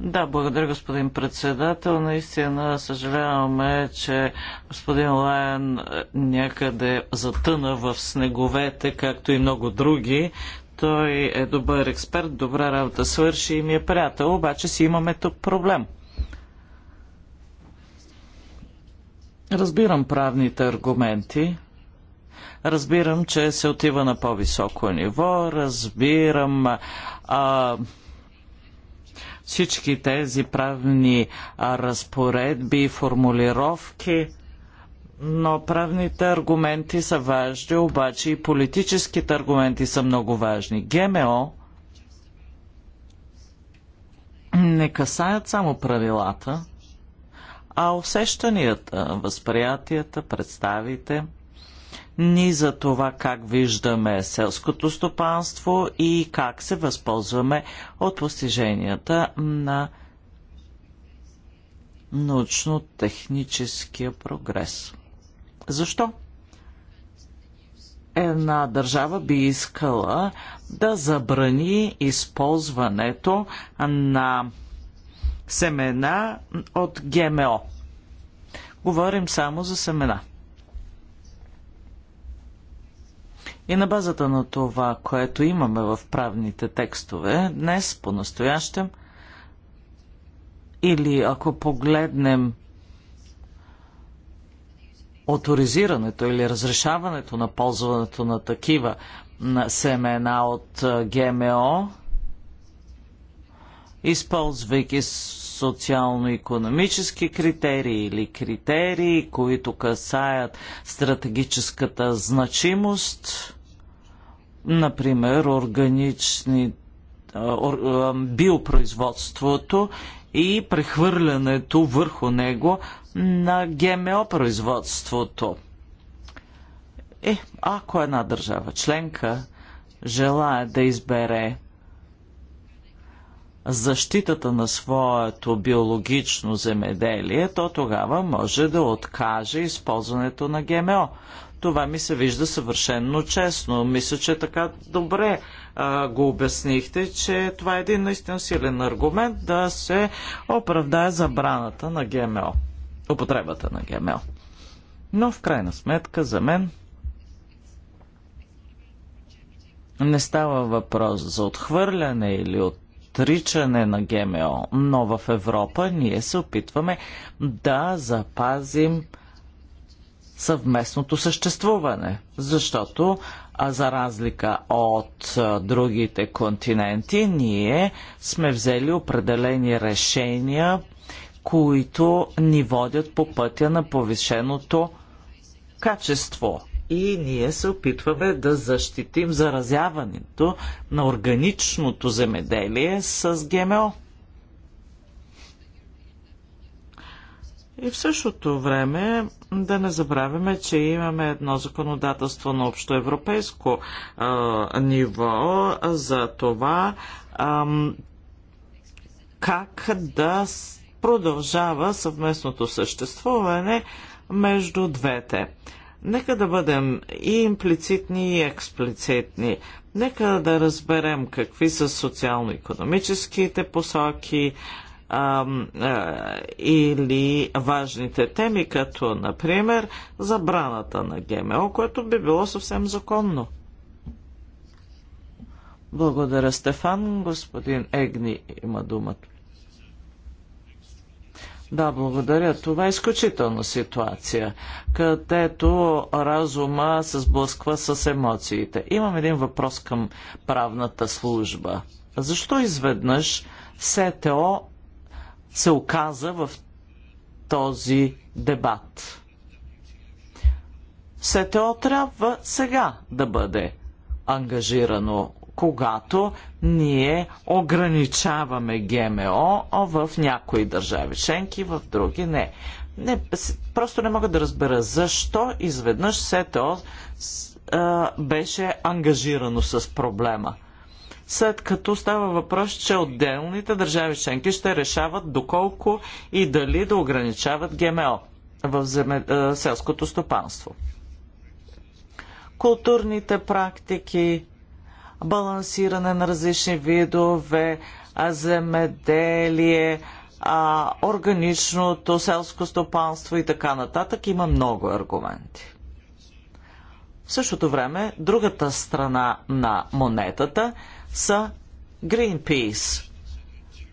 Да, благодаря, господин председател. Наистина съжаляваме, че господин Лайен е, някъде затъна в снеговете, както и много други. Той е добър експерт, добра работа свърши и ми е приятел, обаче си имаме тук проблем – Разбирам правните аргументи. Разбирам, че се отива на по-високо ниво. Разбирам а, всички тези правни а, разпоредби и формулировки. Но правните аргументи са важни, обаче и политическите аргументи са много важни. ГМО не касаят само правилата, а усещанията, възприятията, представите ни за това как виждаме селското стопанство и как се възползваме от постиженията на научно-техническия прогрес. Защо? Една държава би искала да забрани използването на семена от ГМО. Говорим само за семена. И на базата на това, което имаме в правните текстове, днес, по-настоящем, или ако погледнем авторизирането или разрешаването на ползването на такива семена от ГМО, използвайки социално-економически критерии или критерии, които касаят стратегическата значимост, например органични, биопроизводството и прехвърлянето върху него на ГМО производството. Е, ако една държава членка желая да избере защитата на своето биологично земеделие, то тогава може да откаже използването на ГМО. Това ми се вижда съвършенно честно. Мисля, че така добре а, го обяснихте, че това е един наистина силен аргумент да се оправдае забраната на ГМО. Употребата на ГМО. Но в крайна сметка за мен не става въпрос за отхвърляне или от отричане на ГМО, но в Европа ние се опитваме да запазим съвместното съществуване, защото а за разлика от другите континенти, ние сме взели определени решения, които ни водят по пътя на повишеното качество и ние се опитваме да защитим заразяването на органичното земеделие с ГМО. И в същото време да не забравяме, че имаме едно законодателство на общоевропейско а, ниво за това а, как да продължава съвместното съществуване между двете. Нека да бъдем и имплицитни, и експлицитни. Нека да разберем какви са социално-економическите посоки а, а, или важните теми, като, например, забраната на ГМО, което би било съвсем законно. Благодаря, Стефан. Господин Егни има думата. Да, благодаря. Това е изключителна ситуация, където разума се сблъсква с емоциите. Имам един въпрос към правната служба. Защо изведнъж СТО се оказа в този дебат? СТО трябва сега да бъде ангажирано когато ние ограничаваме ГМО в някои държави членки, в други не. не просто не мога да разбера защо изведнъж СТО беше ангажирано с проблема. След като става въпрос, че отделните държави членки ще решават доколко и дали да ограничават ГМО в земе, селското стопанство. Културните практики, балансиране на различни видове, земеделие, органичното селско стопанство и така нататък. Има много аргументи. В същото време, другата страна на монетата са Greenpeace,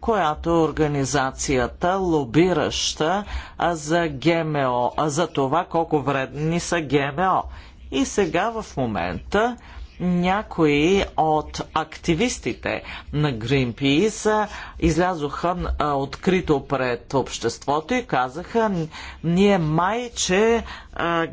която е организацията, лобираща за ГМО, за това колко вредни са ГМО. И сега в момента някои от активистите на Greenpeace излязоха открито пред обществото и казаха, ние май, че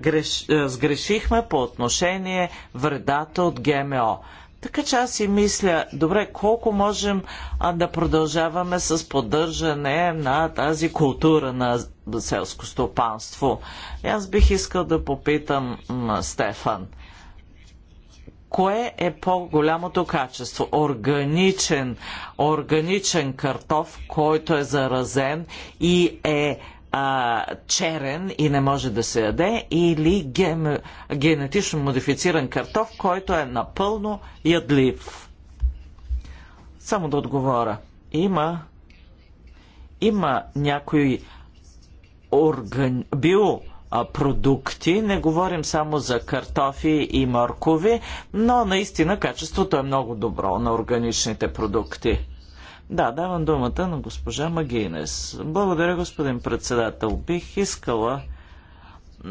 греш... сгрешихме по отношение вредата от ГМО. Така че аз си мисля, добре, колко можем а, да продължаваме с поддържане на тази култура на селско стопанство. аз бих искал да попитам Стефан кое е по-голямото качество? Органичен, органичен картоф, който е заразен и е а, черен и не може да се яде, или ген, генетично модифициран картоф, който е напълно ядлив. Само да отговоря. Има, има някои орган, био продукти. Не говорим само за картофи и моркови, но наистина качеството е много добро на органичните продукти. Да, давам думата на госпожа Магинес. Благодаря, господин председател. Бих искала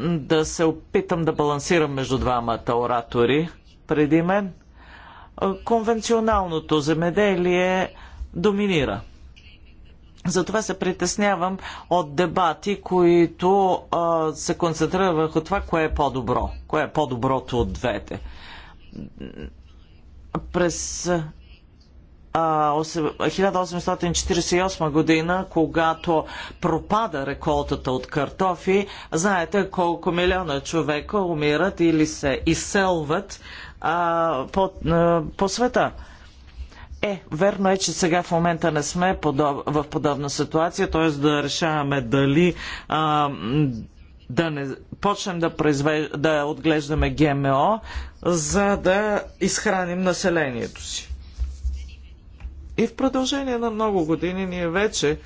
да се опитам да балансирам между двамата оратори преди мен. Конвенционалното земеделие доминира. Затова се притеснявам от дебати, които а, се концентрират върху това, кое е по-добро. Кое е по-доброто от двете. През 1848 година, когато пропада реколтата от картофи, знаете колко милиона човека умират или се изселват а, по, а, по света. Е, верно е, че сега в момента не сме подоб... в подобна ситуация, т.е. да решаваме дали а, да не почнем да, произвеж... да отглеждаме ГМО, за да изхраним населението си. И в продължение на много години ние вече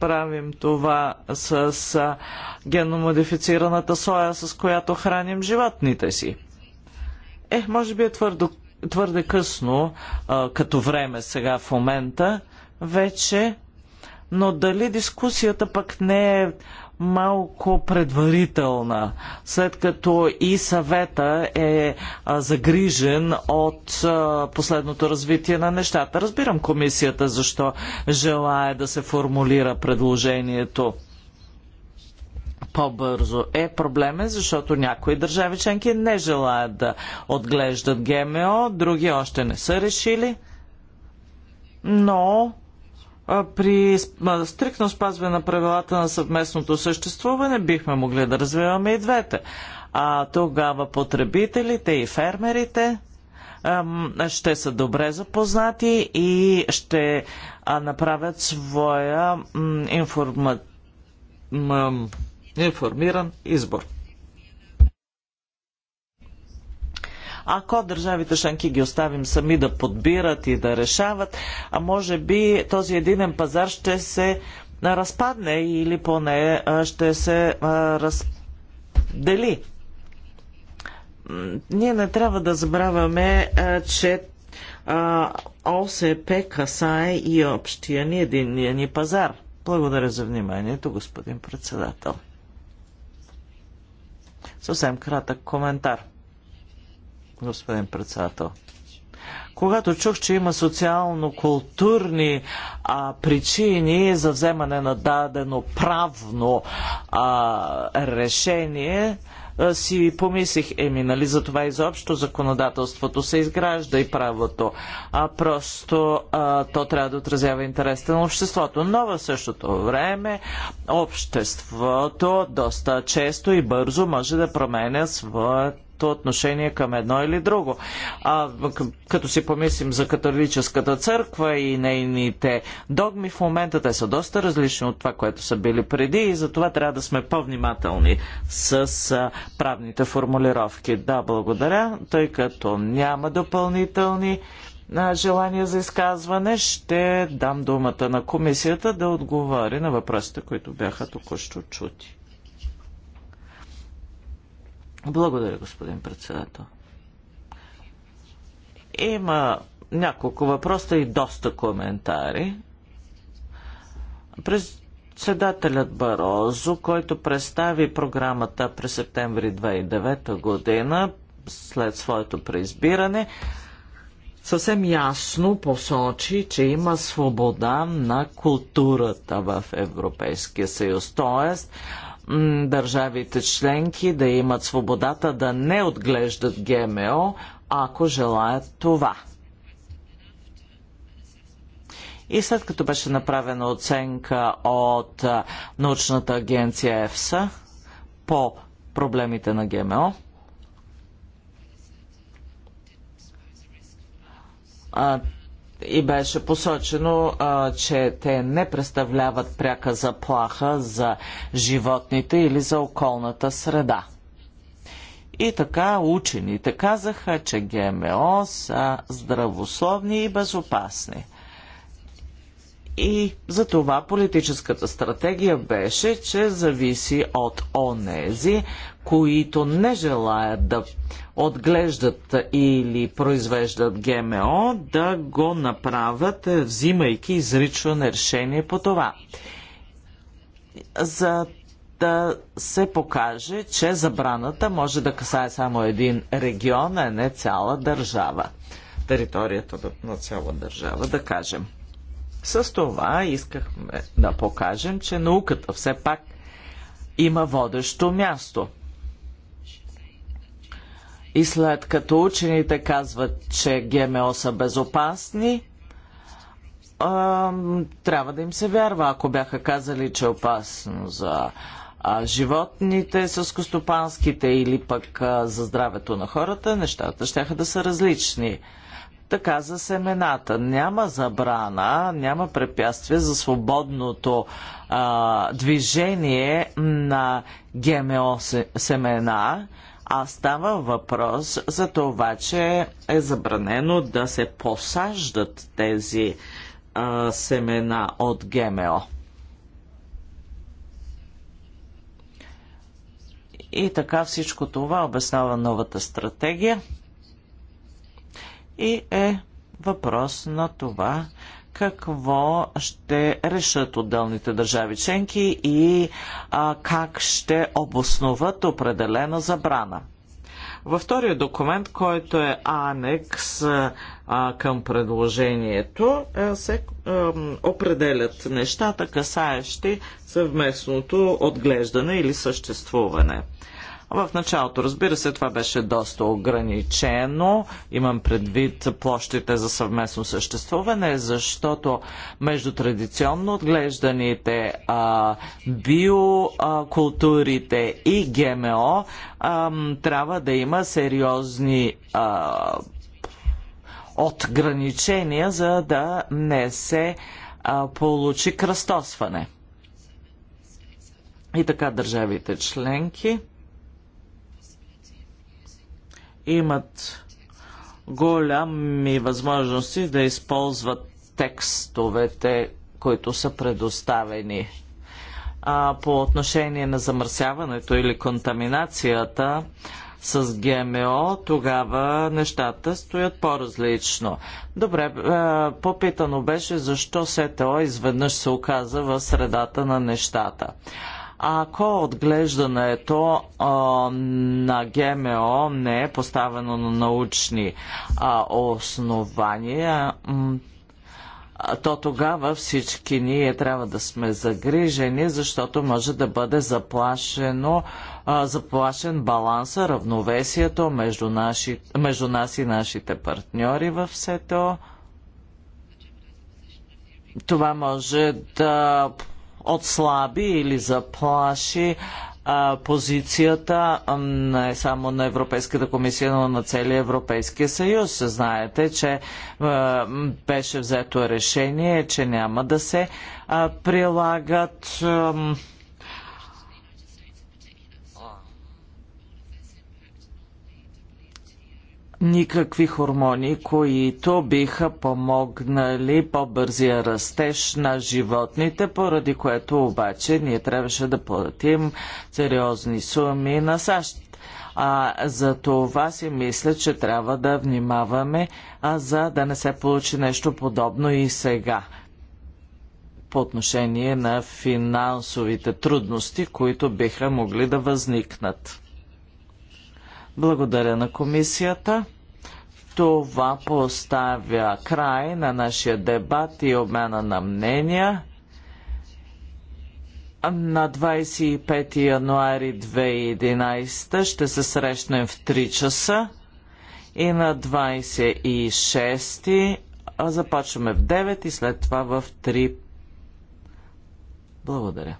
правим това с, с геномодифицираната соя, с която храним животните си. Е, може би е твърдо твърде късно а, като време сега в момента вече, но дали дискусията пък не е малко предварителна, след като и съвета е а, загрижен от а, последното развитие на нещата. Разбирам комисията защо желая да се формулира предложението по-бързо е проблемен, защото някои държави членки не желаят да отглеждат ГМО, други още не са решили. Но при стрикно спазване на правилата на съвместното съществуване бихме могли да развиваме и двете. А тогава потребителите и фермерите ще са добре запознати и ще направят своя информация информиран избор. Ако държавите шанки ги оставим сами да подбират и да решават, а може би този единен пазар ще се разпадне или поне ще се раздели. Ние не трябва да забравяме, че ОСП касае и общия ни единния ни пазар. Благодаря за вниманието, господин председател. Съвсем кратък коментар, господин председател. Когато чух, че има социално-културни причини за вземане на дадено правно а, решение, а, си помислих, еми, нали, за това изобщо законодателството се изгражда и правото, а просто а, то трябва да отразява интересите на обществото. Но в същото време обществото доста често и бързо може да променя своят своето отношение към едно или друго. А като си помислим за католическата църква и нейните догми в момента, те са доста различни от това, което са били преди и затова трябва да сме по-внимателни с правните формулировки. Да, благодаря, тъй като няма допълнителни желание за изказване, ще дам думата на комисията да отговори на въпросите, които бяха току-що чути. Благодаря, господин председател. Има няколко въпроса и доста коментари. Председателят Барозо, който представи програмата през септември 2009 година, след своето преизбиране, съвсем ясно посочи, че има свобода на културата в Европейския съюз. Тоест, държавите членки да имат свободата да не отглеждат ГМО, ако желаят това. И след като беше направена оценка от научната агенция ЕФСА по проблемите на ГМО, и беше посочено, а, че те не представляват пряка заплаха за животните или за околната среда. И така учените казаха, че ГМО са здравословни и безопасни. И за това политическата стратегия беше, че зависи от онези, които не желаят да отглеждат или произвеждат ГМО, да го направят, взимайки изрично решение по това. За да се покаже, че забраната може да касае само един регион, а не цяла държава. Територията на цяла държава, да кажем. С това искахме да покажем, че науката все пак има водещо място – и след като учените казват, че ГМО са безопасни, трябва да им се вярва. Ако бяха казали, че е опасно за животните, с костопанските или пък за здравето на хората, нещата ще да са различни. Така за семената. Няма забрана, няма препятствие за свободното а, движение на ГМО семена а става въпрос за това, че е забранено да се посаждат тези а, семена от ГМО. И така всичко това обяснява новата стратегия и е въпрос на това какво ще решат отделните държави членки и а, как ще обосноват определена забрана. Във втория документ, който е анекс а, към предложението, е, се а, определят нещата, касаещи съвместното отглеждане или съществуване. В началото, разбира се, това беше доста ограничено. Имам предвид площите за съвместно съществуване, защото между традиционно отглежданите а, биокултурите и ГМО а, трябва да има сериозни а, отграничения, за да не се а, получи кръстосване. И така държавите членки имат голями възможности да използват текстовете, които са предоставени. А по отношение на замърсяването или контаминацията с ГМО, тогава нещата стоят по-различно. Добре, попитано беше защо СТО изведнъж се оказа в средата на нещата. Ако отглеждането а, на ГМО не е поставено на научни а, основания, то тогава всички ние трябва да сме загрижени, защото може да бъде заплашено, а, заплашен баланса, равновесието между, наши, между нас и нашите партньори в СЕТО. Това може да отслаби или заплаши позицията не само на Европейската комисия, но на целия Европейския съюз. Знаете, че беше взето решение, че няма да се прилагат. никакви хормони, които биха помогнали по-бързия растеж на животните, поради което обаче ние трябваше да платим сериозни суми на САЩ. А, за това си мисля, че трябва да внимаваме, а за да не се получи нещо подобно и сега по отношение на финансовите трудности, които биха могли да възникнат. Благодаря на комисията. Това поставя край на нашия дебат и обмяна на мнения. На 25 януари 2011 ще се срещнем в 3 часа и на 26 започваме в 9 и след това в 3. Благодаря.